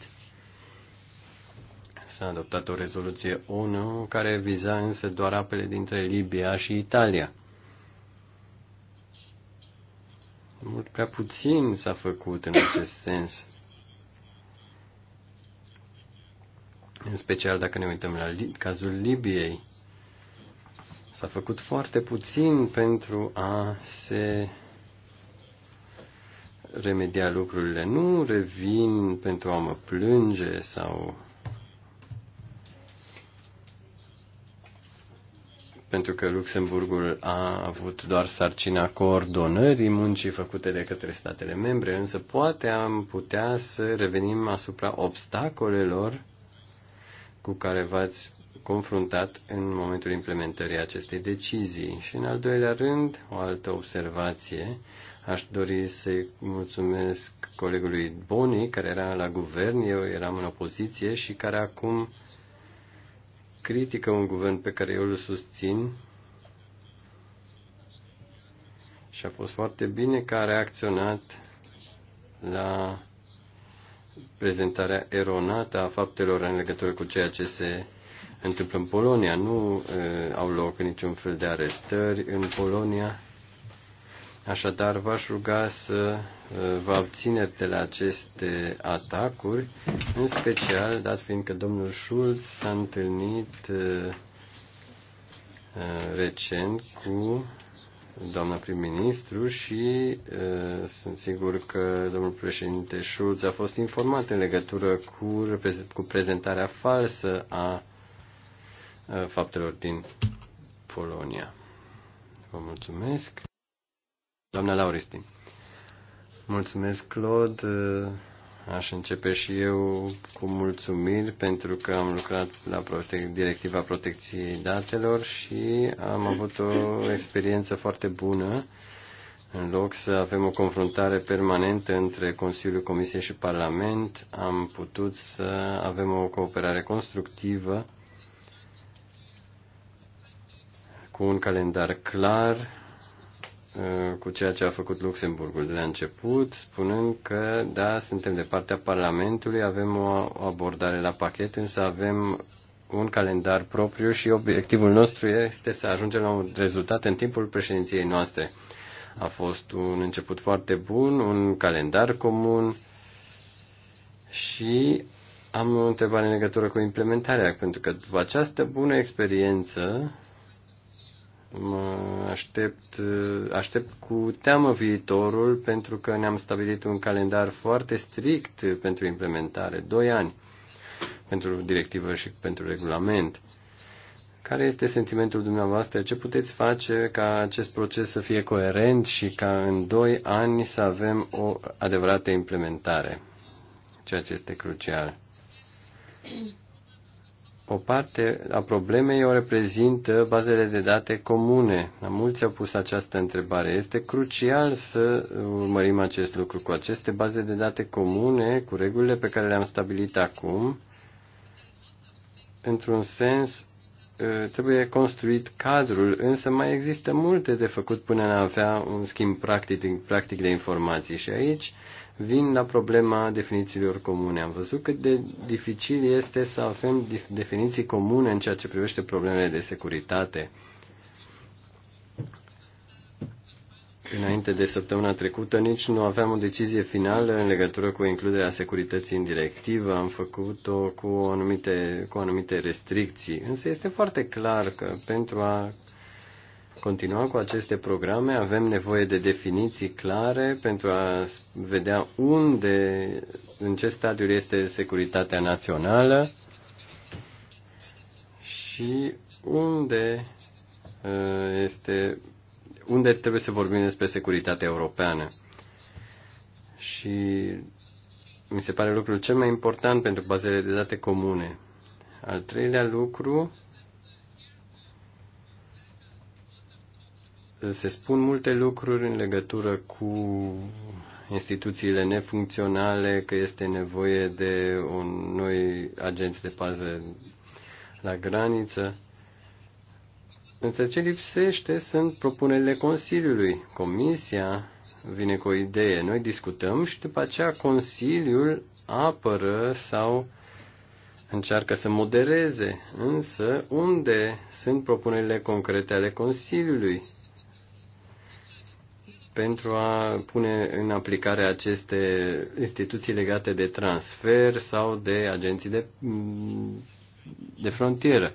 S-a adoptat o rezoluție ONU care viza însă doar apele dintre Libia și Italia. Mult prea puțin s-a făcut în acest sens. În special dacă ne uităm la cazul Libiei. S-a făcut foarte puțin pentru a se remedia lucrurile. Nu revin pentru a mă plânge sau pentru că Luxemburgul a avut doar sarcina coordonării muncii făcute de către statele membre, însă poate am putea să revenim asupra obstacolelor cu care v-ați confruntat în momentul implementării acestei decizii. Și în al doilea rând, o altă observație, aș dori să-i mulțumesc colegului Boni, care era la guvern, eu eram în opoziție și care acum critică un guvern pe care eu îl susțin și a fost foarte bine că a reacționat la prezentarea eronată a faptelor în legătură cu ceea ce se întâmplă în Polonia. Nu uh, au loc niciun fel de arestări în Polonia. Așadar, v-aș ruga să uh, vă abțineți de la aceste atacuri, în special dat fiindcă domnul Schulz s-a întâlnit uh, uh, recent cu doamna prim-ministru și sunt sigur că domnul președinte Schulz a fost informat în legătură cu, cu prezentarea falsă a faptelor din Polonia. Vă mulțumesc. Doamna Lauristin. Mulțumesc, Claude. Aș începe și eu cu mulțumiri pentru că am lucrat la protec- directiva protecției datelor și am avut o experiență foarte bună. În loc să avem o confruntare permanentă între Consiliul, Comisie și Parlament, am putut să avem o cooperare constructivă cu un calendar clar Uh, cu ceea ce a făcut Luxemburgul de la început, spunând că, da, suntem de partea Parlamentului, avem o abordare la pachet, însă avem un calendar propriu și obiectivul nostru este să ajungem la un rezultat în timpul președinției noastre. A fost un început foarte bun, un calendar comun și am o întrebare în legătură cu implementarea, pentru că după această bună experiență Mă aștept, aștept cu teamă viitorul pentru că ne-am stabilit un calendar foarte strict pentru implementare, doi ani pentru directivă și pentru regulament. Care este sentimentul dumneavoastră? Ce puteți face ca acest proces să fie coerent și ca în doi ani să avem o adevărată implementare? Ceea ce este crucial. O parte a problemei o reprezintă bazele de date comune. La mulți au pus această întrebare. Este crucial să urmărim acest lucru cu aceste baze de date comune, cu regulile pe care le-am stabilit acum. Într-un sens, ă, trebuie construit cadrul, însă mai există multe de făcut până în a avea un schimb practic, practic de informații și aici vin la problema definițiilor comune. Am văzut cât de dificil este să avem definiții comune în ceea ce privește problemele de securitate. Înainte de săptămâna trecută, nici nu aveam o decizie finală în legătură cu includerea securității în directivă. Am făcut-o cu anumite, cu anumite restricții. Însă este foarte clar că pentru a continua cu aceste programe, avem nevoie de definiții clare pentru a vedea unde, în ce stadiu este securitatea națională și unde uh, este unde trebuie să vorbim despre securitatea europeană. Și mi se pare lucrul cel mai important pentru bazele de date comune. Al treilea lucru se spun multe lucruri în legătură cu instituțiile nefuncționale, că este nevoie de un noi agenți de pază la graniță. Însă ce lipsește sunt propunerile Consiliului. Comisia vine cu o idee, noi discutăm și după aceea Consiliul apără sau încearcă să modereze. Însă unde sunt propunerile concrete ale Consiliului? pentru a pune în aplicare aceste instituții legate de transfer sau de agenții de, de frontieră.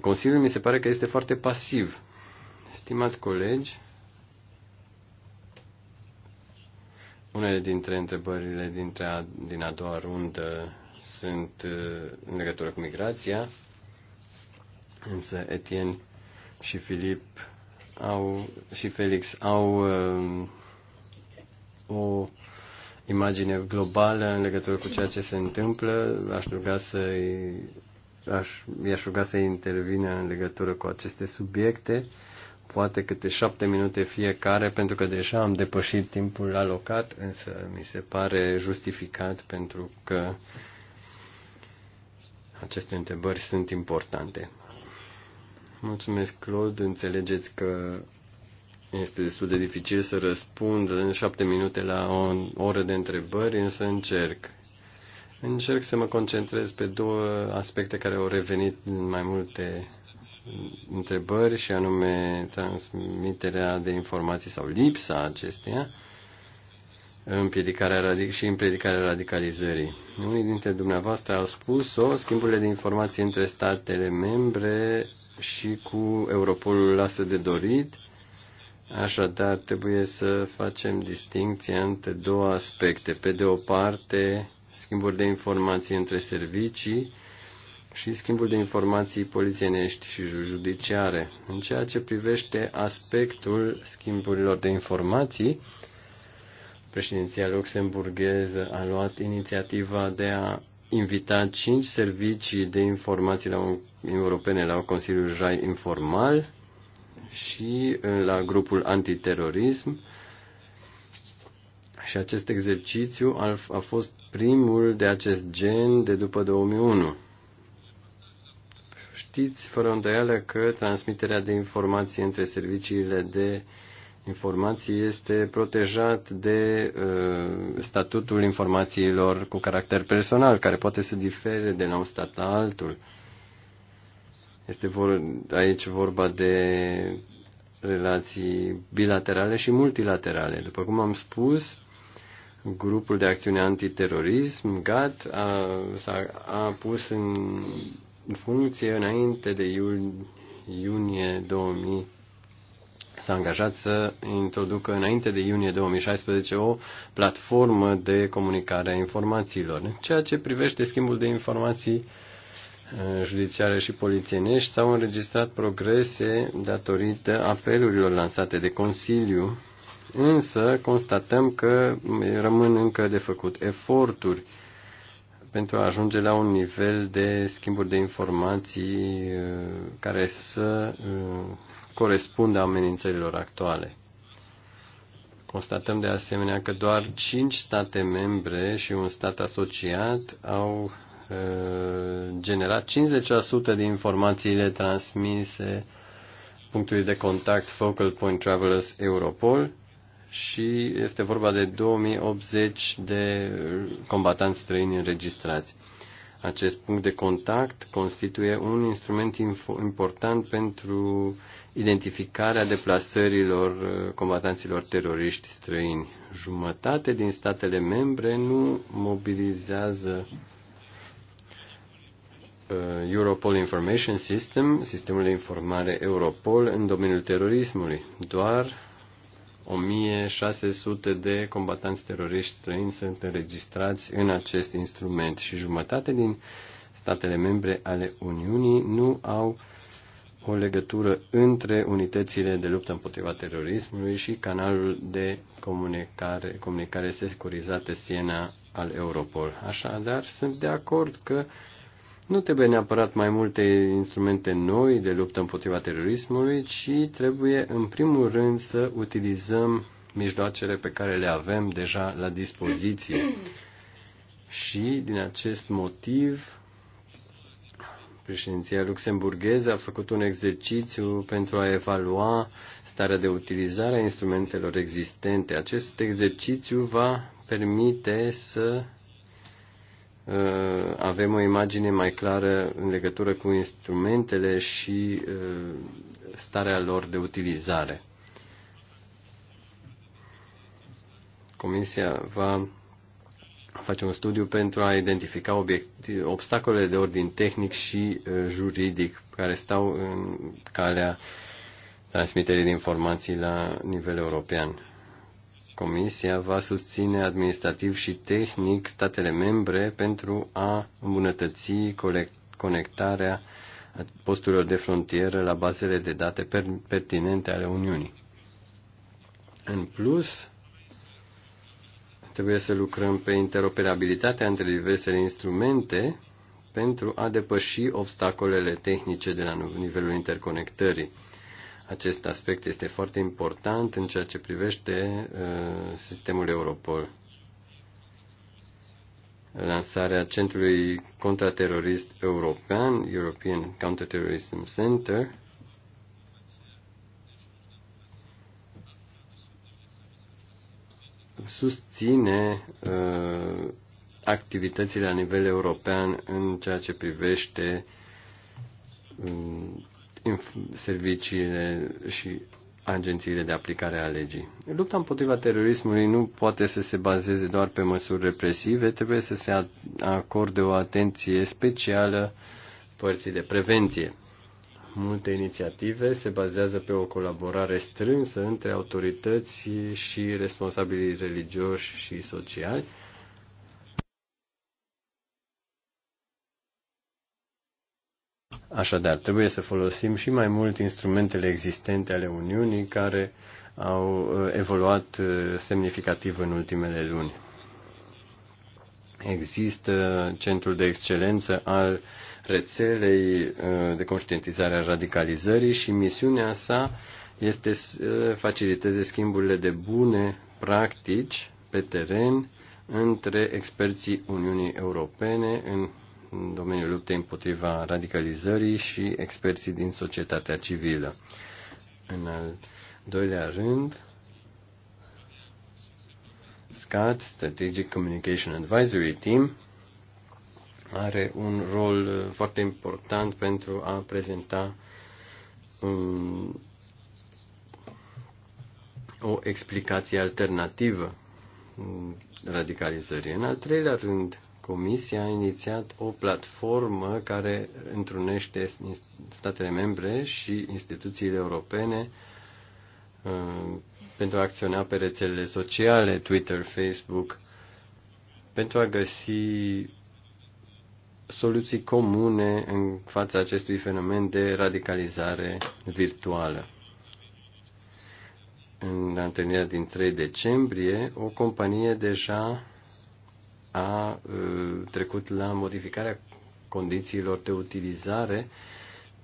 Consiliul mi se pare că este foarte pasiv. Stimați colegi, unele dintre întrebările dintre a, din a doua rundă sunt uh, în legătură cu migrația, însă Etienne și Filip au, și Felix au uh, o imagine globală în legătură cu ceea ce se întâmplă. Aș ruga să aș, i-aș ruga să intervină în legătură cu aceste subiecte, poate câte șapte minute fiecare, pentru că deja am depășit timpul alocat, însă mi se pare justificat pentru că aceste întrebări sunt importante. Mulțumesc, Claude. Înțelegeți că este destul de dificil să răspund în șapte minute la o oră de întrebări, însă încerc. Încerc să mă concentrez pe două aspecte care au revenit în mai multe întrebări, și anume transmiterea de informații sau lipsa acesteia, împiedicarea radic- și împiedicarea radicalizării. Unii dintre dumneavoastră au spus-o, schimburile de informații între statele membre și cu Europolul lasă de dorit. Așadar, trebuie să facem distinția între două aspecte. Pe de o parte, schimburi de informații între servicii și schimbul de informații polițienești și judiciare. În ceea ce privește aspectul schimburilor de informații, președinția luxemburgheză a luat inițiativa de a invita cinci servicii de informații la un, europene la Consiliul Jai informal și uh, la grupul antiterorism. Și acest exercițiu a, a fost primul de acest gen de după 2001. Știți fără îndoială că transmiterea de informații între serviciile de uh, informații este protejat de uh, statutul informațiilor cu caracter personal, care poate să difere de la un stat la altul. Este vor, aici vorba de relații bilaterale și multilaterale. După cum am spus, grupul de acțiune antiterorism, GAT, a, a, a pus în funcție înainte de iul, iunie 2000 s-a angajat să introducă înainte de iunie 2016 o platformă de comunicare a informațiilor, ceea ce privește schimbul de informații uh, judiciare și polițienești s-au înregistrat progrese datorită apelurilor lansate de Consiliu, însă constatăm că rămân încă de făcut eforturi pentru a ajunge la un nivel de schimburi de informații uh, care să uh, corespunde amenințărilor actuale. Constatăm de asemenea că doar 5 state membre și un stat asociat au uh, generat 50% din informațiile transmise punctului de contact Focal Point Travelers Europol și este vorba de 2080 de combatanți străini înregistrați. Acest punct de contact constituie un instrument important pentru uh, identificarea deplasărilor uh, combatanților teroriști străini. Jumătate din statele membre nu mobilizează uh, Europol Information System, sistemul de informare Europol în domeniul terorismului. Doar 1600 de combatanți teroriști străini sunt înregistrați în acest instrument și jumătate din statele membre ale Uniunii nu au o legătură între unitățile de luptă împotriva terorismului și canalul de comunicare, comunicare securizată Siena al Europol. Așadar, sunt de acord că nu trebuie neapărat mai multe instrumente noi de luptă împotriva terorismului, ci trebuie în primul rând să utilizăm mijloacele pe care le avem deja la dispoziție. Și din acest motiv Președinția luxemburgheză a făcut un exercițiu pentru a evalua starea de utilizare a instrumentelor existente. Acest exercițiu va permite să uh, avem o imagine mai clară în legătură cu instrumentele și uh, starea lor de utilizare. Comisia va face un studiu pentru a identifica obstacolele de ordin tehnic și uh, juridic care stau în calea transmiterii de informații la nivel european. Comisia va susține administrativ și tehnic statele membre pentru a îmbunătăți conectarea posturilor de frontieră la bazele de date pertinente ale Uniunii. În plus, Trebuie să lucrăm pe interoperabilitatea între diversele instrumente pentru a depăși obstacolele tehnice de la nivelul interconectării. Acest aspect este foarte important în ceea ce privește uh, sistemul Europol. Lansarea Centrului Contraterorist European, European Counterterrorism Center, susține uh, activitățile la nivel european în ceea ce privește um, serviciile și agențiile de aplicare a legii. Lupta împotriva terorismului nu poate să se bazeze doar pe măsuri represive, trebuie să se acorde o atenție specială părții de prevenție. Multe inițiative se bazează pe o colaborare strânsă între autorități și responsabilii religioși și sociali, Așadar, trebuie să folosim și mai mult instrumentele existente ale Uniunii care au uh, evoluat uh, semnificativ în ultimele luni. Există centrul de excelență al rețelei uh, de conștientizare a radicalizării și misiunea sa este să faciliteze schimburile de bune practici pe teren între experții Uniunii Europene în domeniul luptei împotriva radicalizării și experții din societatea civilă. În al doilea rând, SCAT, Strategic Communication Advisory Team, are un rol uh, foarte important pentru a prezenta um, o explicație alternativă um, radicalizării. În al treilea rând, Comisia a inițiat o platformă care întrunește statele membre și instituțiile europene um, pentru a acționa pe rețelele sociale, Twitter, Facebook, pentru a găsi soluții comune în fața acestui fenomen de radicalizare virtuală. În întâlnirea din 3 decembrie, o companie deja a trecut la modificarea condițiilor de utilizare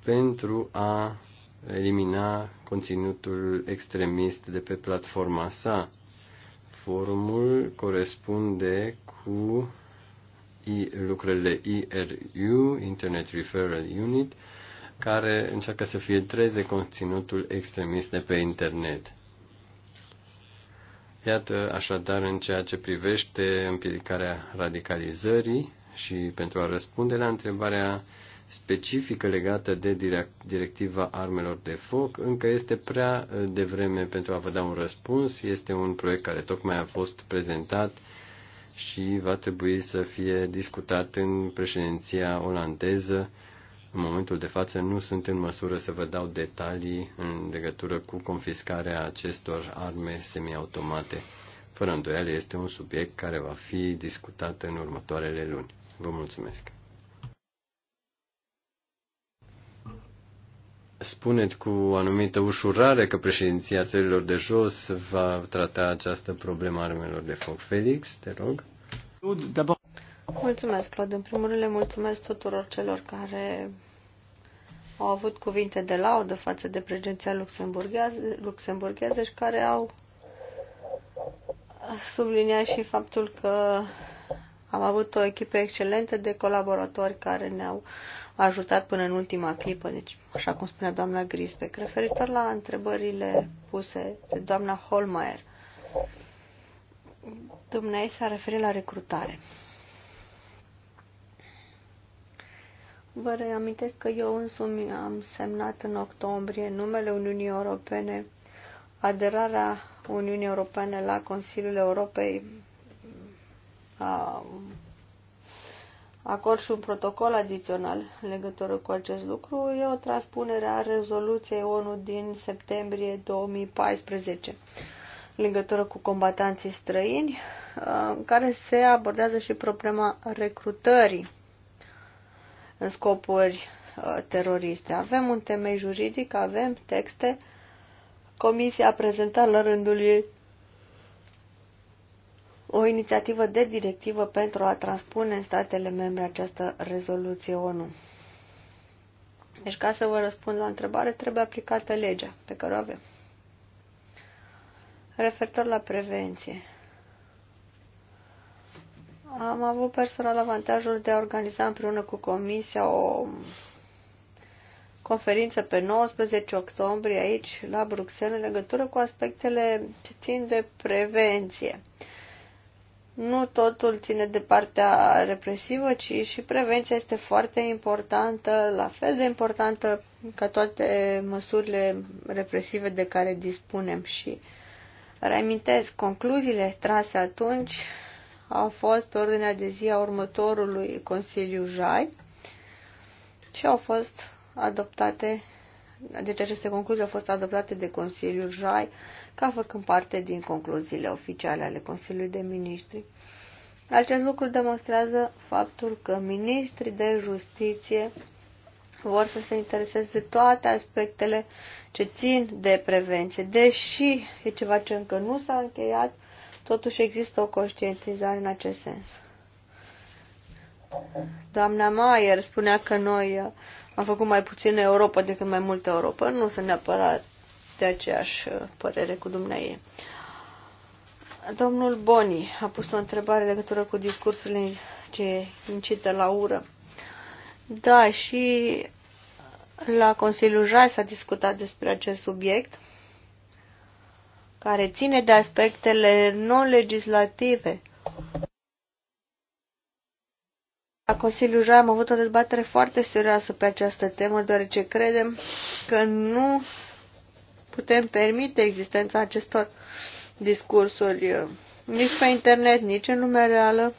pentru a elimina conținutul extremist de pe platforma sa. Forumul corespunde cu lucrările IRU, Internet Referral Unit, care încearcă să filtreze conținutul extremist de pe internet. Iată, așadar, în ceea ce privește împiedicarea radicalizării și pentru a răspunde la întrebarea specifică legată de directiva armelor de foc, încă este prea eh, devreme pentru a vă da un răspuns. Este un proiect care tocmai a fost prezentat și va trebui să fie discutat în președinția olandeză. În momentul de față nu sunt în măsură să vă dau detalii în legătură cu confiscarea acestor arme semiautomate. Fără îndoială este un subiect care va fi discutat în următoarele luni. Vă mulțumesc! spuneți cu anumită ușurare că președinția țărilor de jos va trata această problemă armelor de foc. Felix, te rog. Mulțumesc, Claude. În primul rând, le mulțumesc tuturor celor care au avut cuvinte de laudă față de președinția luxemburgheză și care au subliniat și faptul că am avut o echipă excelentă de colaboratori care ne-au ajutat până în ultima clipă, deci, așa cum spunea doamna Grisbeck, referitor la întrebările puse de doamna Holmeier. Dumnezeu s-a referit la recrutare. Vă reamintesc că eu însumi am semnat în octombrie numele Uniunii Europene aderarea Uniunii Europene la Consiliul Europei a acord și un protocol adițional în legătură cu acest lucru. E o transpunere a rezoluției ONU din septembrie 2014 în legătură cu combatanții străini, uh, în care se abordează și problema recrutării în scopuri uh, teroriste. Avem un temei juridic, avem texte. Comisia a prezentat la rândul ei o inițiativă de directivă pentru a transpune în statele membre această rezoluție ONU. Deci, ca să vă răspund la întrebare, trebuie aplicată legea pe care o avem. Referitor la prevenție, am avut personal avantajul de a organiza împreună cu Comisia o conferință pe 19 octombrie aici, la Bruxelles, în legătură cu aspectele ce țin de prevenție nu totul ține de partea represivă, ci și prevenția este foarte importantă, la fel de importantă ca toate măsurile represive de care dispunem. Și reamintesc, concluziile trase atunci au fost pe ordinea de zi a următorului Consiliu Jai și au fost adoptate deci aceste concluzii au fost adoptate de Consiliul JAI ca făcând parte din concluziile oficiale ale Consiliului de Ministri. Acest lucru demonstrează faptul că ministrii de justiție vor să se intereseze de toate aspectele ce țin de prevenție. Deși e ceva ce încă nu s-a încheiat, totuși există o conștientizare în acest sens. Doamna Maier spunea că noi am făcut mai puțin Europa decât mai multă Europa. Nu sunt neapărat de aceeași uh, părere cu dumneavoastră. Domnul Boni a pus o întrebare în legătură cu discursul ce incită la ură. Da, și la Consiliul Jai s-a discutat despre acest subiect, care ține de aspectele non-legislative la Consiliul Jai am avut o dezbatere foarte serioasă pe această temă, deoarece credem că nu putem permite existența acestor discursuri eh, nici pe internet, nici în lumea reală.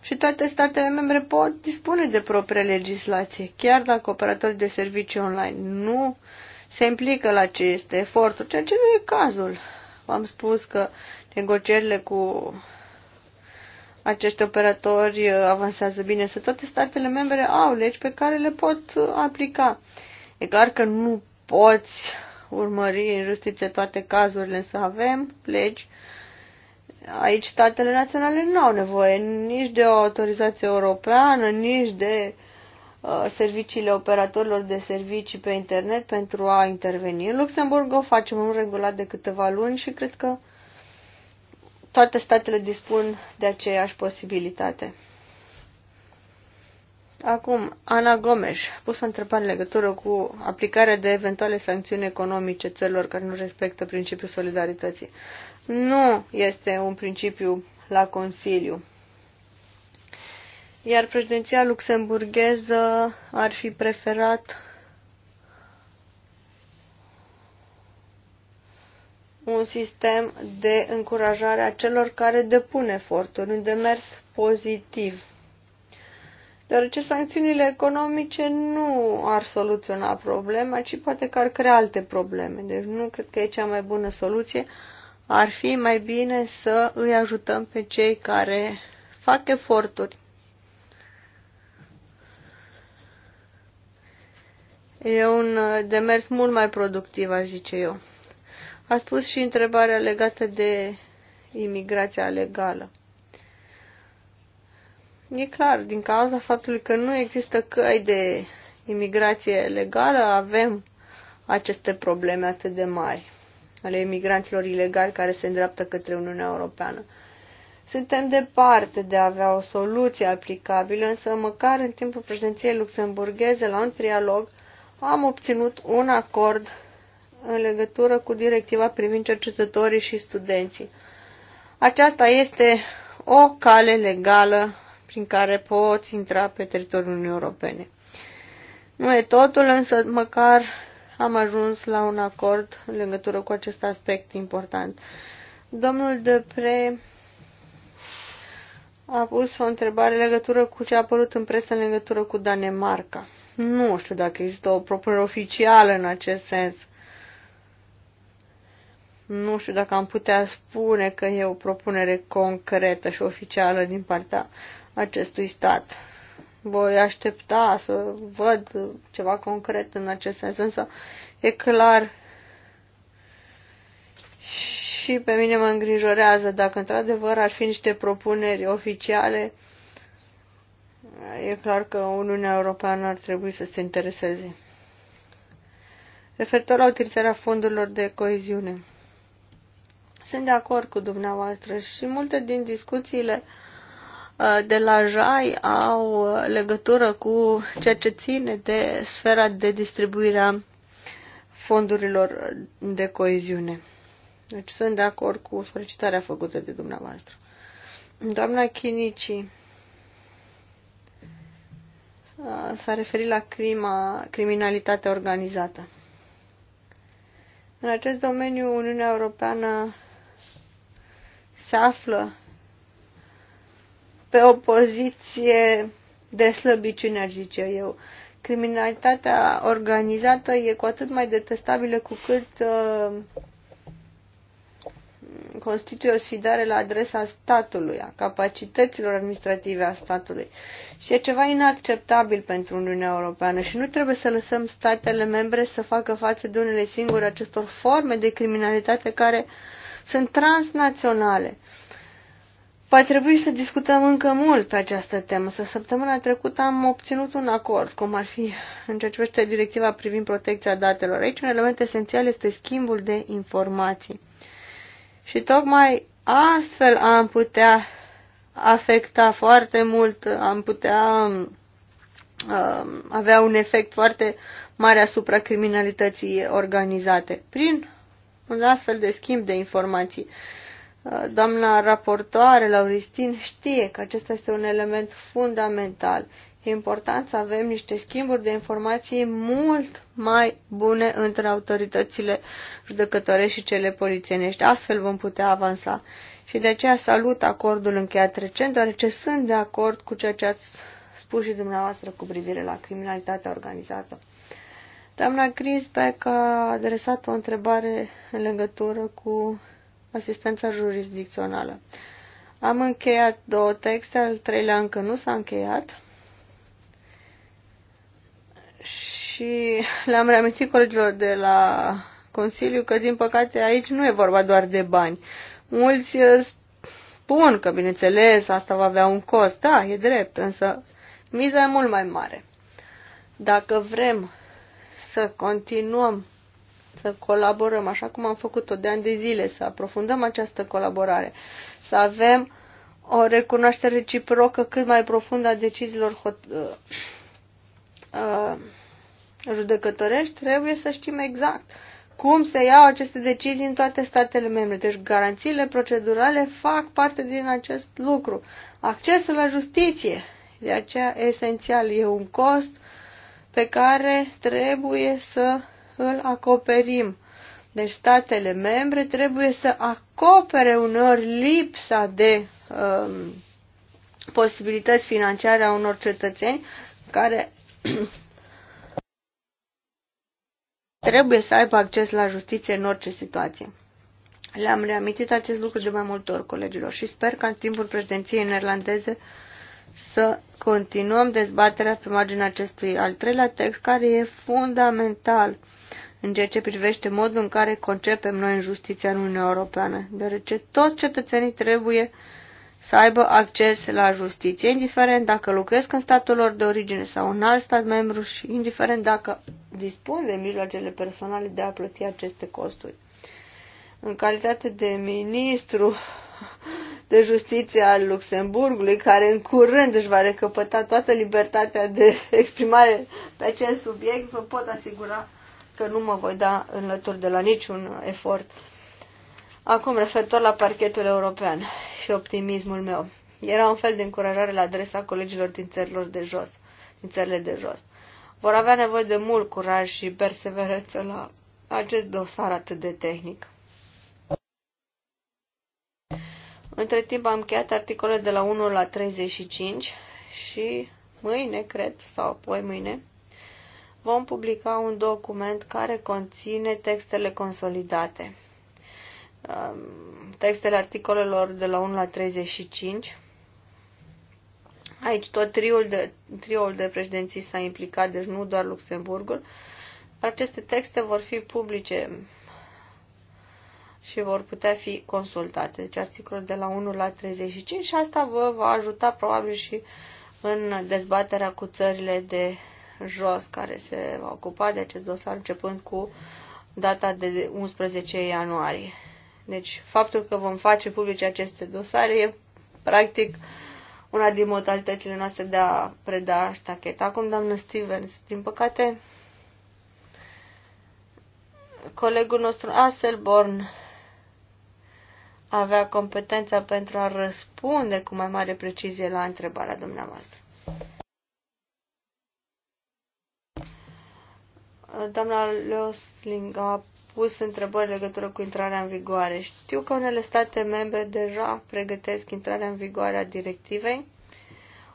Și toate statele membre pot dispune de proprie legislație, chiar dacă operatorii de servicii online nu se implică la aceste eforturi, ceea ce nu e cazul. V-am spus că negocierile cu acești operatori uh, avansează bine, să toate statele membre au legi pe care le pot uh, aplica. E clar că nu poți urmări în justiție toate cazurile, să avem legi. Aici statele naționale nu au nevoie nici de o autorizație europeană, nici de uh, serviciile operatorilor de servicii pe internet pentru a interveni. În Luxemburg o facem în regulat de câteva luni și cred că uh, toate statele dispun de aceeași posibilitate. Acum, Ana Gomes pus o întrebare în legătură cu aplicarea de eventuale sancțiuni economice țărilor care nu respectă principiul solidarității. Nu este un principiu la Consiliu. Iar președinția luxemburgheză ar fi preferat un sistem de încurajare a celor care depun eforturi, un demers pozitiv. Deoarece sancțiunile economice nu ar soluționa problema, ci poate că ar crea alte probleme. Deci nu cred că e cea mai bună soluție. Ar fi mai bine să îi ajutăm pe cei care fac eforturi. E un demers mult mai productiv, aș zice eu. A spus și întrebarea legată de imigrația legală. E clar, din cauza faptului că nu există căi de imigrație legală, avem aceste probleme atât de mari ale imigranților ilegali care se îndreaptă către Uniunea Europeană. Suntem departe de a avea o soluție aplicabilă, însă măcar în timpul președinției luxemburgheze la un trialog am obținut un acord în legătură cu directiva privind cercetătorii și studenții. Aceasta este o cale legală prin care poți intra pe teritoriul Uniunii Europene. Nu e totul, însă măcar am ajuns la un acord în legătură cu acest aspect important. Domnul Depre a pus o întrebare în legătură cu ce a apărut în presă în legătură cu Danemarca. Nu știu dacă există o propunere oficială în acest sens. Nu știu dacă am putea spune că e o propunere concretă și oficială din partea acestui stat. Voi aștepta să văd ceva concret în acest sens, însă e clar și pe mine mă îngrijorează dacă într-adevăr ar fi niște propuneri oficiale e clar că Uniunea Europeană ar trebui să se intereseze. Referitor la utilizarea fondurilor de coeziune. Sunt de acord cu dumneavoastră și multe din discuțiile uh, de la JAI au uh, legătură cu ceea ce ține de sfera de distribuire a fondurilor de coeziune. Deci sunt de acord cu solicitarea făcută de dumneavoastră. Doamna Chinici uh, s-a referit la crima, criminalitatea organizată. În acest domeniu, Uniunea Europeană se află pe o poziție de slăbiciune, aș zice eu. Criminalitatea organizată e cu atât mai detestabilă cu cât uh, constituie o sfidare la adresa statului, a capacităților administrative a statului. Și e ceva inacceptabil pentru Uniunea Europeană și nu trebuie să lăsăm statele membre să facă față de unele singure acestor forme de criminalitate care uh, sunt transnaționale. Va trebui să discutăm încă mult pe această temă, să săptămâna trecută am obținut un acord, cum ar fi în ceea ce privește directiva privind protecția datelor. Aici un element esențial este schimbul de informații. Și tocmai astfel am putea afecta foarte mult, am putea um, avea un efect foarte mare asupra criminalității organizate prin un astfel de schimb de informații. Uh, doamna raportoare, Lauristin, știe că acesta este un element fundamental. E important să avem niște schimburi de informații mult mai bune între autoritățile judecătorești și cele polițienești. Astfel vom putea avansa. Și de aceea salut acordul încheiat recent, deoarece sunt de acord cu ceea ce ați spus și dumneavoastră cu privire la criminalitatea organizată. Doamna Grisbeck a adresat o întrebare în legătură cu asistența jurisdicțională. Am încheiat două texte, al treilea încă nu s-a încheiat și le-am reamintit colegilor de la Consiliu că, din păcate, aici nu e vorba doar de bani. Mulți uh, spun că, bineînțeles, asta va avea un cost. Da, e drept, însă miza e mult mai mare. Dacă vrem să continuăm să colaborăm așa cum am făcut-o de ani de zile, să aprofundăm această colaborare, să avem o recunoaștere reciprocă cât mai profundă a deciziilor hot- uh, uh, judecătorești, trebuie să știm exact cum se iau aceste decizii în toate statele membre. Deci garanțiile procedurale fac parte din acest lucru. Accesul la justiție, de aceea esențial, e un cost uh, pe care trebuie să îl acoperim. Deci statele membre trebuie să acopere unor lipsa de um, posibilități financiare a unor cetățeni care trebuie să aibă acces la justiție în orice situație. Le-am reamintit acest lucru de mai multe ori colegilor și sper că în timpul președinției neerlandeze să continuăm dezbaterea pe marginea acestui al treilea text, care e fundamental în ceea ce privește modul în care concepem noi în justiția în Uniunea Europeană, deoarece toți cetățenii trebuie să aibă acces la justiție, indiferent dacă locuiesc în statul lor de origine sau în alt stat membru și indiferent dacă dispun de mijloacele personale de a plăti aceste costuri. În calitate de ministru de Justiție al Luxemburgului, care în curând își va recăpăta toată libertatea de exprimare pe acest subiect, vă pot asigura că nu mă voi da înlături de la niciun efort. Acum, referitor la parchetul european și optimismul meu. Era un fel de încurajare la adresa colegilor din țărilor de jos, din țările de jos. Vor avea nevoie de mult curaj și perseverență la acest dosar atât de tehnic. Între timp am încheiat articolele de la 1 la 35 și mâine, cred, sau apoi mâine, vom publica un document care conține textele consolidate. Um, textele articolelor de la 1 la 35. Aici tot triul de, triul de președinții s-a implicat, deci nu doar Luxemburgul. Aceste texte vor fi publice și vor putea fi consultate. Deci articolul de la 1 la 35 și asta vă va ajuta probabil și în dezbaterea cu țările de jos care se va ocupa de acest dosar începând cu data de 11 ianuarie. Deci faptul că vom face publice aceste dosare e practic una din modalitățile noastre de a preda ștacheta. Acum, doamnă Stevens, din păcate, colegul nostru Aselborn avea competența pentru a răspunde cu mai mare precizie la întrebarea dumneavoastră. Doamna Leosling a pus întrebări legătură cu intrarea în vigoare. Știu că unele state membre deja pregătesc intrarea în vigoare a directivei.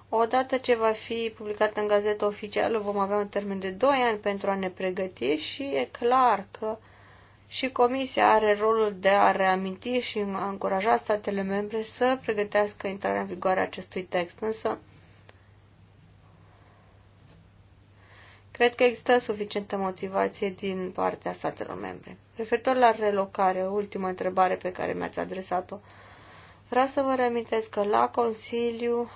Odată ce va fi publicată în gazeta oficială, vom avea un termen de 2 ani pentru a ne pregăti și e clar că și Comisia are rolul de a reaminti și a încuraja statele membre să pregătească intrarea în vigoare a acestui text, însă Cred că există suficientă motivație din partea statelor membre. Referitor la relocare, ultima întrebare pe care mi-ați adresat-o, vreau să vă reamintesc că la Consiliu,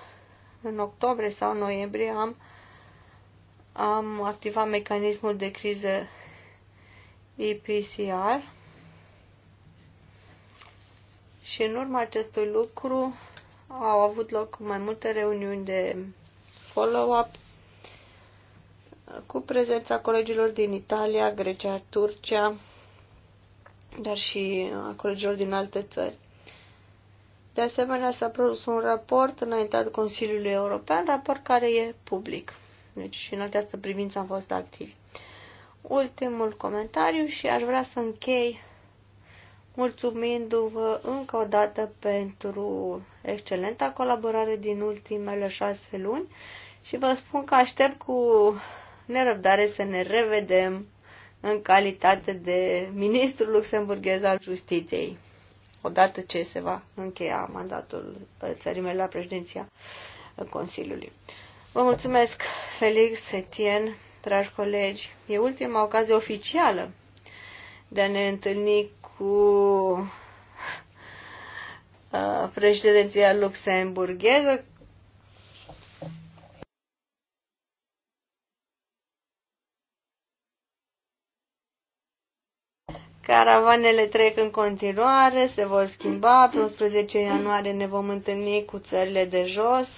în octombrie sau noiembrie, am, am activat mecanismul de criză EPCR și în urma acestui lucru au avut loc mai multe reuniuni de follow-up cu prezența colegilor din Italia, Grecia, Turcia, dar și a colegilor din alte țări. De asemenea, s-a produs un raport înaintat Consiliului European, raport care e public. Deci și în această privință am fost activi ultimul comentariu și aș vrea să închei mulțumindu-vă încă o dată pentru excelenta colaborare din ultimele șase luni și vă spun că aștept cu nerăbdare să ne revedem în calitate de ministru luxemburghez al justiției, odată ce se va încheia mandatul țării mele la președinția Consiliului. Vă mulțumesc, Felix, Etienne dragi colegi, e ultima ocazie oficială de a ne întâlni cu uh, președinția luxemburgheză. Caravanele trec în continuare, se vor schimba. Pe 11 ianuarie ne vom întâlni cu țările de jos.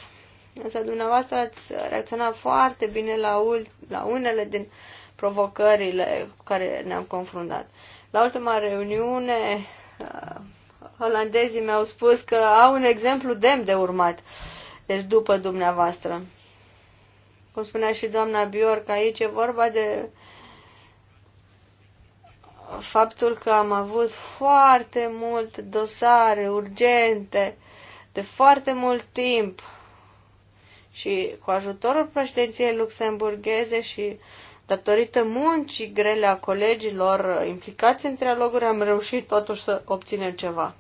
Însă dumneavoastră ați reacționat foarte bine la, ul- la unele din provocările cu care ne-am confruntat. La ultima reuniune, uh, olandezii mi-au spus că au un exemplu demn de urmat, deci după dumneavoastră. Cum spunea și doamna Bjork, aici e vorba de faptul că am avut foarte mult dosare urgente, de foarte mult timp, și cu ajutorul președinției luxemburgheze și datorită muncii grele a colegilor implicați în trialoguri, am reușit totuși să obținem ceva.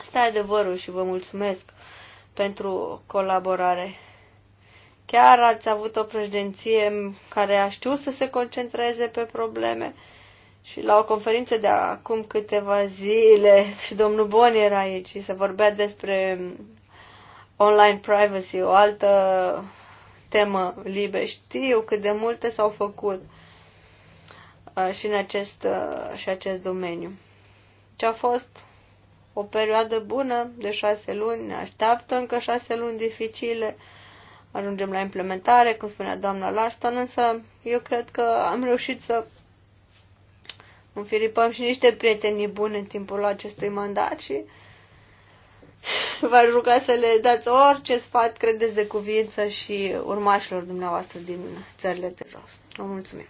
Asta e adevărul și vă mulțumesc pentru colaborare. Chiar ați avut o președinție care a știut să se concentreze pe probleme și la o conferință de acum câteva zile și domnul Boni era aici și se vorbea despre online privacy, o altă temă libe. Știu cât de multe s-au făcut uh, și în acest, uh, și acest domeniu. Ce deci a fost o perioadă bună de șase luni, ne așteaptă încă șase luni dificile, ajungem la implementare, cum spunea doamna Larston, însă eu cred că am reușit să înfiripăm și niște prietenii bune în timpul acestui mandat și uh, V-aș ruga să le dați orice sfat credeți de cuvință și urmașilor dumneavoastră din țările de jos. Vă mulțumim!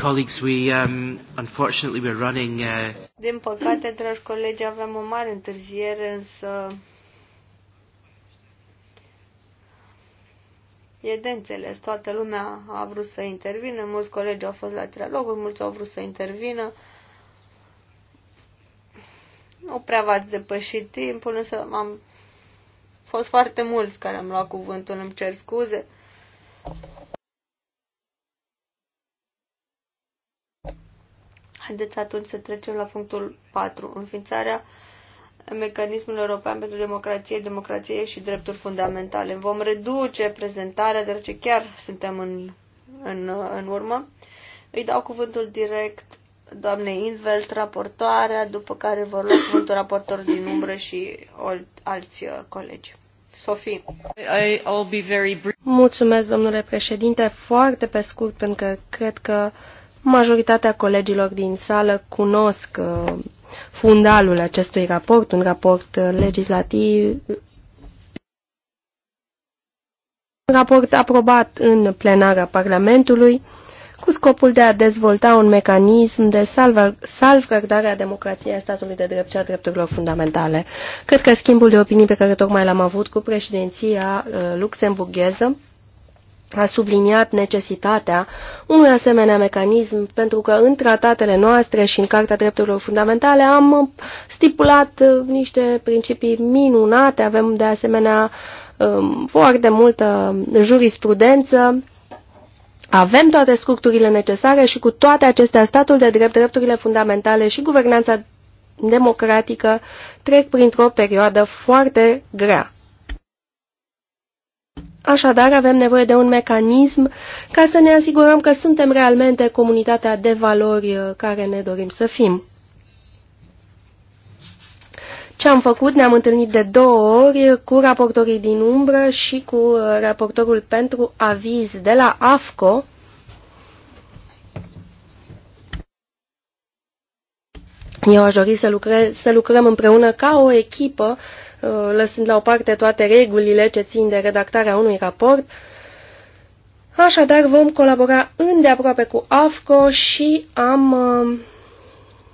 Colleagues, we um, unfortunately we're running. Uh... Din păcate, dragi colegi, avem o mare întârziere, însă E de înțeles, toată lumea a vrut să intervină, mulți colegi au fost la trialoguri, mulți au vrut să intervină. Nu prea v-ați depășit timpul, însă am fost foarte mulți care am luat cuvântul, îmi cer scuze. Haideți atunci să trecem la punctul 4, înființarea mecanismul european pentru democrație, democrație și drepturi fundamentale. Vom reduce prezentarea, deoarece chiar suntem în, în, în urmă. Îi dau cuvântul direct doamnei Invelt, raportoarea, după care vor lua cuvântul raportor din umbră și alți uh, colegi. Sophie. Mulțumesc, domnule președinte, foarte pe scurt, pentru că cred că majoritatea colegilor din sală cunosc uh, fundalul acestui raport, un raport uh, legislativ, un raport aprobat în plenara Parlamentului, cu scopul de a dezvolta un mecanism de salvgardare a democrației, a statului de drept și a drepturilor fundamentale. Cred că schimbul de opinii pe care tocmai l-am avut cu președinția uh, luxemburgheză a subliniat necesitatea unui asemenea mecanism, pentru că în tratatele noastre și în Carta Drepturilor Fundamentale am stipulat uh, niște principii minunate, avem de asemenea um, foarte multă jurisprudență, avem toate structurile necesare și cu toate acestea statul de drept, drepturile fundamentale și guvernanța democratică trec printr-o perioadă foarte grea. Așadar, avem nevoie de un mecanism ca să ne asigurăm că suntem realmente comunitatea de valori uh, care ne dorim să fim. Ce am făcut? Ne-am întâlnit de două ori cu raportorii din umbră și cu uh, raportorul pentru aviz de la AFCO. Eu aș dori să, lucre, să lucrăm împreună ca o echipă Uh, lăsând la o parte toate regulile ce țin de redactarea unui raport. Așadar, vom colabora îndeaproape cu AFCO și am uh,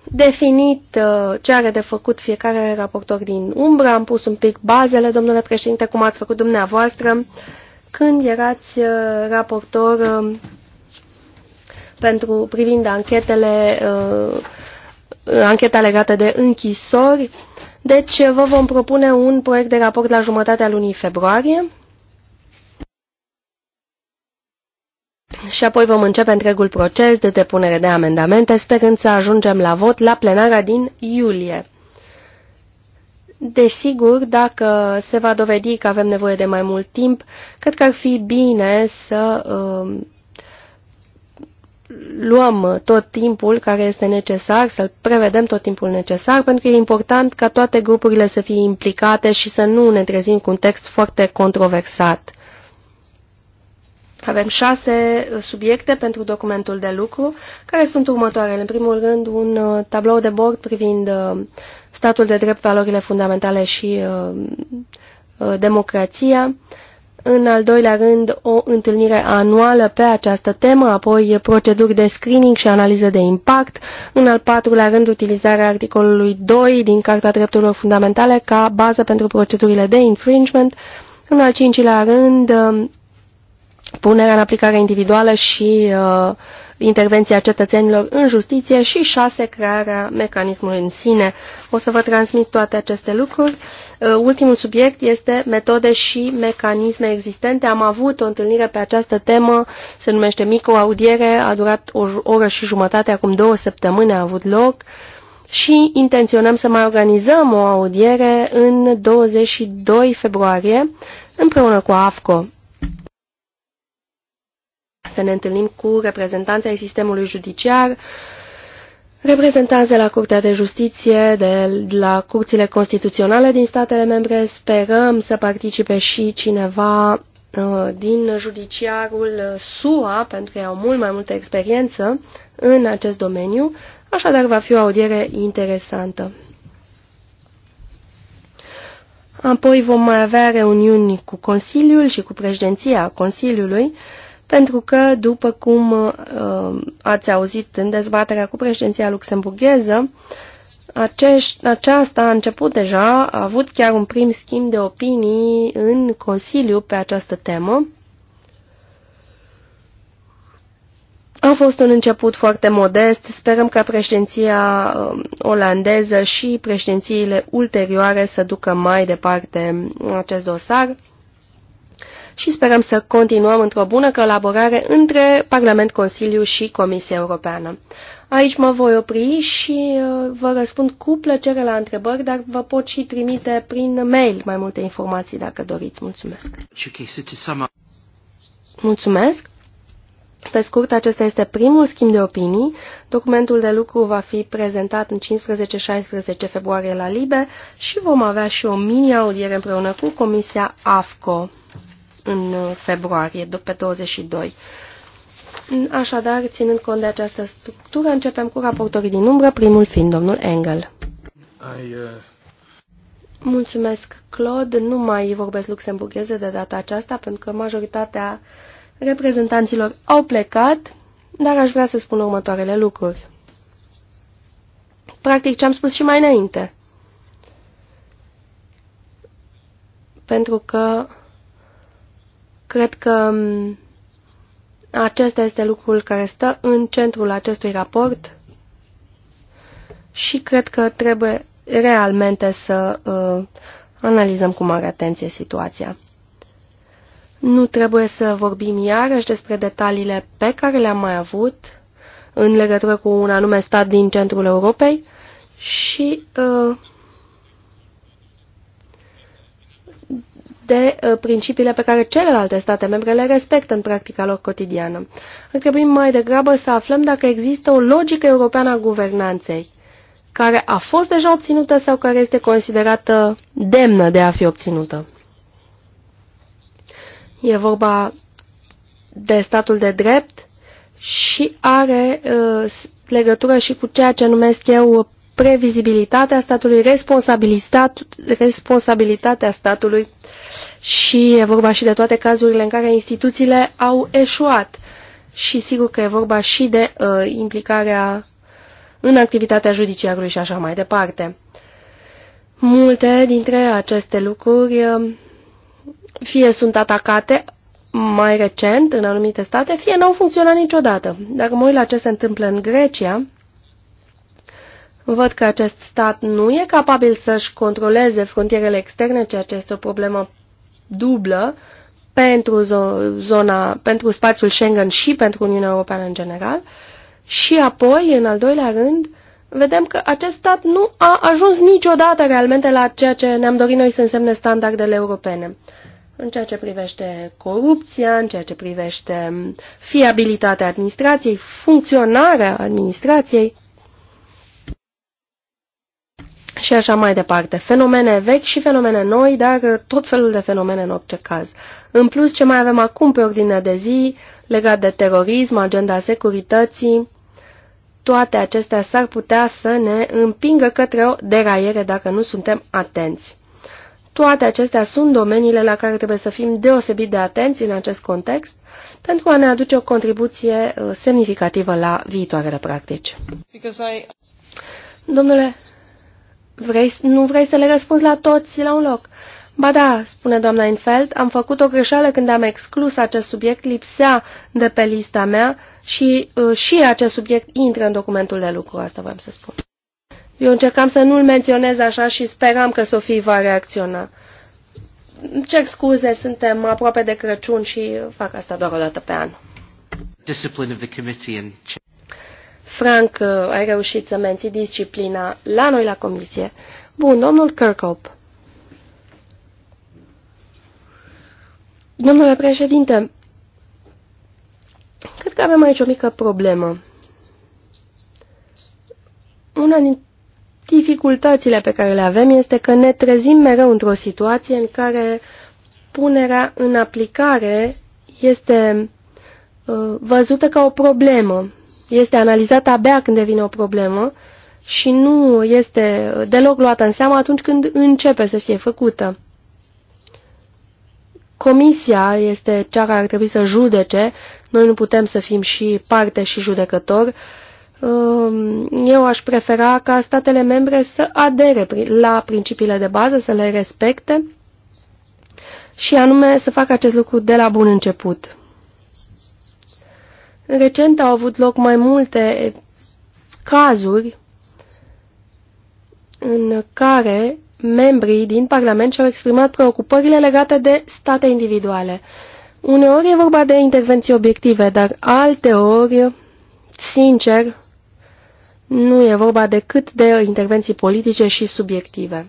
definit uh, ce are de făcut fiecare raportor din umbră. Am pus un pic bazele, domnule președinte, cum ați făcut dumneavoastră când erați raportor pentru privind anchetele, ancheta legată de închisori. Deci uh, vă vom propune un proiect de raport la jumătatea lunii februarie și apoi vom începe întregul proces de depunere de amendamente, sperând să ajungem la vot la plenara din iulie. Desigur, dacă se va dovedi că avem nevoie de mai mult timp, cred că ar fi bine să uh, luăm uh, tot timpul care este necesar, să-l prevedem tot timpul necesar, pentru că e important ca toate grupurile să fie implicate și să nu ne trezim cu un text foarte controversat. Avem șase uh, subiecte pentru documentul de lucru, care sunt următoarele. În primul rând, un uh, tablou de bord privind statul de drept, valorile fundamentale și democrația, în al doilea rând, o întâlnire anuală pe această temă, apoi proceduri de screening și analiză de impact. În al patrulea rând, utilizarea articolului 2 din Carta Drepturilor Fundamentale ca bază pentru procedurile de infringement. În al cincilea rând, um, punerea în aplicare individuală și uh, intervenția cetățenilor în justiție și șase, crearea mecanismului în sine. O să vă transmit toate aceste lucruri. Uh, ultimul subiect este metode și mecanisme existente. Am avut o întâlnire pe această temă, se numește microaudiere, a durat o oră și jumătate, acum două săptămâni a avut loc și intenționăm să mai organizăm o audiere în 22 februarie împreună cu AFCO să ne întâlnim cu reprezentanții ai sistemului judiciar, reprezentanții la Curtea de Justiție, de la curțile constituționale din statele membre. Sperăm să participe și cineva uh, din judiciarul SUA, pentru că au mult mai multă experiență în acest domeniu, așadar va fi o audiere interesantă. Apoi vom mai avea reuniuni cu Consiliul și cu președinția Consiliului, pentru că, după cum uh, ați auzit în dezbaterea cu președinția luxemburgheză, acești, aceasta a început deja, a avut chiar un prim schimb de opinii în Consiliu pe această temă. A fost un început foarte modest, sperăm ca președinția uh, olandeză și președințiile ulterioare să ducă mai departe acest dosar și sperăm să continuăm într-o bună colaborare între Parlament, Consiliu și Comisia Europeană. Aici mă voi opri și uh, vă răspund cu plăcere la întrebări, dar vă pot și trimite prin mail mai multe informații dacă doriți. Mulțumesc! Mulțumesc! Pe scurt, acesta este primul schimb de opinii. Documentul de lucru va fi prezentat în 15-16 februarie la Libe și vom avea și o mini-audiere împreună cu Comisia AFCO în februarie, după 22. Așadar, ținând cont de această structură, începem cu raportorii din umbră, primul fiind domnul Engel. I, uh... Mulțumesc, Claude. Nu mai vorbesc luxemburgheze de data aceasta, pentru că majoritatea reprezentanților au plecat, dar aș vrea să spun următoarele lucruri. Practic, ce am spus și mai înainte. Pentru că Cred că mm, acesta este lucrul care stă în centrul acestui raport și cred că trebuie realmente să uh, analizăm cu mare atenție situația. Nu trebuie să vorbim iarăși despre detaliile pe care le-am mai avut în legătură cu un anume stat din centrul Europei și uh, de uh, principiile pe care celelalte state membre le respectă în practica lor cotidiană. Ar trebui mai degrabă să aflăm dacă există o logică europeană a guvernanței, care a fost deja obținută sau care este considerată demnă de a fi obținută. E vorba de statul de drept și are uh, legătură și cu ceea ce numesc eu previzibilitatea statului, responsabilitatea statului și e vorba și de toate cazurile în care instituțiile au eșuat. Și sigur că e vorba și de uh, implicarea în activitatea judiciarului și așa mai departe. Multe dintre aceste lucruri um, fie sunt atacate mai recent în anumite state, fie n-au funcționat niciodată. Dacă mă uit la ce se întâmplă în Grecia, Văd că acest stat nu e capabil să-și controleze frontierele externe, ceea ce este o problemă dublă pentru, zona, pentru spațiul Schengen și pentru Uniunea Europeană în general. Și apoi, în al doilea rând, vedem că acest stat nu a ajuns niciodată realmente la ceea ce ne-am dorit noi să însemne standardele europene. În ceea ce privește corupția, în ceea ce privește fiabilitatea administrației, funcționarea administrației, și așa mai departe. Fenomene vechi și fenomene noi, dar tot felul de fenomene în orice caz. În plus, ce mai avem acum pe ordinea de zi, legat de terorism, agenda securității, toate acestea s-ar putea să ne împingă către o deraiere dacă nu suntem atenți. Toate acestea sunt domeniile la care trebuie să fim deosebit de atenți în acest context pentru a ne aduce o contribuție uh, semnificativă la viitoarele practici. I... Domnule Vrei, nu vrei să le răspunzi la toți la un loc? Ba da, spune doamna Infeld, am făcut o greșeală când am exclus acest subiect, lipsea de pe lista mea și uh, și acest subiect intră în documentul de lucru, asta vreau să spun. Eu încercam să nu-l menționez așa și speram că Sofie va reacționa. Ce scuze, suntem aproape de Crăciun și fac asta doar o dată pe an. Frank, uh, ai reușit să menții disciplina la noi la comisie. Bun, domnul Kirkhope. Domnule președinte, cred că avem aici o mică problemă. Una din dificultățile pe care le avem este că ne trezim mereu într-o situație în care punerea în aplicare este uh, văzută ca o problemă este analizată abia când devine o problemă și nu este deloc luată în seamă atunci când începe să fie făcută. Comisia este cea care ar trebui să judece, noi nu putem să fim și parte și judecător. Um, Eu aș prefera ca statele membre să adere la principiile de bază, să le respecte și anume să facă acest lucru de la bun început. Recent au avut loc mai multe cazuri în care membrii din Parlament și-au exprimat preocupările legate de state individuale. Uneori e vorba de intervenții obiective, dar alteori, sincer, nu e vorba decât de intervenții politice și subiective.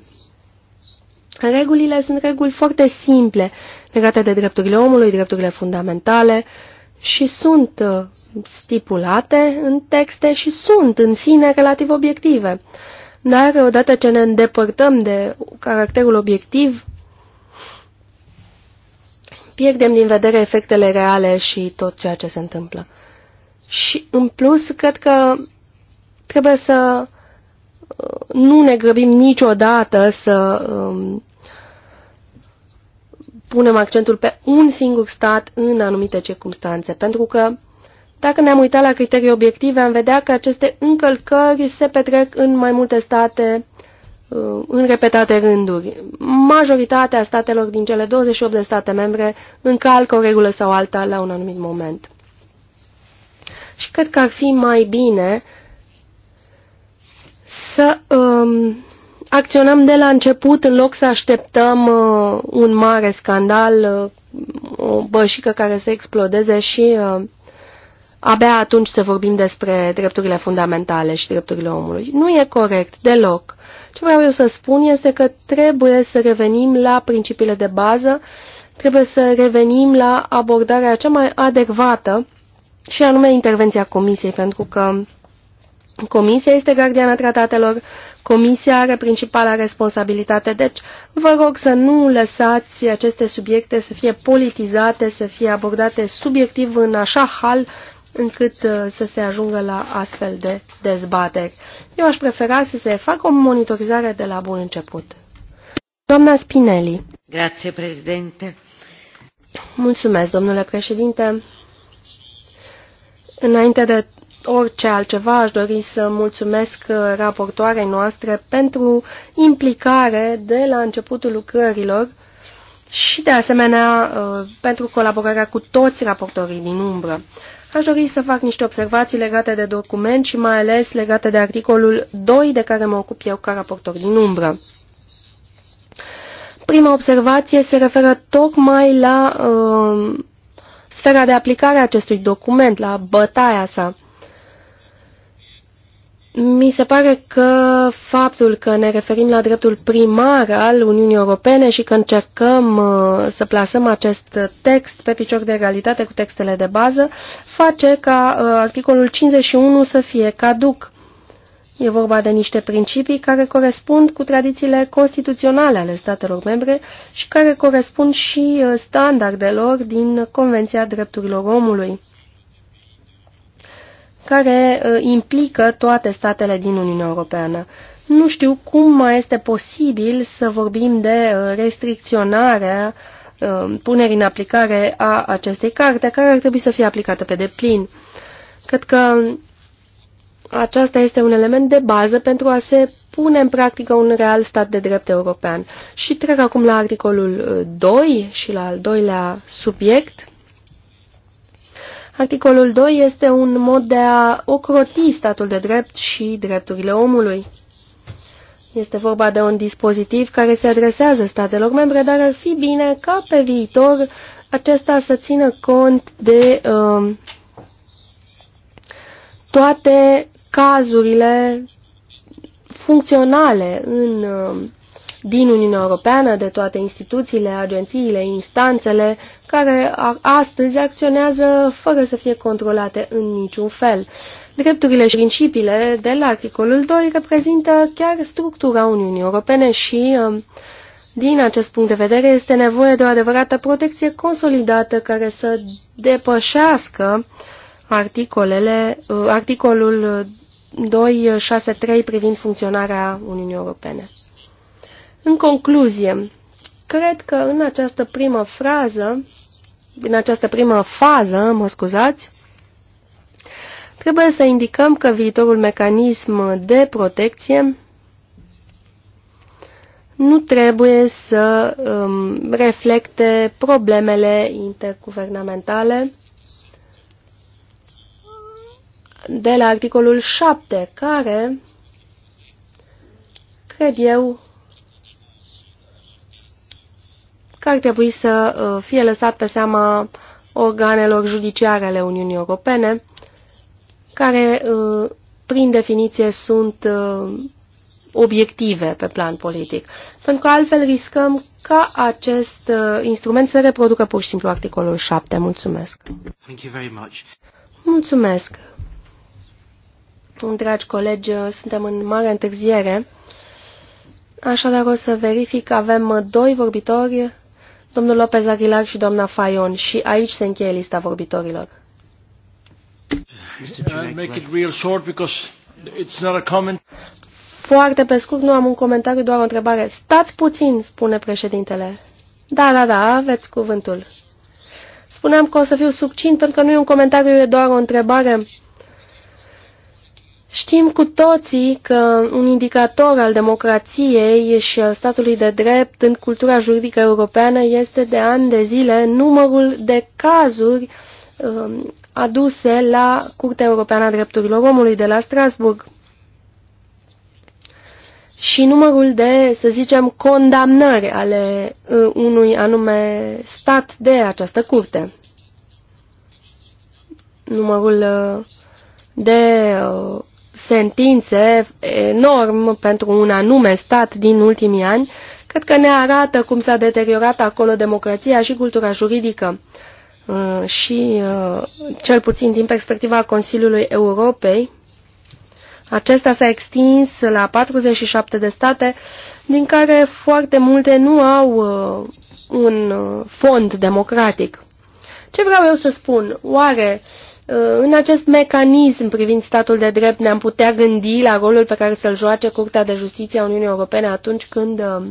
Regulile sunt reguli foarte simple legate de drepturile omului, drepturile fundamentale, uh, și sunt uh, stipulate în texte și sunt în sine relativ obiective. Dar odată ce ne îndepărtăm de caracterul obiectiv, pierdem din vedere efectele reale și tot ceea ce se întâmplă. Și în plus, cred că trebuie să uh, nu ne grăbim niciodată să um, punem accentul pe un singur stat în anumite circunstanțe, pentru că dacă ne-am uitat la criterii obiective, am vedea că aceste încălcări se petrec în mai multe state uh, în repetate rânduri. Majoritatea statelor din cele 28 de state membre încalcă o regulă sau alta la un anumit moment. Și cred că ar fi mai bine să um, acționăm de la început în loc să așteptăm uh, un mare scandal, uh, o bășică care să explodeze și uh, abia atunci să vorbim despre drepturile fundamentale și drepturile omului. Nu e corect deloc. Ce vreau eu să spun este că trebuie să revenim la principiile de bază, trebuie să revenim la abordarea cea mai adecvată și anume intervenția Comisiei, pentru că Comisia este gardiana tratatelor, Comisia are principala responsabilitate, deci vă rog să nu lăsați aceste subiecte să fie politizate, să fie abordate subiectiv în așa hal încât uh, să se ajungă la astfel de dezbateri. Eu aș prefera să se facă o monitorizare de la bun început. Doamna Spinelli. Grazie, președinte. Mulțumesc, domnule președinte. Înainte de orice altceva, aș dori să mulțumesc uh, raportoarei noastre pentru implicare de la începutul lucrărilor și, de asemenea, uh, pentru colaborarea cu toți raportorii din umbră. Aș dori să fac niște observații legate de document și mai ales legate de articolul 2 de care mă ocup eu ca raportor din umbră. Prima observație se referă tocmai la uh, sfera de aplicare a acestui document, la bătaia sa. Mi se pare că faptul că ne referim la dreptul primar al Uniunii Europene și că încercăm uh, să plasăm acest text pe picior de egalitate cu textele de bază face ca uh, articolul 51 să fie caduc. E vorba de niște principii care corespund cu tradițiile constituționale ale statelor membre și care corespund și uh, standardelor din Convenția Drepturilor Omului care uh, implică toate statele din Uniunea Europeană. Nu știu cum mai este posibil să vorbim de uh, restricționarea uh, punerii în aplicare a acestei carte, care ar trebui să fie aplicată pe deplin. Cred că aceasta este un element de bază pentru a se pune în practică un real stat de drept european. Și trec acum la articolul 2 și la al doilea subiect, Articolul 2 este un mod de a ocroti statul de drept și drepturile omului. Este vorba de un dispozitiv care se adresează statelor membre, dar ar fi bine ca pe viitor acesta să țină cont de uh, toate cazurile funcționale în, uh, din Uniunea Europeană, de toate instituțiile, agențiile, instanțele care astăzi acționează fără să fie controlate în niciun fel. Drepturile și principiile de la articolul 2 reprezintă chiar structura Uniunii Europene și, um, din acest punct de vedere, este nevoie de o adevărată protecție consolidată care să depășească articolele, uh, articolul 263 privind funcționarea Uniunii Europene. În concluzie, cred că în această primă frază în această primă fază, mă scuzați, trebuie să indicăm că viitorul mecanism de protecție nu trebuie să um, reflecte problemele interguvernamentale de la articolul 7, care, cred eu, că ar trebui să uh, fie lăsat pe seama organelor judiciare ale Uniunii Europene, care, uh, prin definiție, sunt uh, obiective pe plan politic. Pentru că altfel riscăm ca acest instrument să reproducă pur și simplu articolul 7. Mulțumesc! Thank you very much. Mulțumesc! Dragi colegi, suntem în mare întârziere, așadar o să verific, avem doi vorbitori domnul López Aguilar și doamna Fayon. Și aici se încheie lista vorbitorilor. Foarte pe scurt, nu am un comentariu, doar o întrebare. Stați puțin, spune președintele. Da, da, da, aveți cuvântul. Spuneam că o să fiu succint pentru că nu e un comentariu, e doar o întrebare. Știm cu toții că un indicator al democrației și al statului de drept în cultura juridică europeană este de ani de zile numărul de cazuri um, aduse la Curtea Europeană a Drepturilor Omului de la Strasburg și numărul de, să zicem, condamnări ale uh, unui anume stat de această curte. Numărul uh, de uh, sentințe enorm pentru un anume stat din ultimii ani, cred că ne arată cum s-a deteriorat acolo democrația și cultura juridică. Uh, și, uh, cel puțin din perspectiva Consiliului Europei, acesta s-a extins la 47 de state, din care foarte multe nu au uh, un fond democratic. Ce vreau eu să spun? Oare uh, Uh, în acest mecanism privind statul de drept ne-am putea gândi la rolul pe care să-l joace Curtea de Justiție a Uniunii Europene atunci când uh,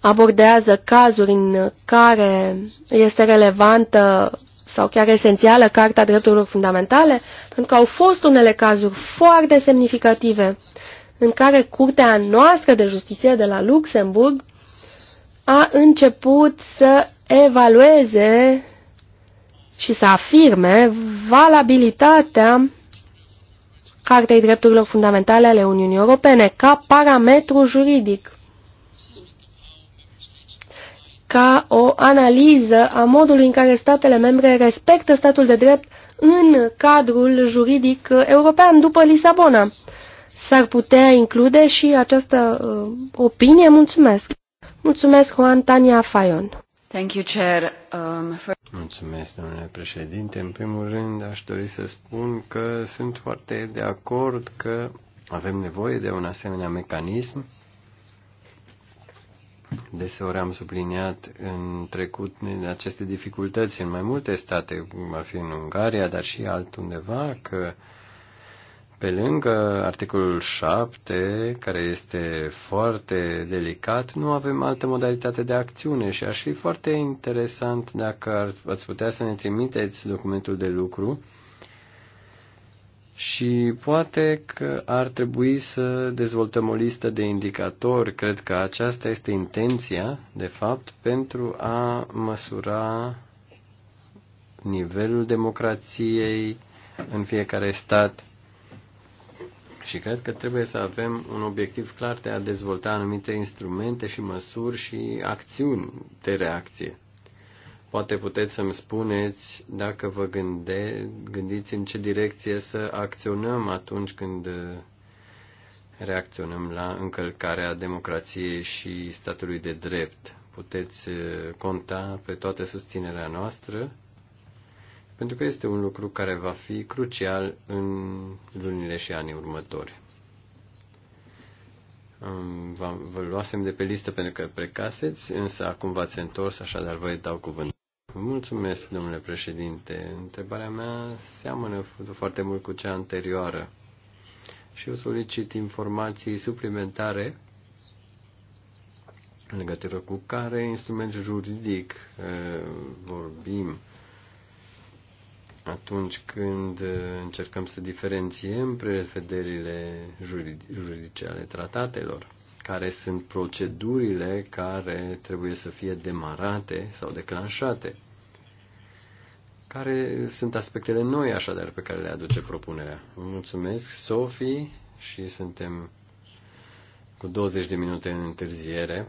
abordează cazuri în care este relevantă sau chiar esențială Carta Drepturilor Fundamentale, pentru că au fost unele cazuri foarte semnificative în care Curtea noastră de Justiție de la Luxemburg a început să evalueze și să afirme valabilitatea Cartei Drepturilor Fundamentale ale Uniunii Europene ca parametru juridic, ca o analiză a modului în care statele membre respectă statul de drept în cadrul juridic european după Lisabona. S-ar putea include și această uh, opinie? Mulțumesc! Mulțumesc, Juan Tania Fayon. Thank you, Chair. Um, for... Mulțumesc, domnule președinte. În primul rând, aș dori să spun că sunt foarte de acord că avem nevoie de un asemenea mecanism. Deseori am subliniat în trecut aceste dificultăți în mai multe state, cum ar fi în Ungaria, dar și altundeva, că uh, pe lângă articolul 7, care este foarte delicat, nu avem altă modalitate de acțiune și aș fi foarte interesant dacă ar, ați putea să ne trimiteți documentul de lucru și poate că ar trebui să dezvoltăm o listă de indicatori. Cred că aceasta este intenția, de fapt, pentru a măsura nivelul democrației în fiecare stat și cred că trebuie să avem un obiectiv clar de a dezvolta anumite instrumente și măsuri și acțiuni de reacție. Poate puteți să-mi spuneți dacă vă gânde, gândiți în ce direcție să acționăm atunci când uh, reacționăm la încălcarea democrației și statului de drept. Puteți uh, conta pe toată susținerea noastră pentru că este un lucru care va fi crucial în lunile și anii următori. Vă, vă luasem de pe listă pentru că precaseți, însă acum v-ați întors, așadar vă dau cuvânt. Mulțumesc, domnule președinte. Întrebarea mea seamănă foarte mult cu cea anterioară și eu solicit informații suplimentare în legătură cu care instrument juridic eh, vorbim atunci când uh, încercăm să diferențiem prevederile juridice ale tratatelor, care sunt procedurile care trebuie să fie demarate sau declanșate, care sunt aspectele noi, așadar, pe care le aduce propunerea. Vă mulțumesc, Sofie, și suntem cu 20 de minute în întârziere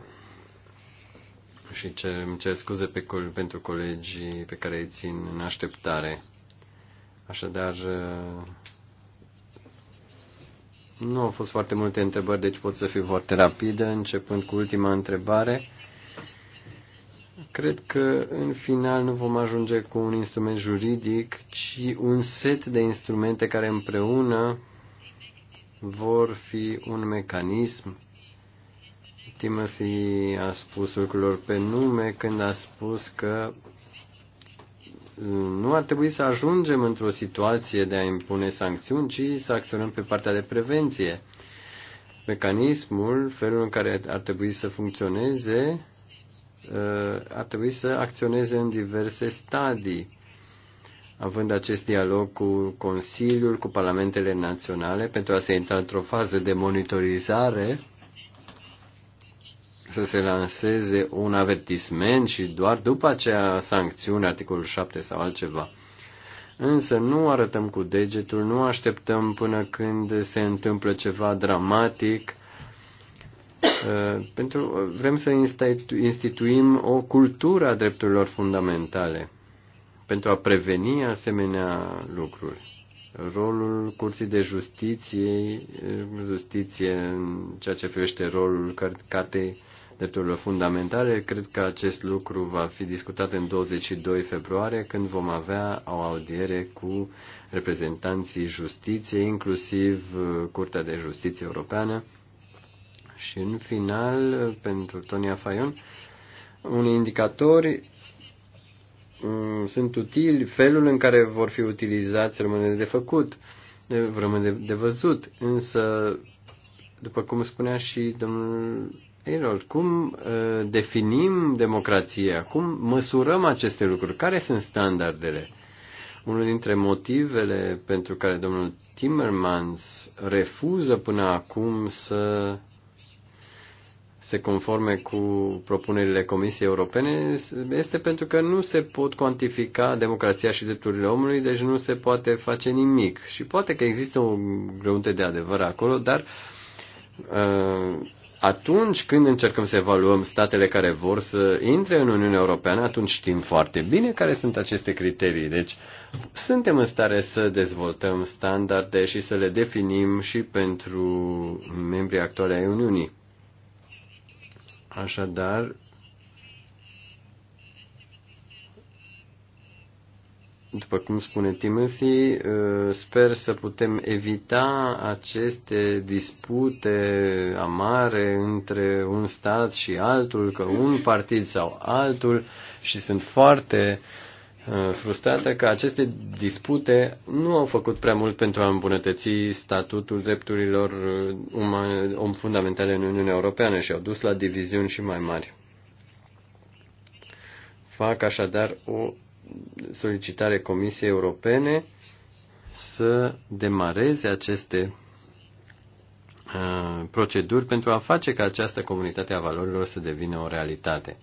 și cer, îmi cer scuze pe, pentru colegii pe care îi țin în așteptare. Așadar, uh, nu au fost foarte multe întrebări, deci pot să fiu foarte rapidă, începând cu ultima întrebare. Cred că în final nu vom ajunge cu un instrument juridic, ci un set de instrumente care împreună vor fi un mecanism. Timothy a spus lucrurilor pe nume când a spus că nu ar trebui să ajungem într-o situație de a impune sancțiuni, ci să acționăm pe partea de prevenție. Mecanismul, felul în care ar trebui să funcționeze, uh, ar trebui să acționeze în diverse stadii, având acest dialog cu Consiliul, cu Parlamentele Naționale, pentru a se intra într-o fază de monitorizare să se lanseze un avertisment și doar după aceea sancțiune, articolul 7 sau altceva. Însă nu arătăm cu degetul, nu așteptăm până când se întâmplă ceva dramatic. Uh, pentru, vrem să instituim o cultură a drepturilor fundamentale pentru a preveni asemenea lucruri rolul Curții de Justiție, justiție în ceea ce privește rolul Cartei drepturilor fundamentale. Cred că acest lucru va fi discutat în 22 februarie, când vom avea o audiere cu reprezentanții justiției, inclusiv uh, Curtea de Justiție Europeană. Și în final, pentru Tonia Fayon, unii indicatori mm, sunt utili, felul în care vor fi utilizați rămâne de făcut, rămâne de, de văzut, însă, după cum spunea și domnul Error. Cum uh, definim democrația? Cum măsurăm aceste lucruri? Care sunt standardele? Unul dintre motivele pentru care domnul Timmermans refuză până acum să se conforme cu propunerile Comisiei Europene este pentru că nu se pot cuantifica democrația și drepturile omului, deci nu se poate face nimic. Și poate că există o greutate de adevăr acolo, dar uh, atunci când încercăm să evaluăm statele care vor să intre în Uniunea Europeană, atunci știm foarte bine care sunt aceste criterii. Deci suntem în stare să dezvoltăm standarde și să le definim și pentru membrii actuale ai Uniunii. Așadar, După cum spune Timothy, ă, sper să putem evita aceste dispute amare între un stat și altul, că un partid sau altul și sunt foarte ă, frustrată că aceste dispute nu au făcut prea mult pentru a îmbunătăți statutul drepturilor ă, umane, om fundamentale în Uniunea Europeană și au dus la diviziuni și mai mari. Fac așadar o solicitare Comisiei Europene să demareze aceste uh, proceduri pentru a face ca această comunitate a valorilor să devină o realitate.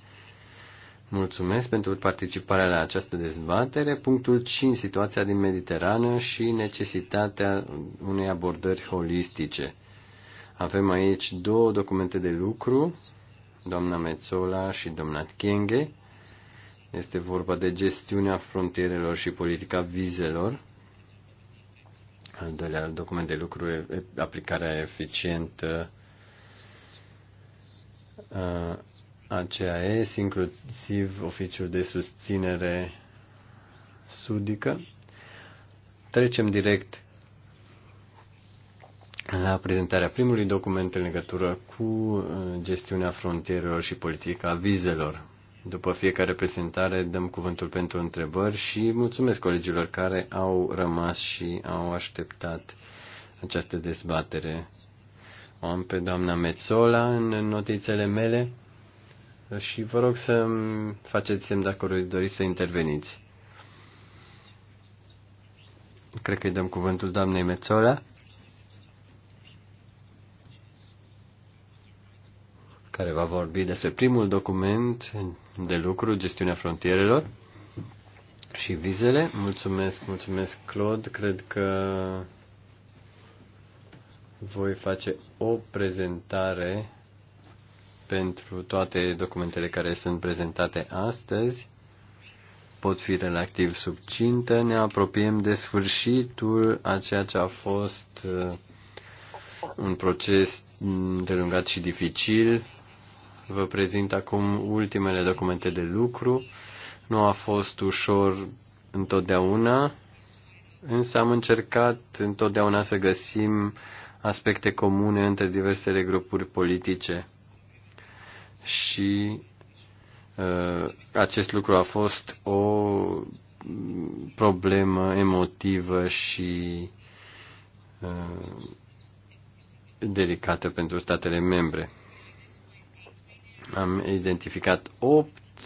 Mulțumesc pentru participarea la această dezbatere. Punctul 5. Situația din Mediterană și necesitatea unei abordări holistice. Avem aici două documente de lucru, doamna Mețola și doamna Kienge. Este vorba de gestiunea frontierelor și politica vizelor. Al doilea document de lucru, aplicarea eficientă a CAS, inclusiv oficiul de susținere sudică. Trecem direct la prezentarea primului document în legătură cu uh, gestiunea frontierelor și politica vizelor. După fiecare prezentare dăm cuvântul pentru întrebări și mulțumesc colegilor care au rămas și au așteptat această dezbatere. O am pe doamna Mețola în notițele mele și vă rog să faceți semn dacă doriți să interveniți. Cred că îi dăm cuvântul doamnei Mețola. care va vorbi despre primul document de lucru, gestiunea frontierelor și vizele. Mulțumesc, mulțumesc, Claude. Cred că voi face o prezentare pentru toate documentele care sunt prezentate astăzi. Pot fi relativ subcintă. Ne apropiem de sfârșitul a ceea ce a fost uh, un proces delungat și dificil Vă prezint acum ultimele documente de lucru. Nu a fost ușor întotdeauna, însă am încercat întotdeauna să găsim aspecte comune între diversele grupuri politice. Și uh, acest lucru a fost o problemă emotivă și uh, delicată pentru statele membre. Am identificat opt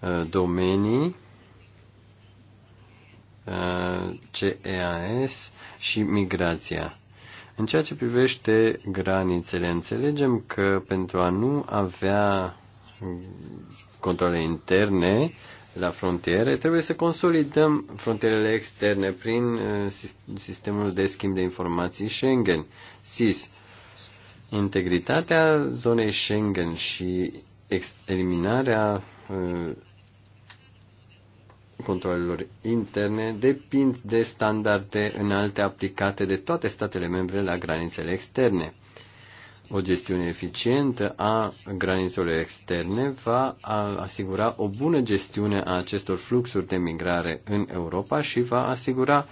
uh, domenii uh, CEAS și migrația. În ceea ce privește granițele, înțelegem că pentru a nu avea controle interne la frontiere, trebuie să consolidăm frontierele externe prin uh, sistemul de schimb de informații Schengen, SIS. Integritatea zonei Schengen și eliminarea uh, controlelor interne depind de standarde înalte aplicate de toate statele membre la granițele externe. O gestiune eficientă a granițelor externe va asigura o bună gestiune a acestor fluxuri de migrare în Europa și va asigura uh,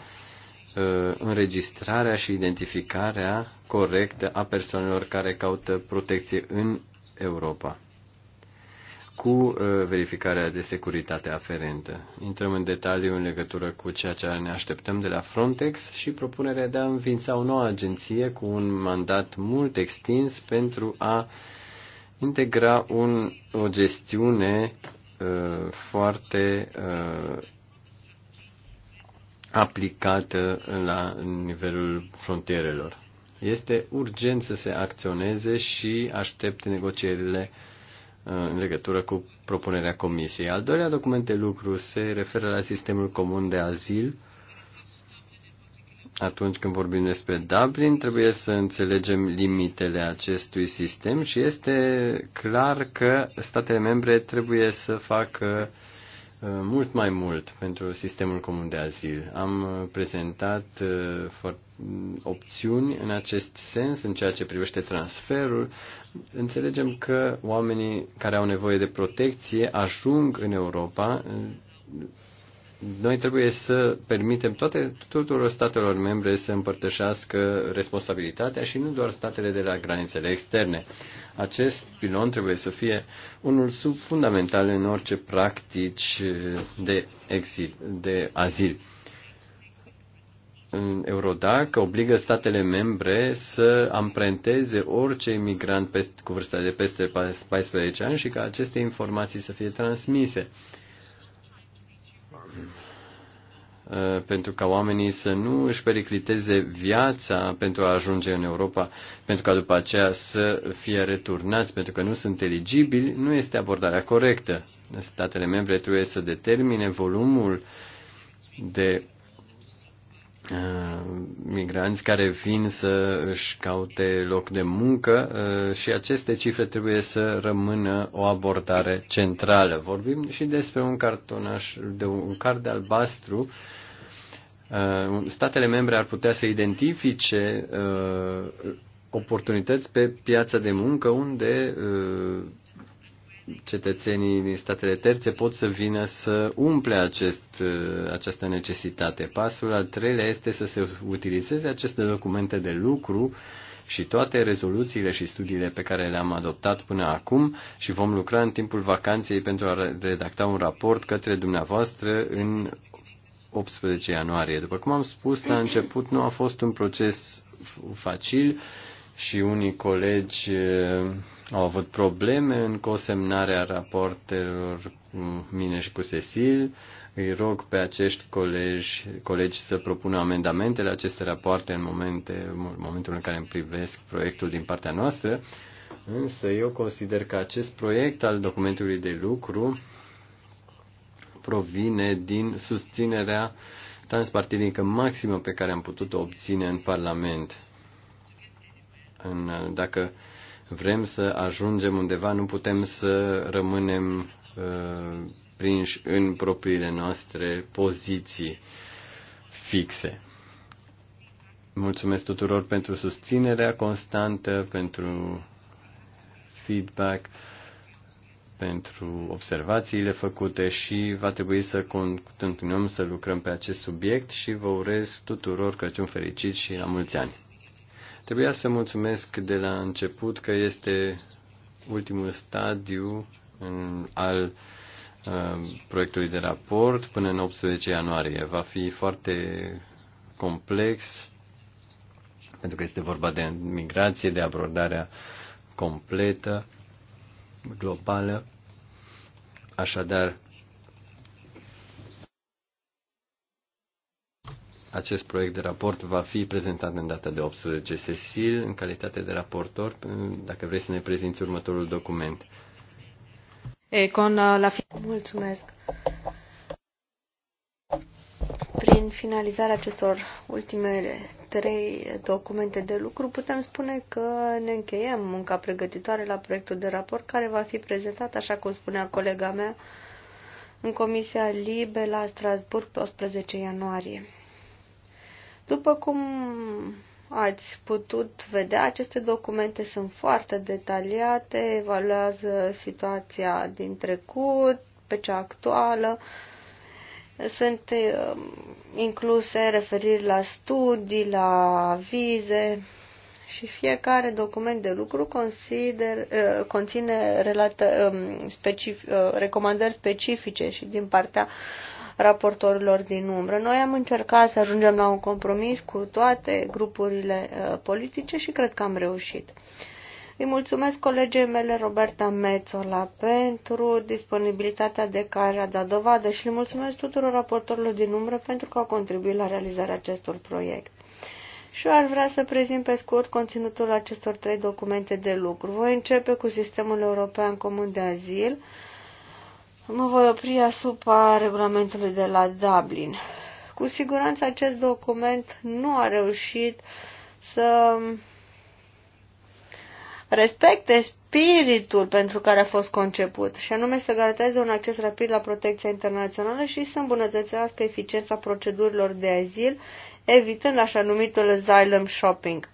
Uh, înregistrarea și identificarea corectă a persoanelor care caută protecție în Europa cu uh, verificarea de securitate aferentă. Intrăm în detaliu în legătură cu ceea ce ne așteptăm de la Frontex și propunerea de a înființa o nouă agenție cu un mandat mult extins pentru a integra un, o gestiune uh, foarte uh, aplicată la nivelul frontierelor. Este urgent să se acționeze și aștept negocierile uh, în legătură cu propunerea Comisiei. Al doilea document de lucru se referă la sistemul comun de azil. Atunci când vorbim despre Dublin, trebuie să înțelegem limitele acestui sistem și este clar că statele membre trebuie să facă Uh, mult mai mult pentru sistemul comun de azil. Am uh, prezentat uh, mm, opțiuni în acest sens, în ceea ce privește transferul. Înțelegem că oamenii care au nevoie de protecție ajung în Europa noi trebuie să permitem toate, tuturor statelor membre să împărtășească responsabilitatea și nu doar statele de la granițele externe. Acest pilon trebuie să fie unul sub fundamental în orice practici de, exil, de azil. Eurodac obligă statele membre să amprenteze orice imigrant cu vârsta de peste 14 ani și ca aceste informații să fie transmise. Uh, pentru ca oamenii să nu își pericliteze viața pentru a ajunge în Europa, pentru ca după aceea să fie returnați, pentru că nu sunt eligibili, nu este abordarea corectă. Statele membre trebuie să determine volumul de Uh, migranți care vin să își caute loc de muncă uh, și aceste cifre trebuie să rămână o abordare centrală. Vorbim și despre un cartonaș, de un card albastru. Uh, statele membre ar putea să identifice oportunități pe piața de muncă unde cetățenii din statele terțe pot să vină să umple acest, uh, această necesitate. Pasul al treilea este să se utilizeze aceste documente de lucru și toate rezoluțiile și studiile pe care le-am adoptat până acum și vom lucra în timpul vacanței pentru a redacta un raport către dumneavoastră în 18 ianuarie. După cum am spus la început, nu a fost un proces facil și unii colegi uh, au avut probleme în cosemnarea raportelor cu mine și cu Cecil. Îi rog pe acești colegi, colegi să propună amendamente la aceste rapoarte în, momente, în momentul în care îmi privesc proiectul din partea noastră. Însă eu consider că acest proiect al documentului de lucru provine din susținerea transpartinică maximă pe care am putut-o obține în Parlament. În, dacă vrem să ajungem undeva, nu putem să rămânem uh, prinși în propriile noastre poziții fixe. Mulțumesc tuturor pentru susținerea constantă, pentru feedback, pentru observațiile făcute și va trebui să continuăm să lucrăm pe acest subiect și vă urez tuturor Crăciun fericit și la mulți ani! Trebuia să mulțumesc de la început că este ultimul stadiu în, al uh, proiectului de raport până în 18 ianuarie. Va fi foarte complex pentru că este vorba de migrație, de abordarea completă, globală. Așadar, Acest proiect de raport va fi prezentat în data de 18 Cecil, în calitate de raportor, dacă vrei să ne prezinți următorul document. Con uh, la fi... Mulțumesc! Prin finalizarea acestor ultimele trei documente de lucru, putem spune că ne încheiem munca pregătitoare la proiectul de raport care va fi prezentat, așa cum spunea colega mea, în Comisia Libe la Strasburg pe 18 ianuarie. După cum ați putut vedea, aceste documente sunt foarte detaliate, evaluează situația din trecut, pe cea actuală, sunt um, incluse referiri la studii, la vize și fiecare document de lucru consider, uh, conține relată, um, specific, uh, recomandări specifice și din partea raportorilor din umbră. Noi am încercat să ajungem la un compromis cu toate grupurile uh, politice și cred că am reușit. Îi mulțumesc colegei mele Roberta Mețola pentru disponibilitatea de care a dat dovadă și îi mulțumesc tuturor raportorilor din umbră pentru că au contribuit la realizarea acestor proiecte și ar vrea să prezint pe scurt conținutul acestor trei documente de lucru. Voi începe cu sistemul european comun de azil, Mă voi opri asupra regulamentului de la Dublin. Cu siguranță acest document nu a reușit să respecte spiritul pentru care a fost conceput, și anume să garanteze un acces rapid la protecția internațională și să îmbunătățească eficiența procedurilor de azil, evitând așa numitul asylum shopping.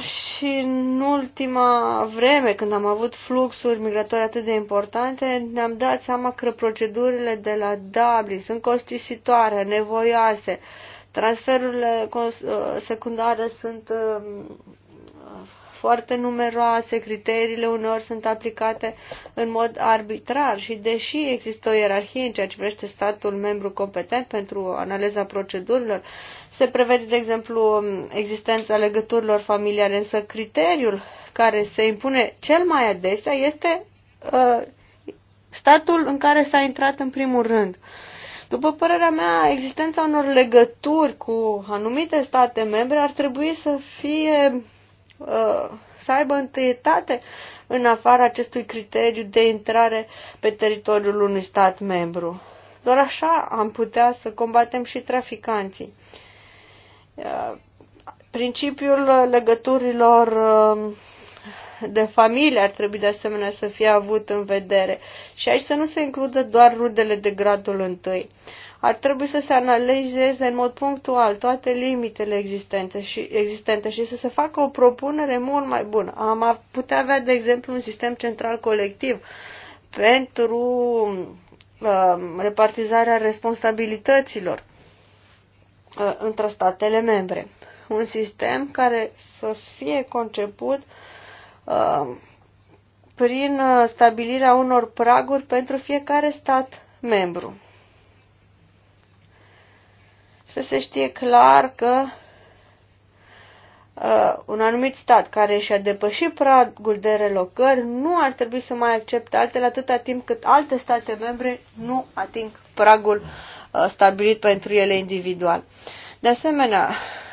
Și în ultima vreme, când am avut fluxuri migratorii atât de importante, ne-am dat seama că procedurile de la Dublin sunt costisitoare, nevoioase, transferurile uh, secundare sunt uh, foarte numeroase, criteriile uneori sunt aplicate în mod arbitrar și deși există o ierarhie în ceea ce privește statul membru competent pentru analiza procedurilor, se prevede, de exemplu, existența legăturilor familiale, însă criteriul care se impune cel mai adesea este uh, statul în care s-a intrat în primul rând. După părerea mea, existența unor legături cu anumite state membre ar trebui să fie Uh, să aibă întâietate în afara acestui criteriu de intrare pe teritoriul unui stat membru. Doar așa am putea să combatem și traficanții. Uh, principiul legăturilor uh, de familie ar trebui de asemenea să fie avut în vedere și aici să nu se includă doar rudele de gradul întâi ar trebui să se analizeze în mod punctual toate limitele existente și, existente și să se facă o propunere mult mai bună. Am putea avea, de exemplu, un sistem central colectiv pentru uh, repartizarea responsabilităților uh, între statele membre. Un sistem care să fie conceput um, uh, prin stabilirea unor praguri pentru fiecare stat membru să se știe clar că uh, un anumit stat care și-a depășit pragul de relocări nu ar trebui să mai accepte altele atâta timp cât alte state membre nu ating pragul uh, stabilit pentru ele individual. De asemenea,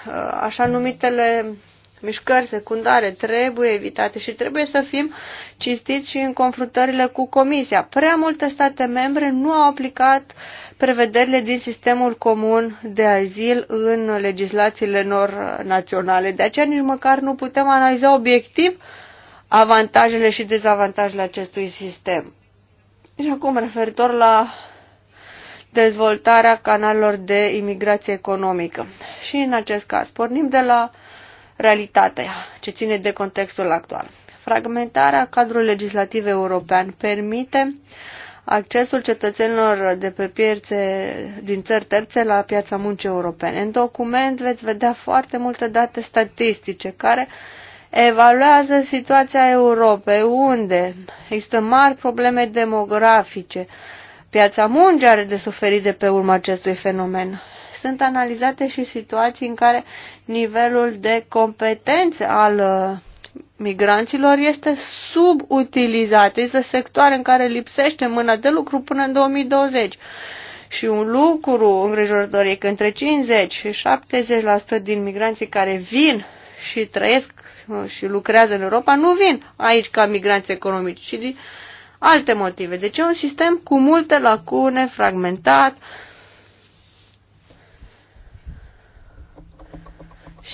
uh, așa numitele mișcări secundare trebuie evitate și trebuie să fim cinstiți și în confruntările cu Comisia. Prea multe state membre nu au aplicat uh, prevederile din sistemul comun de azil în legislațiile lor naționale. De aceea nici măcar nu putem analiza obiectiv avantajele și dezavantajele acestui sistem. Și acum, referitor la dezvoltarea canalelor de imigrație economică. Și în acest caz, pornim de la realitatea ce ține de contextul actual. Fragmentarea cadrului legislativ european permite uh, accesul cetățenilor de pe piețe din țări terțe la piața muncii europene. În document veți vedea foarte multe date statistice care evaluează situația Europei, unde există mari probleme demografice. Piața muncii are de suferit de pe urma acestui fenomen. Sunt analizate și situații în care nivelul de competențe al uh, migranților este subutilizată. Este sectoare în care lipsește mâna de lucru până în 2020. Și un lucru îngrijorător e că între 50 și 70% din migranții care vin și trăiesc uh, și lucrează în Europa nu vin aici ca migranți economici, ci din alte motive. Deci e un sistem cu multe lacune, fragmentat, uh,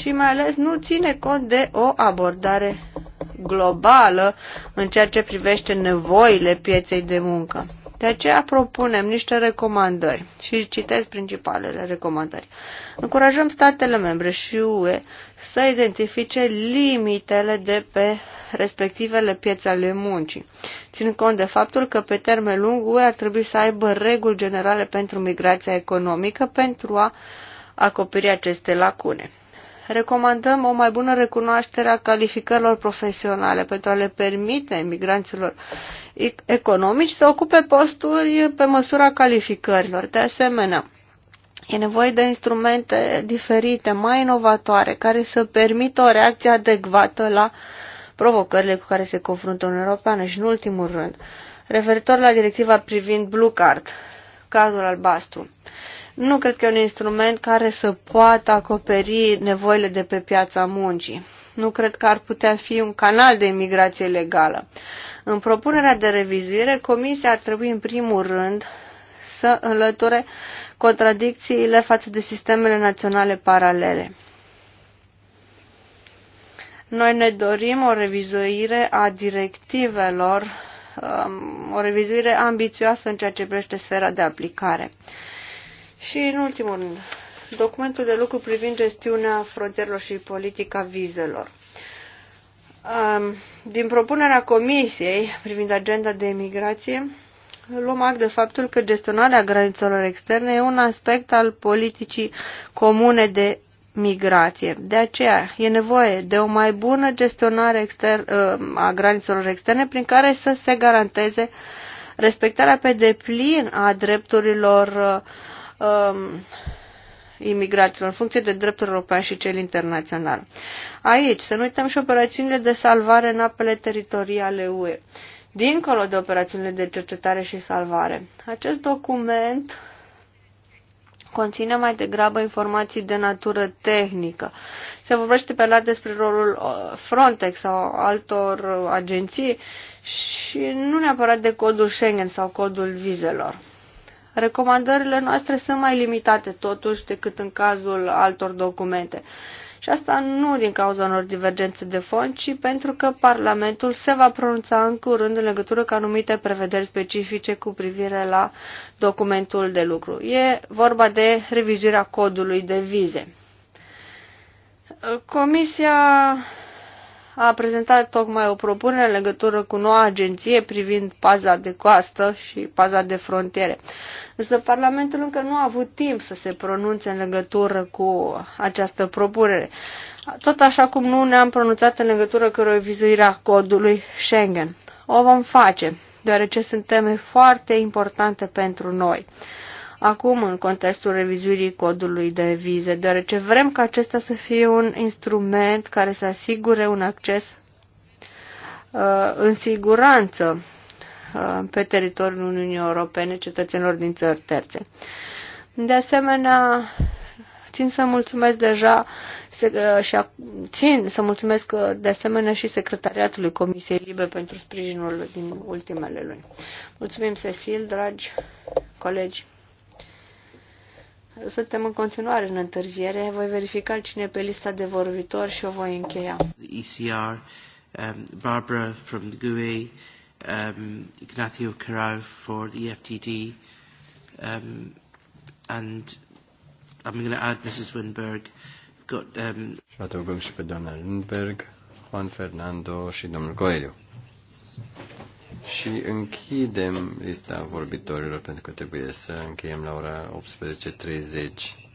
și mai ales nu ține cont de o abordare globală în ceea ce privește nevoile pieței de muncă. De aceea propunem niște recomandări și citesc principalele recomandări. Încurajăm statele membre și UE să identifice limitele de pe respectivele piețe ale muncii, ținând cont de faptul că pe termen lung UE ar trebui să aibă reguli generale pentru migrația economică pentru a acoperi aceste lacune recomandăm o mai bună recunoaștere a calificărilor profesionale pentru a le permite emigranților economici să ocupe posturi pe măsura calificărilor. De asemenea, E nevoie de instrumente diferite, mai inovatoare, care să permită o reacție adecvată la provocările cu care se confruntă Uniunea Europeană și, în ultimul rând, referitor la directiva privind Blue Card, cazul albastru. Nu cred că e un instrument care să poată acoperi nevoile de pe piața muncii. Nu cred că ar putea fi un canal de imigrație legală. În propunerea de revizuire, Comisia ar trebui în primul rând să înlăture contradicțiile față de sistemele naționale paralele. Noi ne dorim o revizuire a directivelor, um, o revizuire ambițioasă în ceea ce privește sfera de aplicare. Și, în ultimul rând, documentul de lucru privind gestiunea frontierelor și politica vizelor. Din propunerea Comisiei privind agenda de imigrație, luăm act de faptul că gestionarea granițelor externe e un aspect al politicii comune de migrație. De aceea e nevoie de o mai bună gestionare exter- ă, a granițelor externe prin care să se garanteze respectarea pe deplin a drepturilor uh, um, imigraților, în funcție de dreptul european și cel internațional. Aici, să nu uităm și operațiunile de salvare în apele teritoriale UE, dincolo de operațiunile de cercetare și salvare. Acest document conține mai degrabă informații de natură tehnică. Se vorbește pe la despre rolul uh, Frontex sau altor uh, agenții și nu neapărat de codul Schengen sau codul vizelor. Recomandările noastre sunt mai limitate totuși decât în cazul altor documente. Și asta nu din cauza unor divergențe de fond, ci pentru că Parlamentul se va pronunța în curând în legătură cu anumite prevederi specifice cu privire la documentul de lucru. E vorba de revizuirea codului de vize. Comisia a prezentat tocmai o propunere în legătură cu noua agenție privind paza de coastă și paza de frontiere. Însă Parlamentul încă nu a avut timp să se pronunțe în legătură cu această propunere. Tot așa cum nu ne-am pronunțat în legătură cu revizuirea codului Schengen. O vom face, deoarece sunt teme foarte importante pentru noi acum în contextul revizuirii codului de vize, deoarece vrem ca acesta să fie un instrument care să asigure un acces uh, în siguranță uh, pe teritoriul Uniunii Europene cetățenilor din țări terțe. De asemenea, țin să mulțumesc deja uh, și a, țin să mulțumesc uh, de asemenea și secretariatului Comisiei Libe pentru sprijinul din ultimele luni. Mulțumim, Cecil, dragi colegi. Suntem în continuare în întârziere. Voi verifica cine e pe lista de vorbitori și o voi încheia. ECR, um, Barbara from the GUE, um, Ignacio Carau for the FTD, um, and I'm going to add Mrs. Winberg. got, um... Și adăugăm și pe doamna Lindberg, Juan Fernando și domnul Coelho și închidem lista vorbitorilor pentru că trebuie să încheiem la ora 18.30.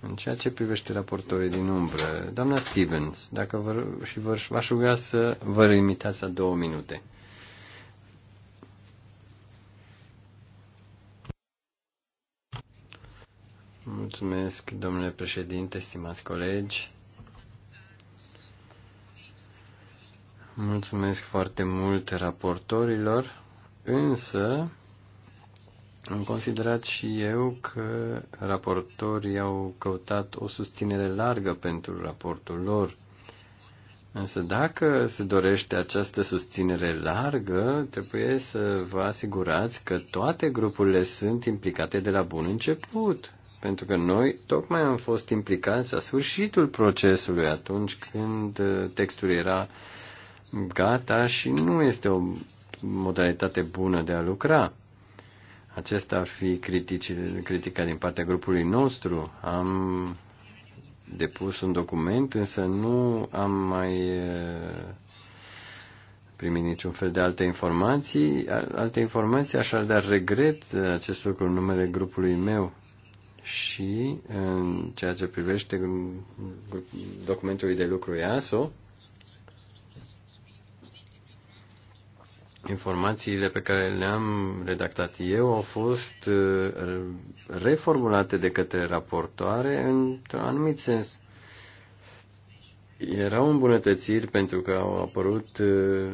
În ceea ce privește raportorii din umbră, doamna Stevens, dacă vă, și vă, v-aș ruga să vă limitați la două minute. Mulțumesc, domnule președinte, stimați colegi. Mulțumesc foarte mult raportorilor, însă am considerat și eu că raportorii au căutat o susținere largă pentru raportul lor. Însă dacă se dorește această susținere largă, trebuie să vă asigurați că toate grupurile sunt implicate de la bun început. Pentru că noi tocmai am fost implicați la sfârșitul procesului atunci când textul era gata și nu este o modalitate bună de a lucra. Acesta ar fi critica din partea grupului nostru. Am depus un document, însă nu am mai eh, primit niciun fel de alte informații. Alte informații, așadar regret eh, acest lucru în numele grupului meu și în ceea ce privește mm, documentului de lucru EASO, informațiile pe care le-am redactat eu au fost uh, reformulate de către raportoare într-un anumit sens. Erau îmbunătățiri pentru că au apărut uh,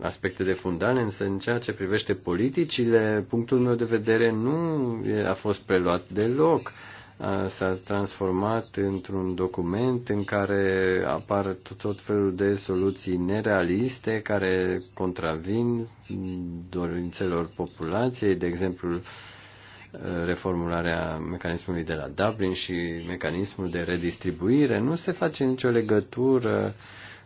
aspecte de fundale, însă în ceea ce privește politicile, punctul meu de vedere nu a fost preluat deloc s-a transformat într-un document în care apar tot felul de soluții nerealiste care contravin dorințelor populației, de exemplu reformularea mecanismului de la Dublin și mecanismul de redistribuire, nu se face nicio legătură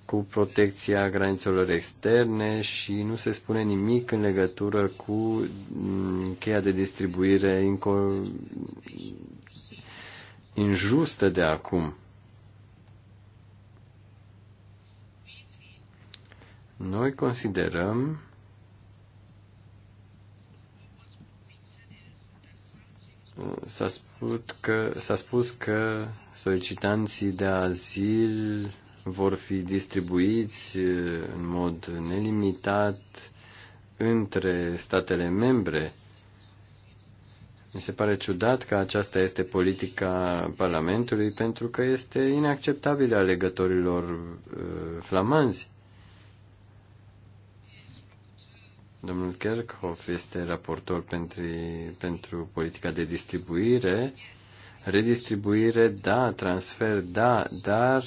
cu protecția granițelor externe și nu se spune nimic în legătură cu cheia de distribuire injustă de acum. Noi considerăm s-a spus că, s-a spus că solicitanții de azil vor fi distribuiți uh, în mod nelimitat între statele membre mi se pare ciudat că aceasta este politica Parlamentului pentru că este inacceptabilă alegătorilor uh, flamanzi. Domnul Kerkhoff este raportor pentru, pentru politica de distribuire. Redistribuire, da, transfer, da, dar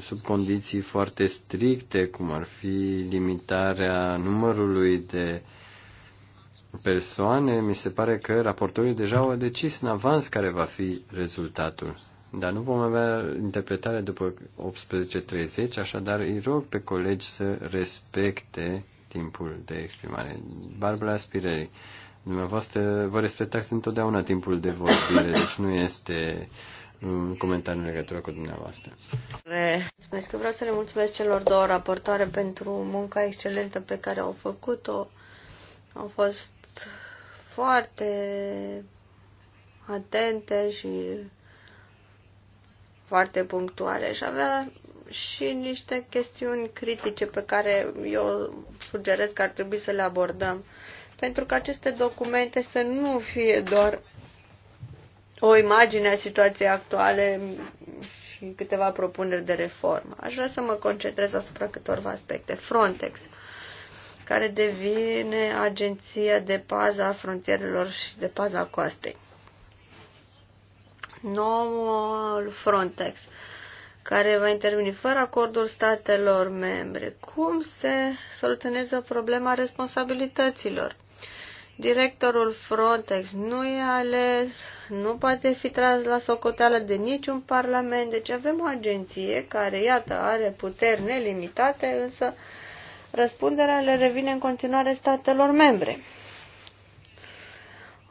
sub condiții foarte stricte, cum ar fi limitarea numărului de uh, persoane, mi se pare că raportorii deja au decis în avans care va fi rezultatul. Dar nu vom avea interpretare după 18.30, așadar îi rog pe colegi să respecte timpul de exprimare. Barbara Spirelli, dumneavoastră vă respectați întotdeauna timpul de vorbire, deci nu este un comentariu în legătură cu dumneavoastră. Mulțumesc că vreau să le mulțumesc celor două raportoare pentru munca excelentă pe care au făcut-o. Au fost foarte atente și foarte punctuale și avea și niște chestiuni critice pe care eu sugerez că ar trebui să le abordăm. Pentru că aceste documente să nu fie doar o imagine a situației actuale și câteva propuneri de reformă. Aș vrea să mă concentrez asupra câtorva aspecte. Frontex. Uh, care devine agenția de pază a frontierelor și de pază a coastei. Noul Frontex, care va interveni fără acordul statelor membre. Cum se soluționează problema responsabilităților? Directorul Frontex nu e ales, nu poate fi tras la socoteală de niciun parlament, deci avem o agenție care, iată, are puteri nelimitate, însă Răspunderea le revine în continuare statelor membre.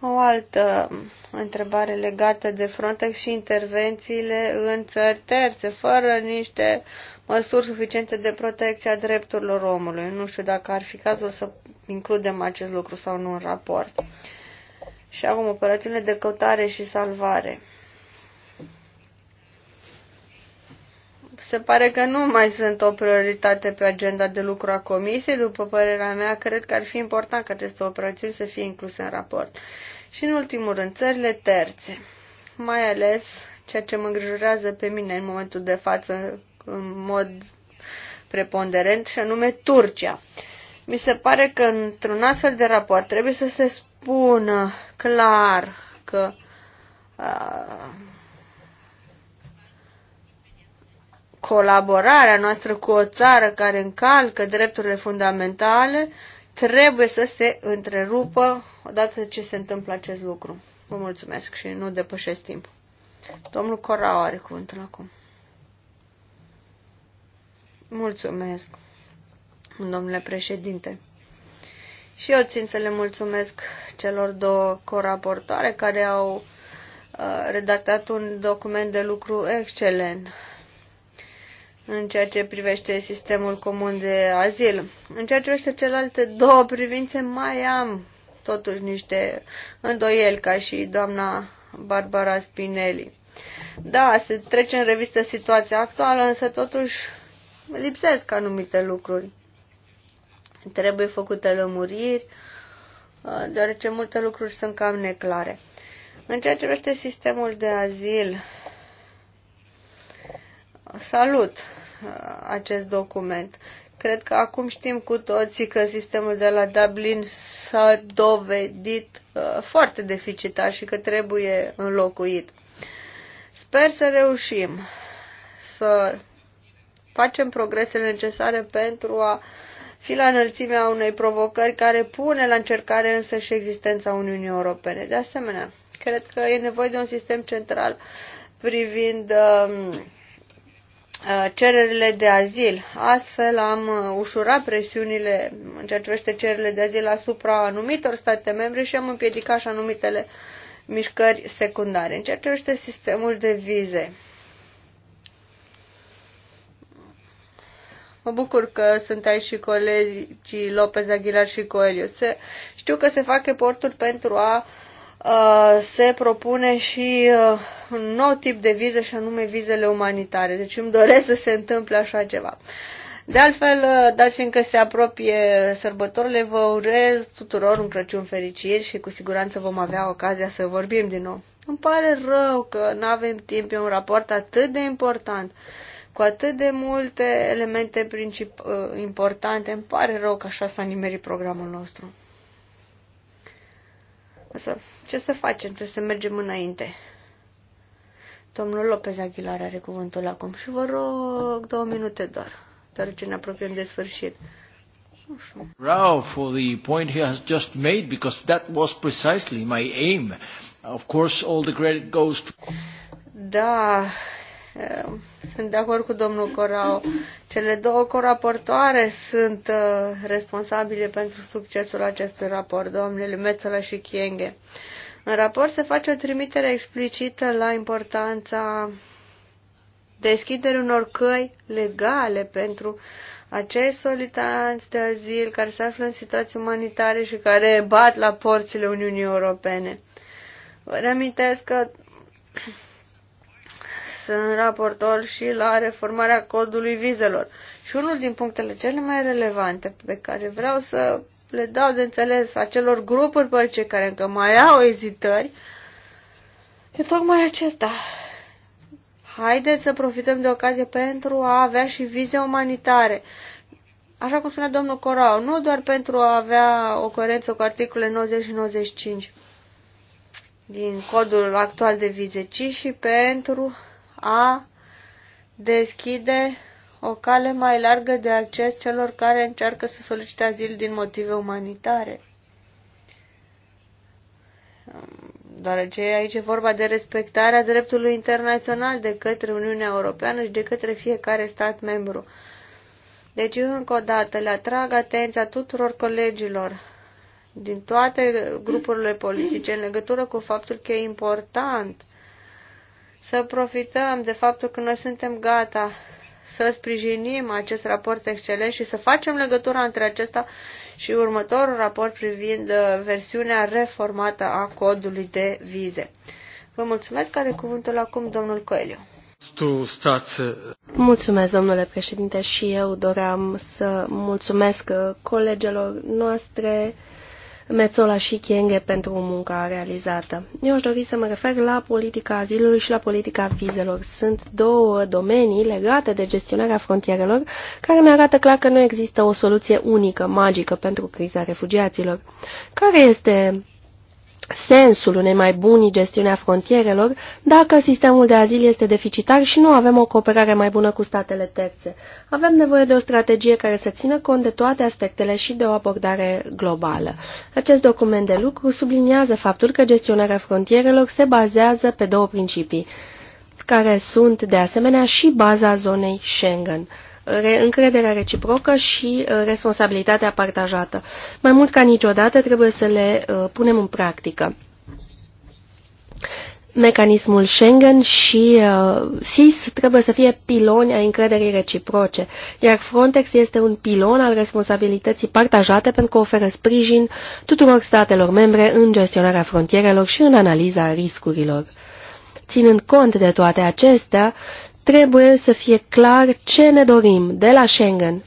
O altă întrebare legată de Frontex și intervențiile în țări terțe, fără niște măsuri suficiente de protecție a drepturilor omului. Nu știu dacă ar fi cazul să includem acest lucru sau nu în raport. Și acum operațiunile de căutare și salvare. se pare că nu mai sunt o prioritate pe agenda de lucru a comisiei. După părerea mea, cred că ar fi important ca aceste operațiuni să fie incluse în raport. Și în ultimul rând, țările terțe, mai ales ceea ce mă îngrijorează pe mine în momentul de față în mod preponderent, și anume Turcia. Mi se pare că într-un astfel de raport trebuie să se spună clar că uh, colaborarea noastră cu o țară care încalcă drepturile fundamentale trebuie să se întrerupă odată ce se întâmplă acest lucru. Vă mulțumesc și nu depășesc timp. Domnul Corau are cuvântul acum. Mulțumesc, domnule președinte. Și eu țin să le mulțumesc celor două coraportoare care au uh, redactat un document de lucru excelent în ceea ce privește sistemul comun de azil. În ceea ce privește celelalte două privințe, mai am totuși niște îndoieli ca și doamna Barbara Spinelli. Da, se trece în revistă situația actuală, însă totuși lipsesc anumite lucruri. Trebuie făcute lămuriri, deoarece multe lucruri sunt cam neclare. În ceea ce privește sistemul de azil, salut uh, acest document. Cred că acum știm cu toții că sistemul de la Dublin s-a dovedit uh, foarte deficitar și că trebuie înlocuit. Sper să reușim să facem progresele necesare pentru a fi la înălțimea unei provocări care pune la încercare însă și existența Uniunii Europene. De asemenea, cred că e nevoie de un sistem central privind uh, Uh, cererile de azil. Astfel am uh, ușurat presiunile în ceea ce privește cererile de azil asupra anumitor state membre și am împiedicat și anumitele mișcări secundare. În ceea ce privește sistemul de vize. Mă bucur că sunt aici și colegii Lopez Aguilar și Coelho. Se, știu că se fac eforturi pentru a uh, Uh, se propune și uh, un nou tip de vize și anume vizele umanitare. Deci îmi doresc să se întâmple așa ceva. De altfel, uh, dați fiindcă se apropie sărbătorile, vă urez tuturor un Crăciun fericit și cu siguranță vom avea ocazia să vorbim din nou. Îmi pare rău că nu avem timp, e un raport atât de important, cu atât de multe elemente princip- importante. Îmi pare rău că așa s-a nimerit programul nostru. Însă, ce să facem? Trebuie să mergem înainte. Domnul Lopez Aguilar are cuvântul acum și vă rog două minute doar, ce ne apropiem de sfârșit. Rao for the point he has just made because that was precisely my aim. Of course all the credit goes to... Da, Eh, sunt de acord cu domnul Corau. Cele două coraportoare sunt eh, responsabile pentru succesul acestui raport, domnule Metzola și Chienghe. În raport se face o trimitere explicită la importanța deschiderii unor căi legale pentru acei solitanți de azil care se află în situații umanitare și care bat la porțile Uniunii Europene. Vă reamintesc că în raportor și la reformarea codului vizelor. Și unul din punctele cele mai relevante pe care vreau să le dau de înțeles acelor grupuri cei care încă mai au ezitări, e tocmai acesta. Haideți să profităm de ocazie pentru a avea și vize umanitare. Așa cum spunea domnul Corau, nu doar pentru a avea o coerență cu articolele 90 și 95 din codul actual de vize, ci și pentru a deschide o cale mai largă de acces celor care încearcă să solicite azil din motive umanitare. Deoarece aici e vorba de respectarea dreptului internațional de către Uniunea Europeană și de către fiecare stat membru. Deci, încă o dată, le atrag atenția tuturor colegilor din toate grupurile politice în legătură cu faptul că e important să profităm de faptul că noi suntem gata să sprijinim acest raport excelent și să facem legătura între acesta și următorul raport privind uh, versiunea reformată a codului de vize. Vă mulțumesc, are cuvântul acum domnul Coelho. Tu stați... Uh, mulțumesc, domnule președinte, și eu doream să mulțumesc uh, colegelor noastre Metzola și Chienghe pentru munca realizată. Eu aș dori să mă refer la politica azilului și la politica vizelor. Sunt două domenii legate de gestionarea frontierelor care ne arată clar că nu există o soluție unică, magică pentru criza refugiaților. Care este sensul unei mai buni gestiuni a frontierelor dacă sistemul de azil este deficitar și nu avem o cooperare mai bună cu statele terțe. Avem nevoie de o strategie care să țină cont de toate aspectele și de o abordare globală. Acest document de lucru subliniază faptul că gestionarea frontierelor se bazează pe două principii, care sunt de asemenea și baza zonei Schengen încrederea reciprocă și uh, responsabilitatea partajată. Mai mult ca niciodată trebuie să le uh, punem în practică. Mecanismul Schengen și uh, SIS trebuie să fie piloni ai încrederii reciproce, iar Frontex este un pilon al responsabilității partajate pentru că oferă sprijin tuturor statelor membre în gestionarea frontierelor și în analiza riscurilor. Ținând cont de toate acestea, trebuie să fie clar ce ne dorim de la Schengen.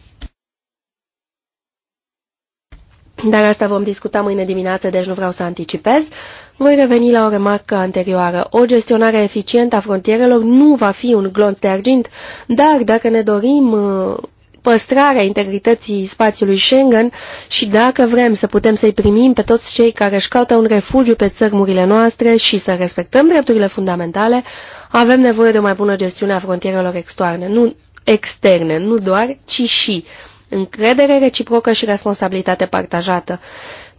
Dar asta vom discuta mâine dimineață, deci nu vreau să anticipez. Voi reveni la o remarcă anterioară. O gestionare eficientă a frontierelor nu va fi un glonț de argint, dar dacă ne dorim uh, păstrarea integrității spațiului Schengen și dacă vrem să putem să-i primim pe toți cei care își caută un refugiu pe țărmurile noastre și să respectăm drepturile fundamentale, avem nevoie de o mai bună gestiune a frontierelor externe, nu externe, nu doar, ci și încredere reciprocă și responsabilitate partajată.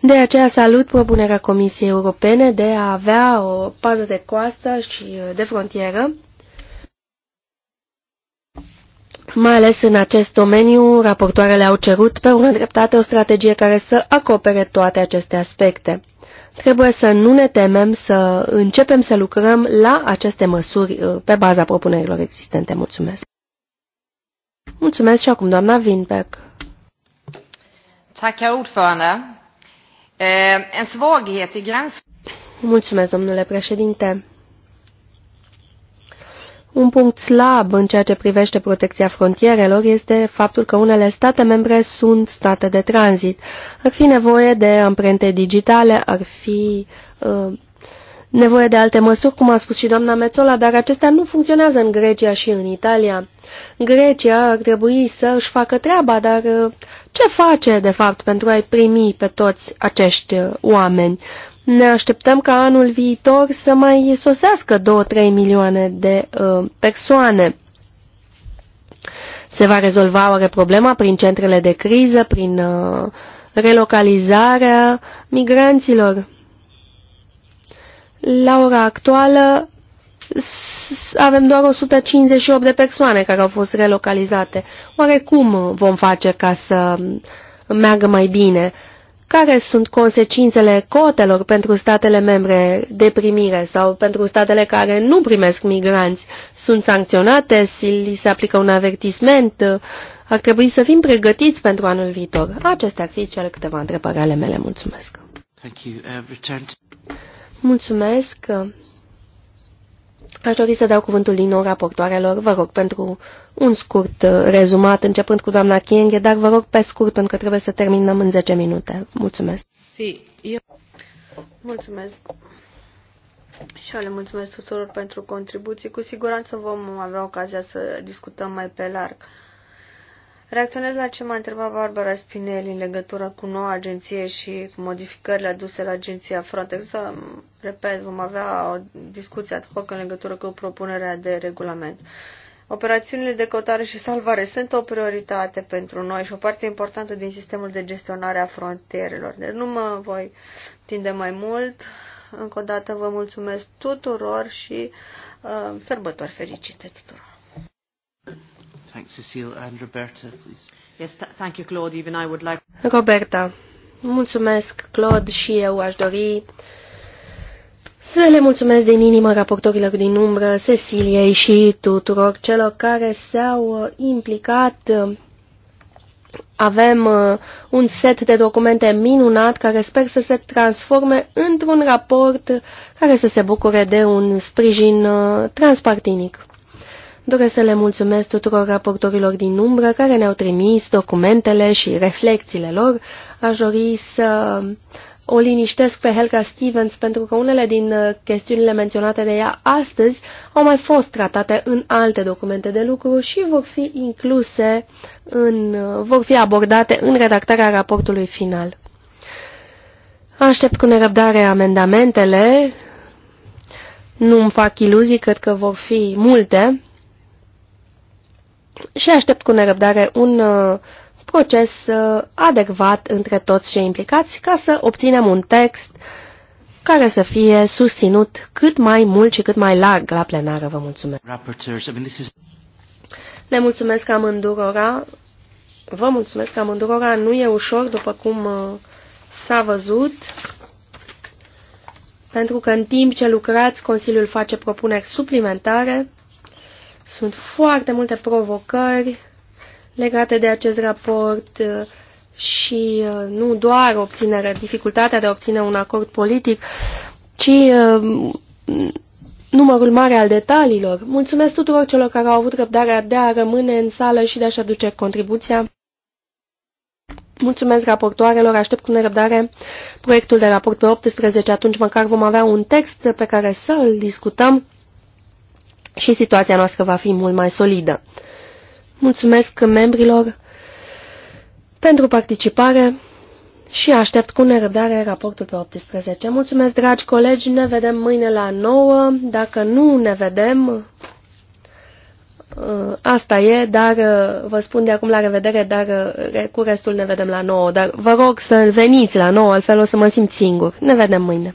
De aceea salut propunerea Comisiei Europene de a avea o pază de coastă și de frontieră, mai ales în acest domeniu, raportoarele au cerut pe una dreptate o strategie care să acopere toate aceste aspecte. Trebuie să nu ne temem să începem să lucrăm la aceste măsuri uh, pe baza propunerilor existente. Mulțumesc! Mulțumesc și acum doamna Winberg. Tackar ordförande. Eh, en svaghet i gräns... Mulțumesc, domnule președinte. Un punct slab în ceea ce privește protecția frontierelor este faptul că unele state membre sunt state de tranzit. Ar fi nevoie de amprente digitale, ar fi uh, nevoie de alte măsuri, cum a spus și doamna Mețola, dar acestea nu funcționează în Grecia și în Italia. Grecia ar trebui să își facă treaba, dar uh, ce face, de fapt, pentru a-i primi pe toți acești uh, oameni? Ne așteptăm ca anul viitor să mai sosească 2-3 milioane de uh, persoane. Se va rezolva oare problema prin centrele de criză, prin uh, relocalizarea migranților? La ora actuală avem doar 158 de persoane care au fost relocalizate. Oare cum vom face ca să meargă mai bine? care sunt consecințele cotelor pentru statele membre de primire sau pentru statele care nu primesc migranți? Sunt sancționate? Li se aplică un avertisment? Ar trebui să fim pregătiți pentru anul viitor. Acestea ar fi cele câteva întrebări ale mele. Mulțumesc! Uh, Mulțumesc! Aș dori să dau cuvântul din nou raportoarelor, vă rog, pentru un scurt uh, rezumat, începând cu doamna Chienghe, dar vă rog pe scurt, pentru că trebuie să terminăm în 10 minute. Mulțumesc. Si, eu... Mulțumesc. Și eu le mulțumesc tuturor pentru contribuții. Cu siguranță vom avea ocazia să discutăm mai pe larg. Reacționez la ce m-a întrebat Barbara Spinelli în legătură cu noua agenție și cu modificările aduse la agenția Frontex. Să, repet, vom avea o discuție ad hoc în legătură cu propunerea de regulament. Operațiunile de căutare și salvare sunt o prioritate pentru noi și o parte importantă din sistemul de gestionare a frontierelor. Deci nu mă voi tinde mai mult. Încă o dată vă mulțumesc tuturor și uh, sărbători fericite tuturor! Thanks, Cecile. And Roberta, please. Yes, th thank you, Claude. Even I would like... Roberta, mulțumesc, Claude, și eu aș dori să le mulțumesc din inimă raportorilor din umbră, Ceciliei și tuturor celor care s au uh, implicat. Avem uh, un set de documente minunat care sper să se transforme într-un raport care să se bucure de un sprijin uh, transpartinic. Doresc să le mulțumesc tuturor raportorilor din umbră care ne-au trimis documentele și reflexiile lor. Aș dori să o liniștesc pe Helga Stevens pentru că unele din chestiunile menționate de ea astăzi au mai fost tratate în alte documente de lucru și vor fi incluse, în, vor fi abordate în redactarea raportului final. Aștept cu nerăbdare amendamentele. Nu-mi fac iluzii, cred că vor fi multe și aștept cu nerăbdare un uh, proces uh, adecvat între toți cei implicați ca să obținem un text care să fie susținut cât mai mult și cât mai larg la plenară. Vă mulțumesc! Ne mulțumesc amândurora. Vă mulțumesc amândurora. Nu e ușor, după cum uh, s-a văzut, pentru că în timp ce lucrați, Consiliul face propuneri suplimentare sunt foarte multe provocări legate de acest raport uh, și uh, nu doar obținerea, dificultatea de a obține un acord politic, ci uh, numărul mare al detaliilor. Mulțumesc tuturor celor care au avut răbdarea de a rămâne în sală și de a-și aduce contribuția. Mulțumesc raportoarelor, aștept cu nerăbdare proiectul de raport pe 18, atunci măcar vom avea un text pe care să-l discutăm și situația noastră va fi mult mai solidă. Mulțumesc membrilor pentru participare și aștept cu nerăbdare raportul pe 18. Mulțumesc, dragi colegi, ne vedem mâine la 9. Dacă nu ne vedem, ă, asta e, dar ă, vă spun de acum la revedere, dar ă, cu restul ne vedem la 9. Dar vă rog să veniți la 9, altfel o să mă simt singur. Ne vedem mâine.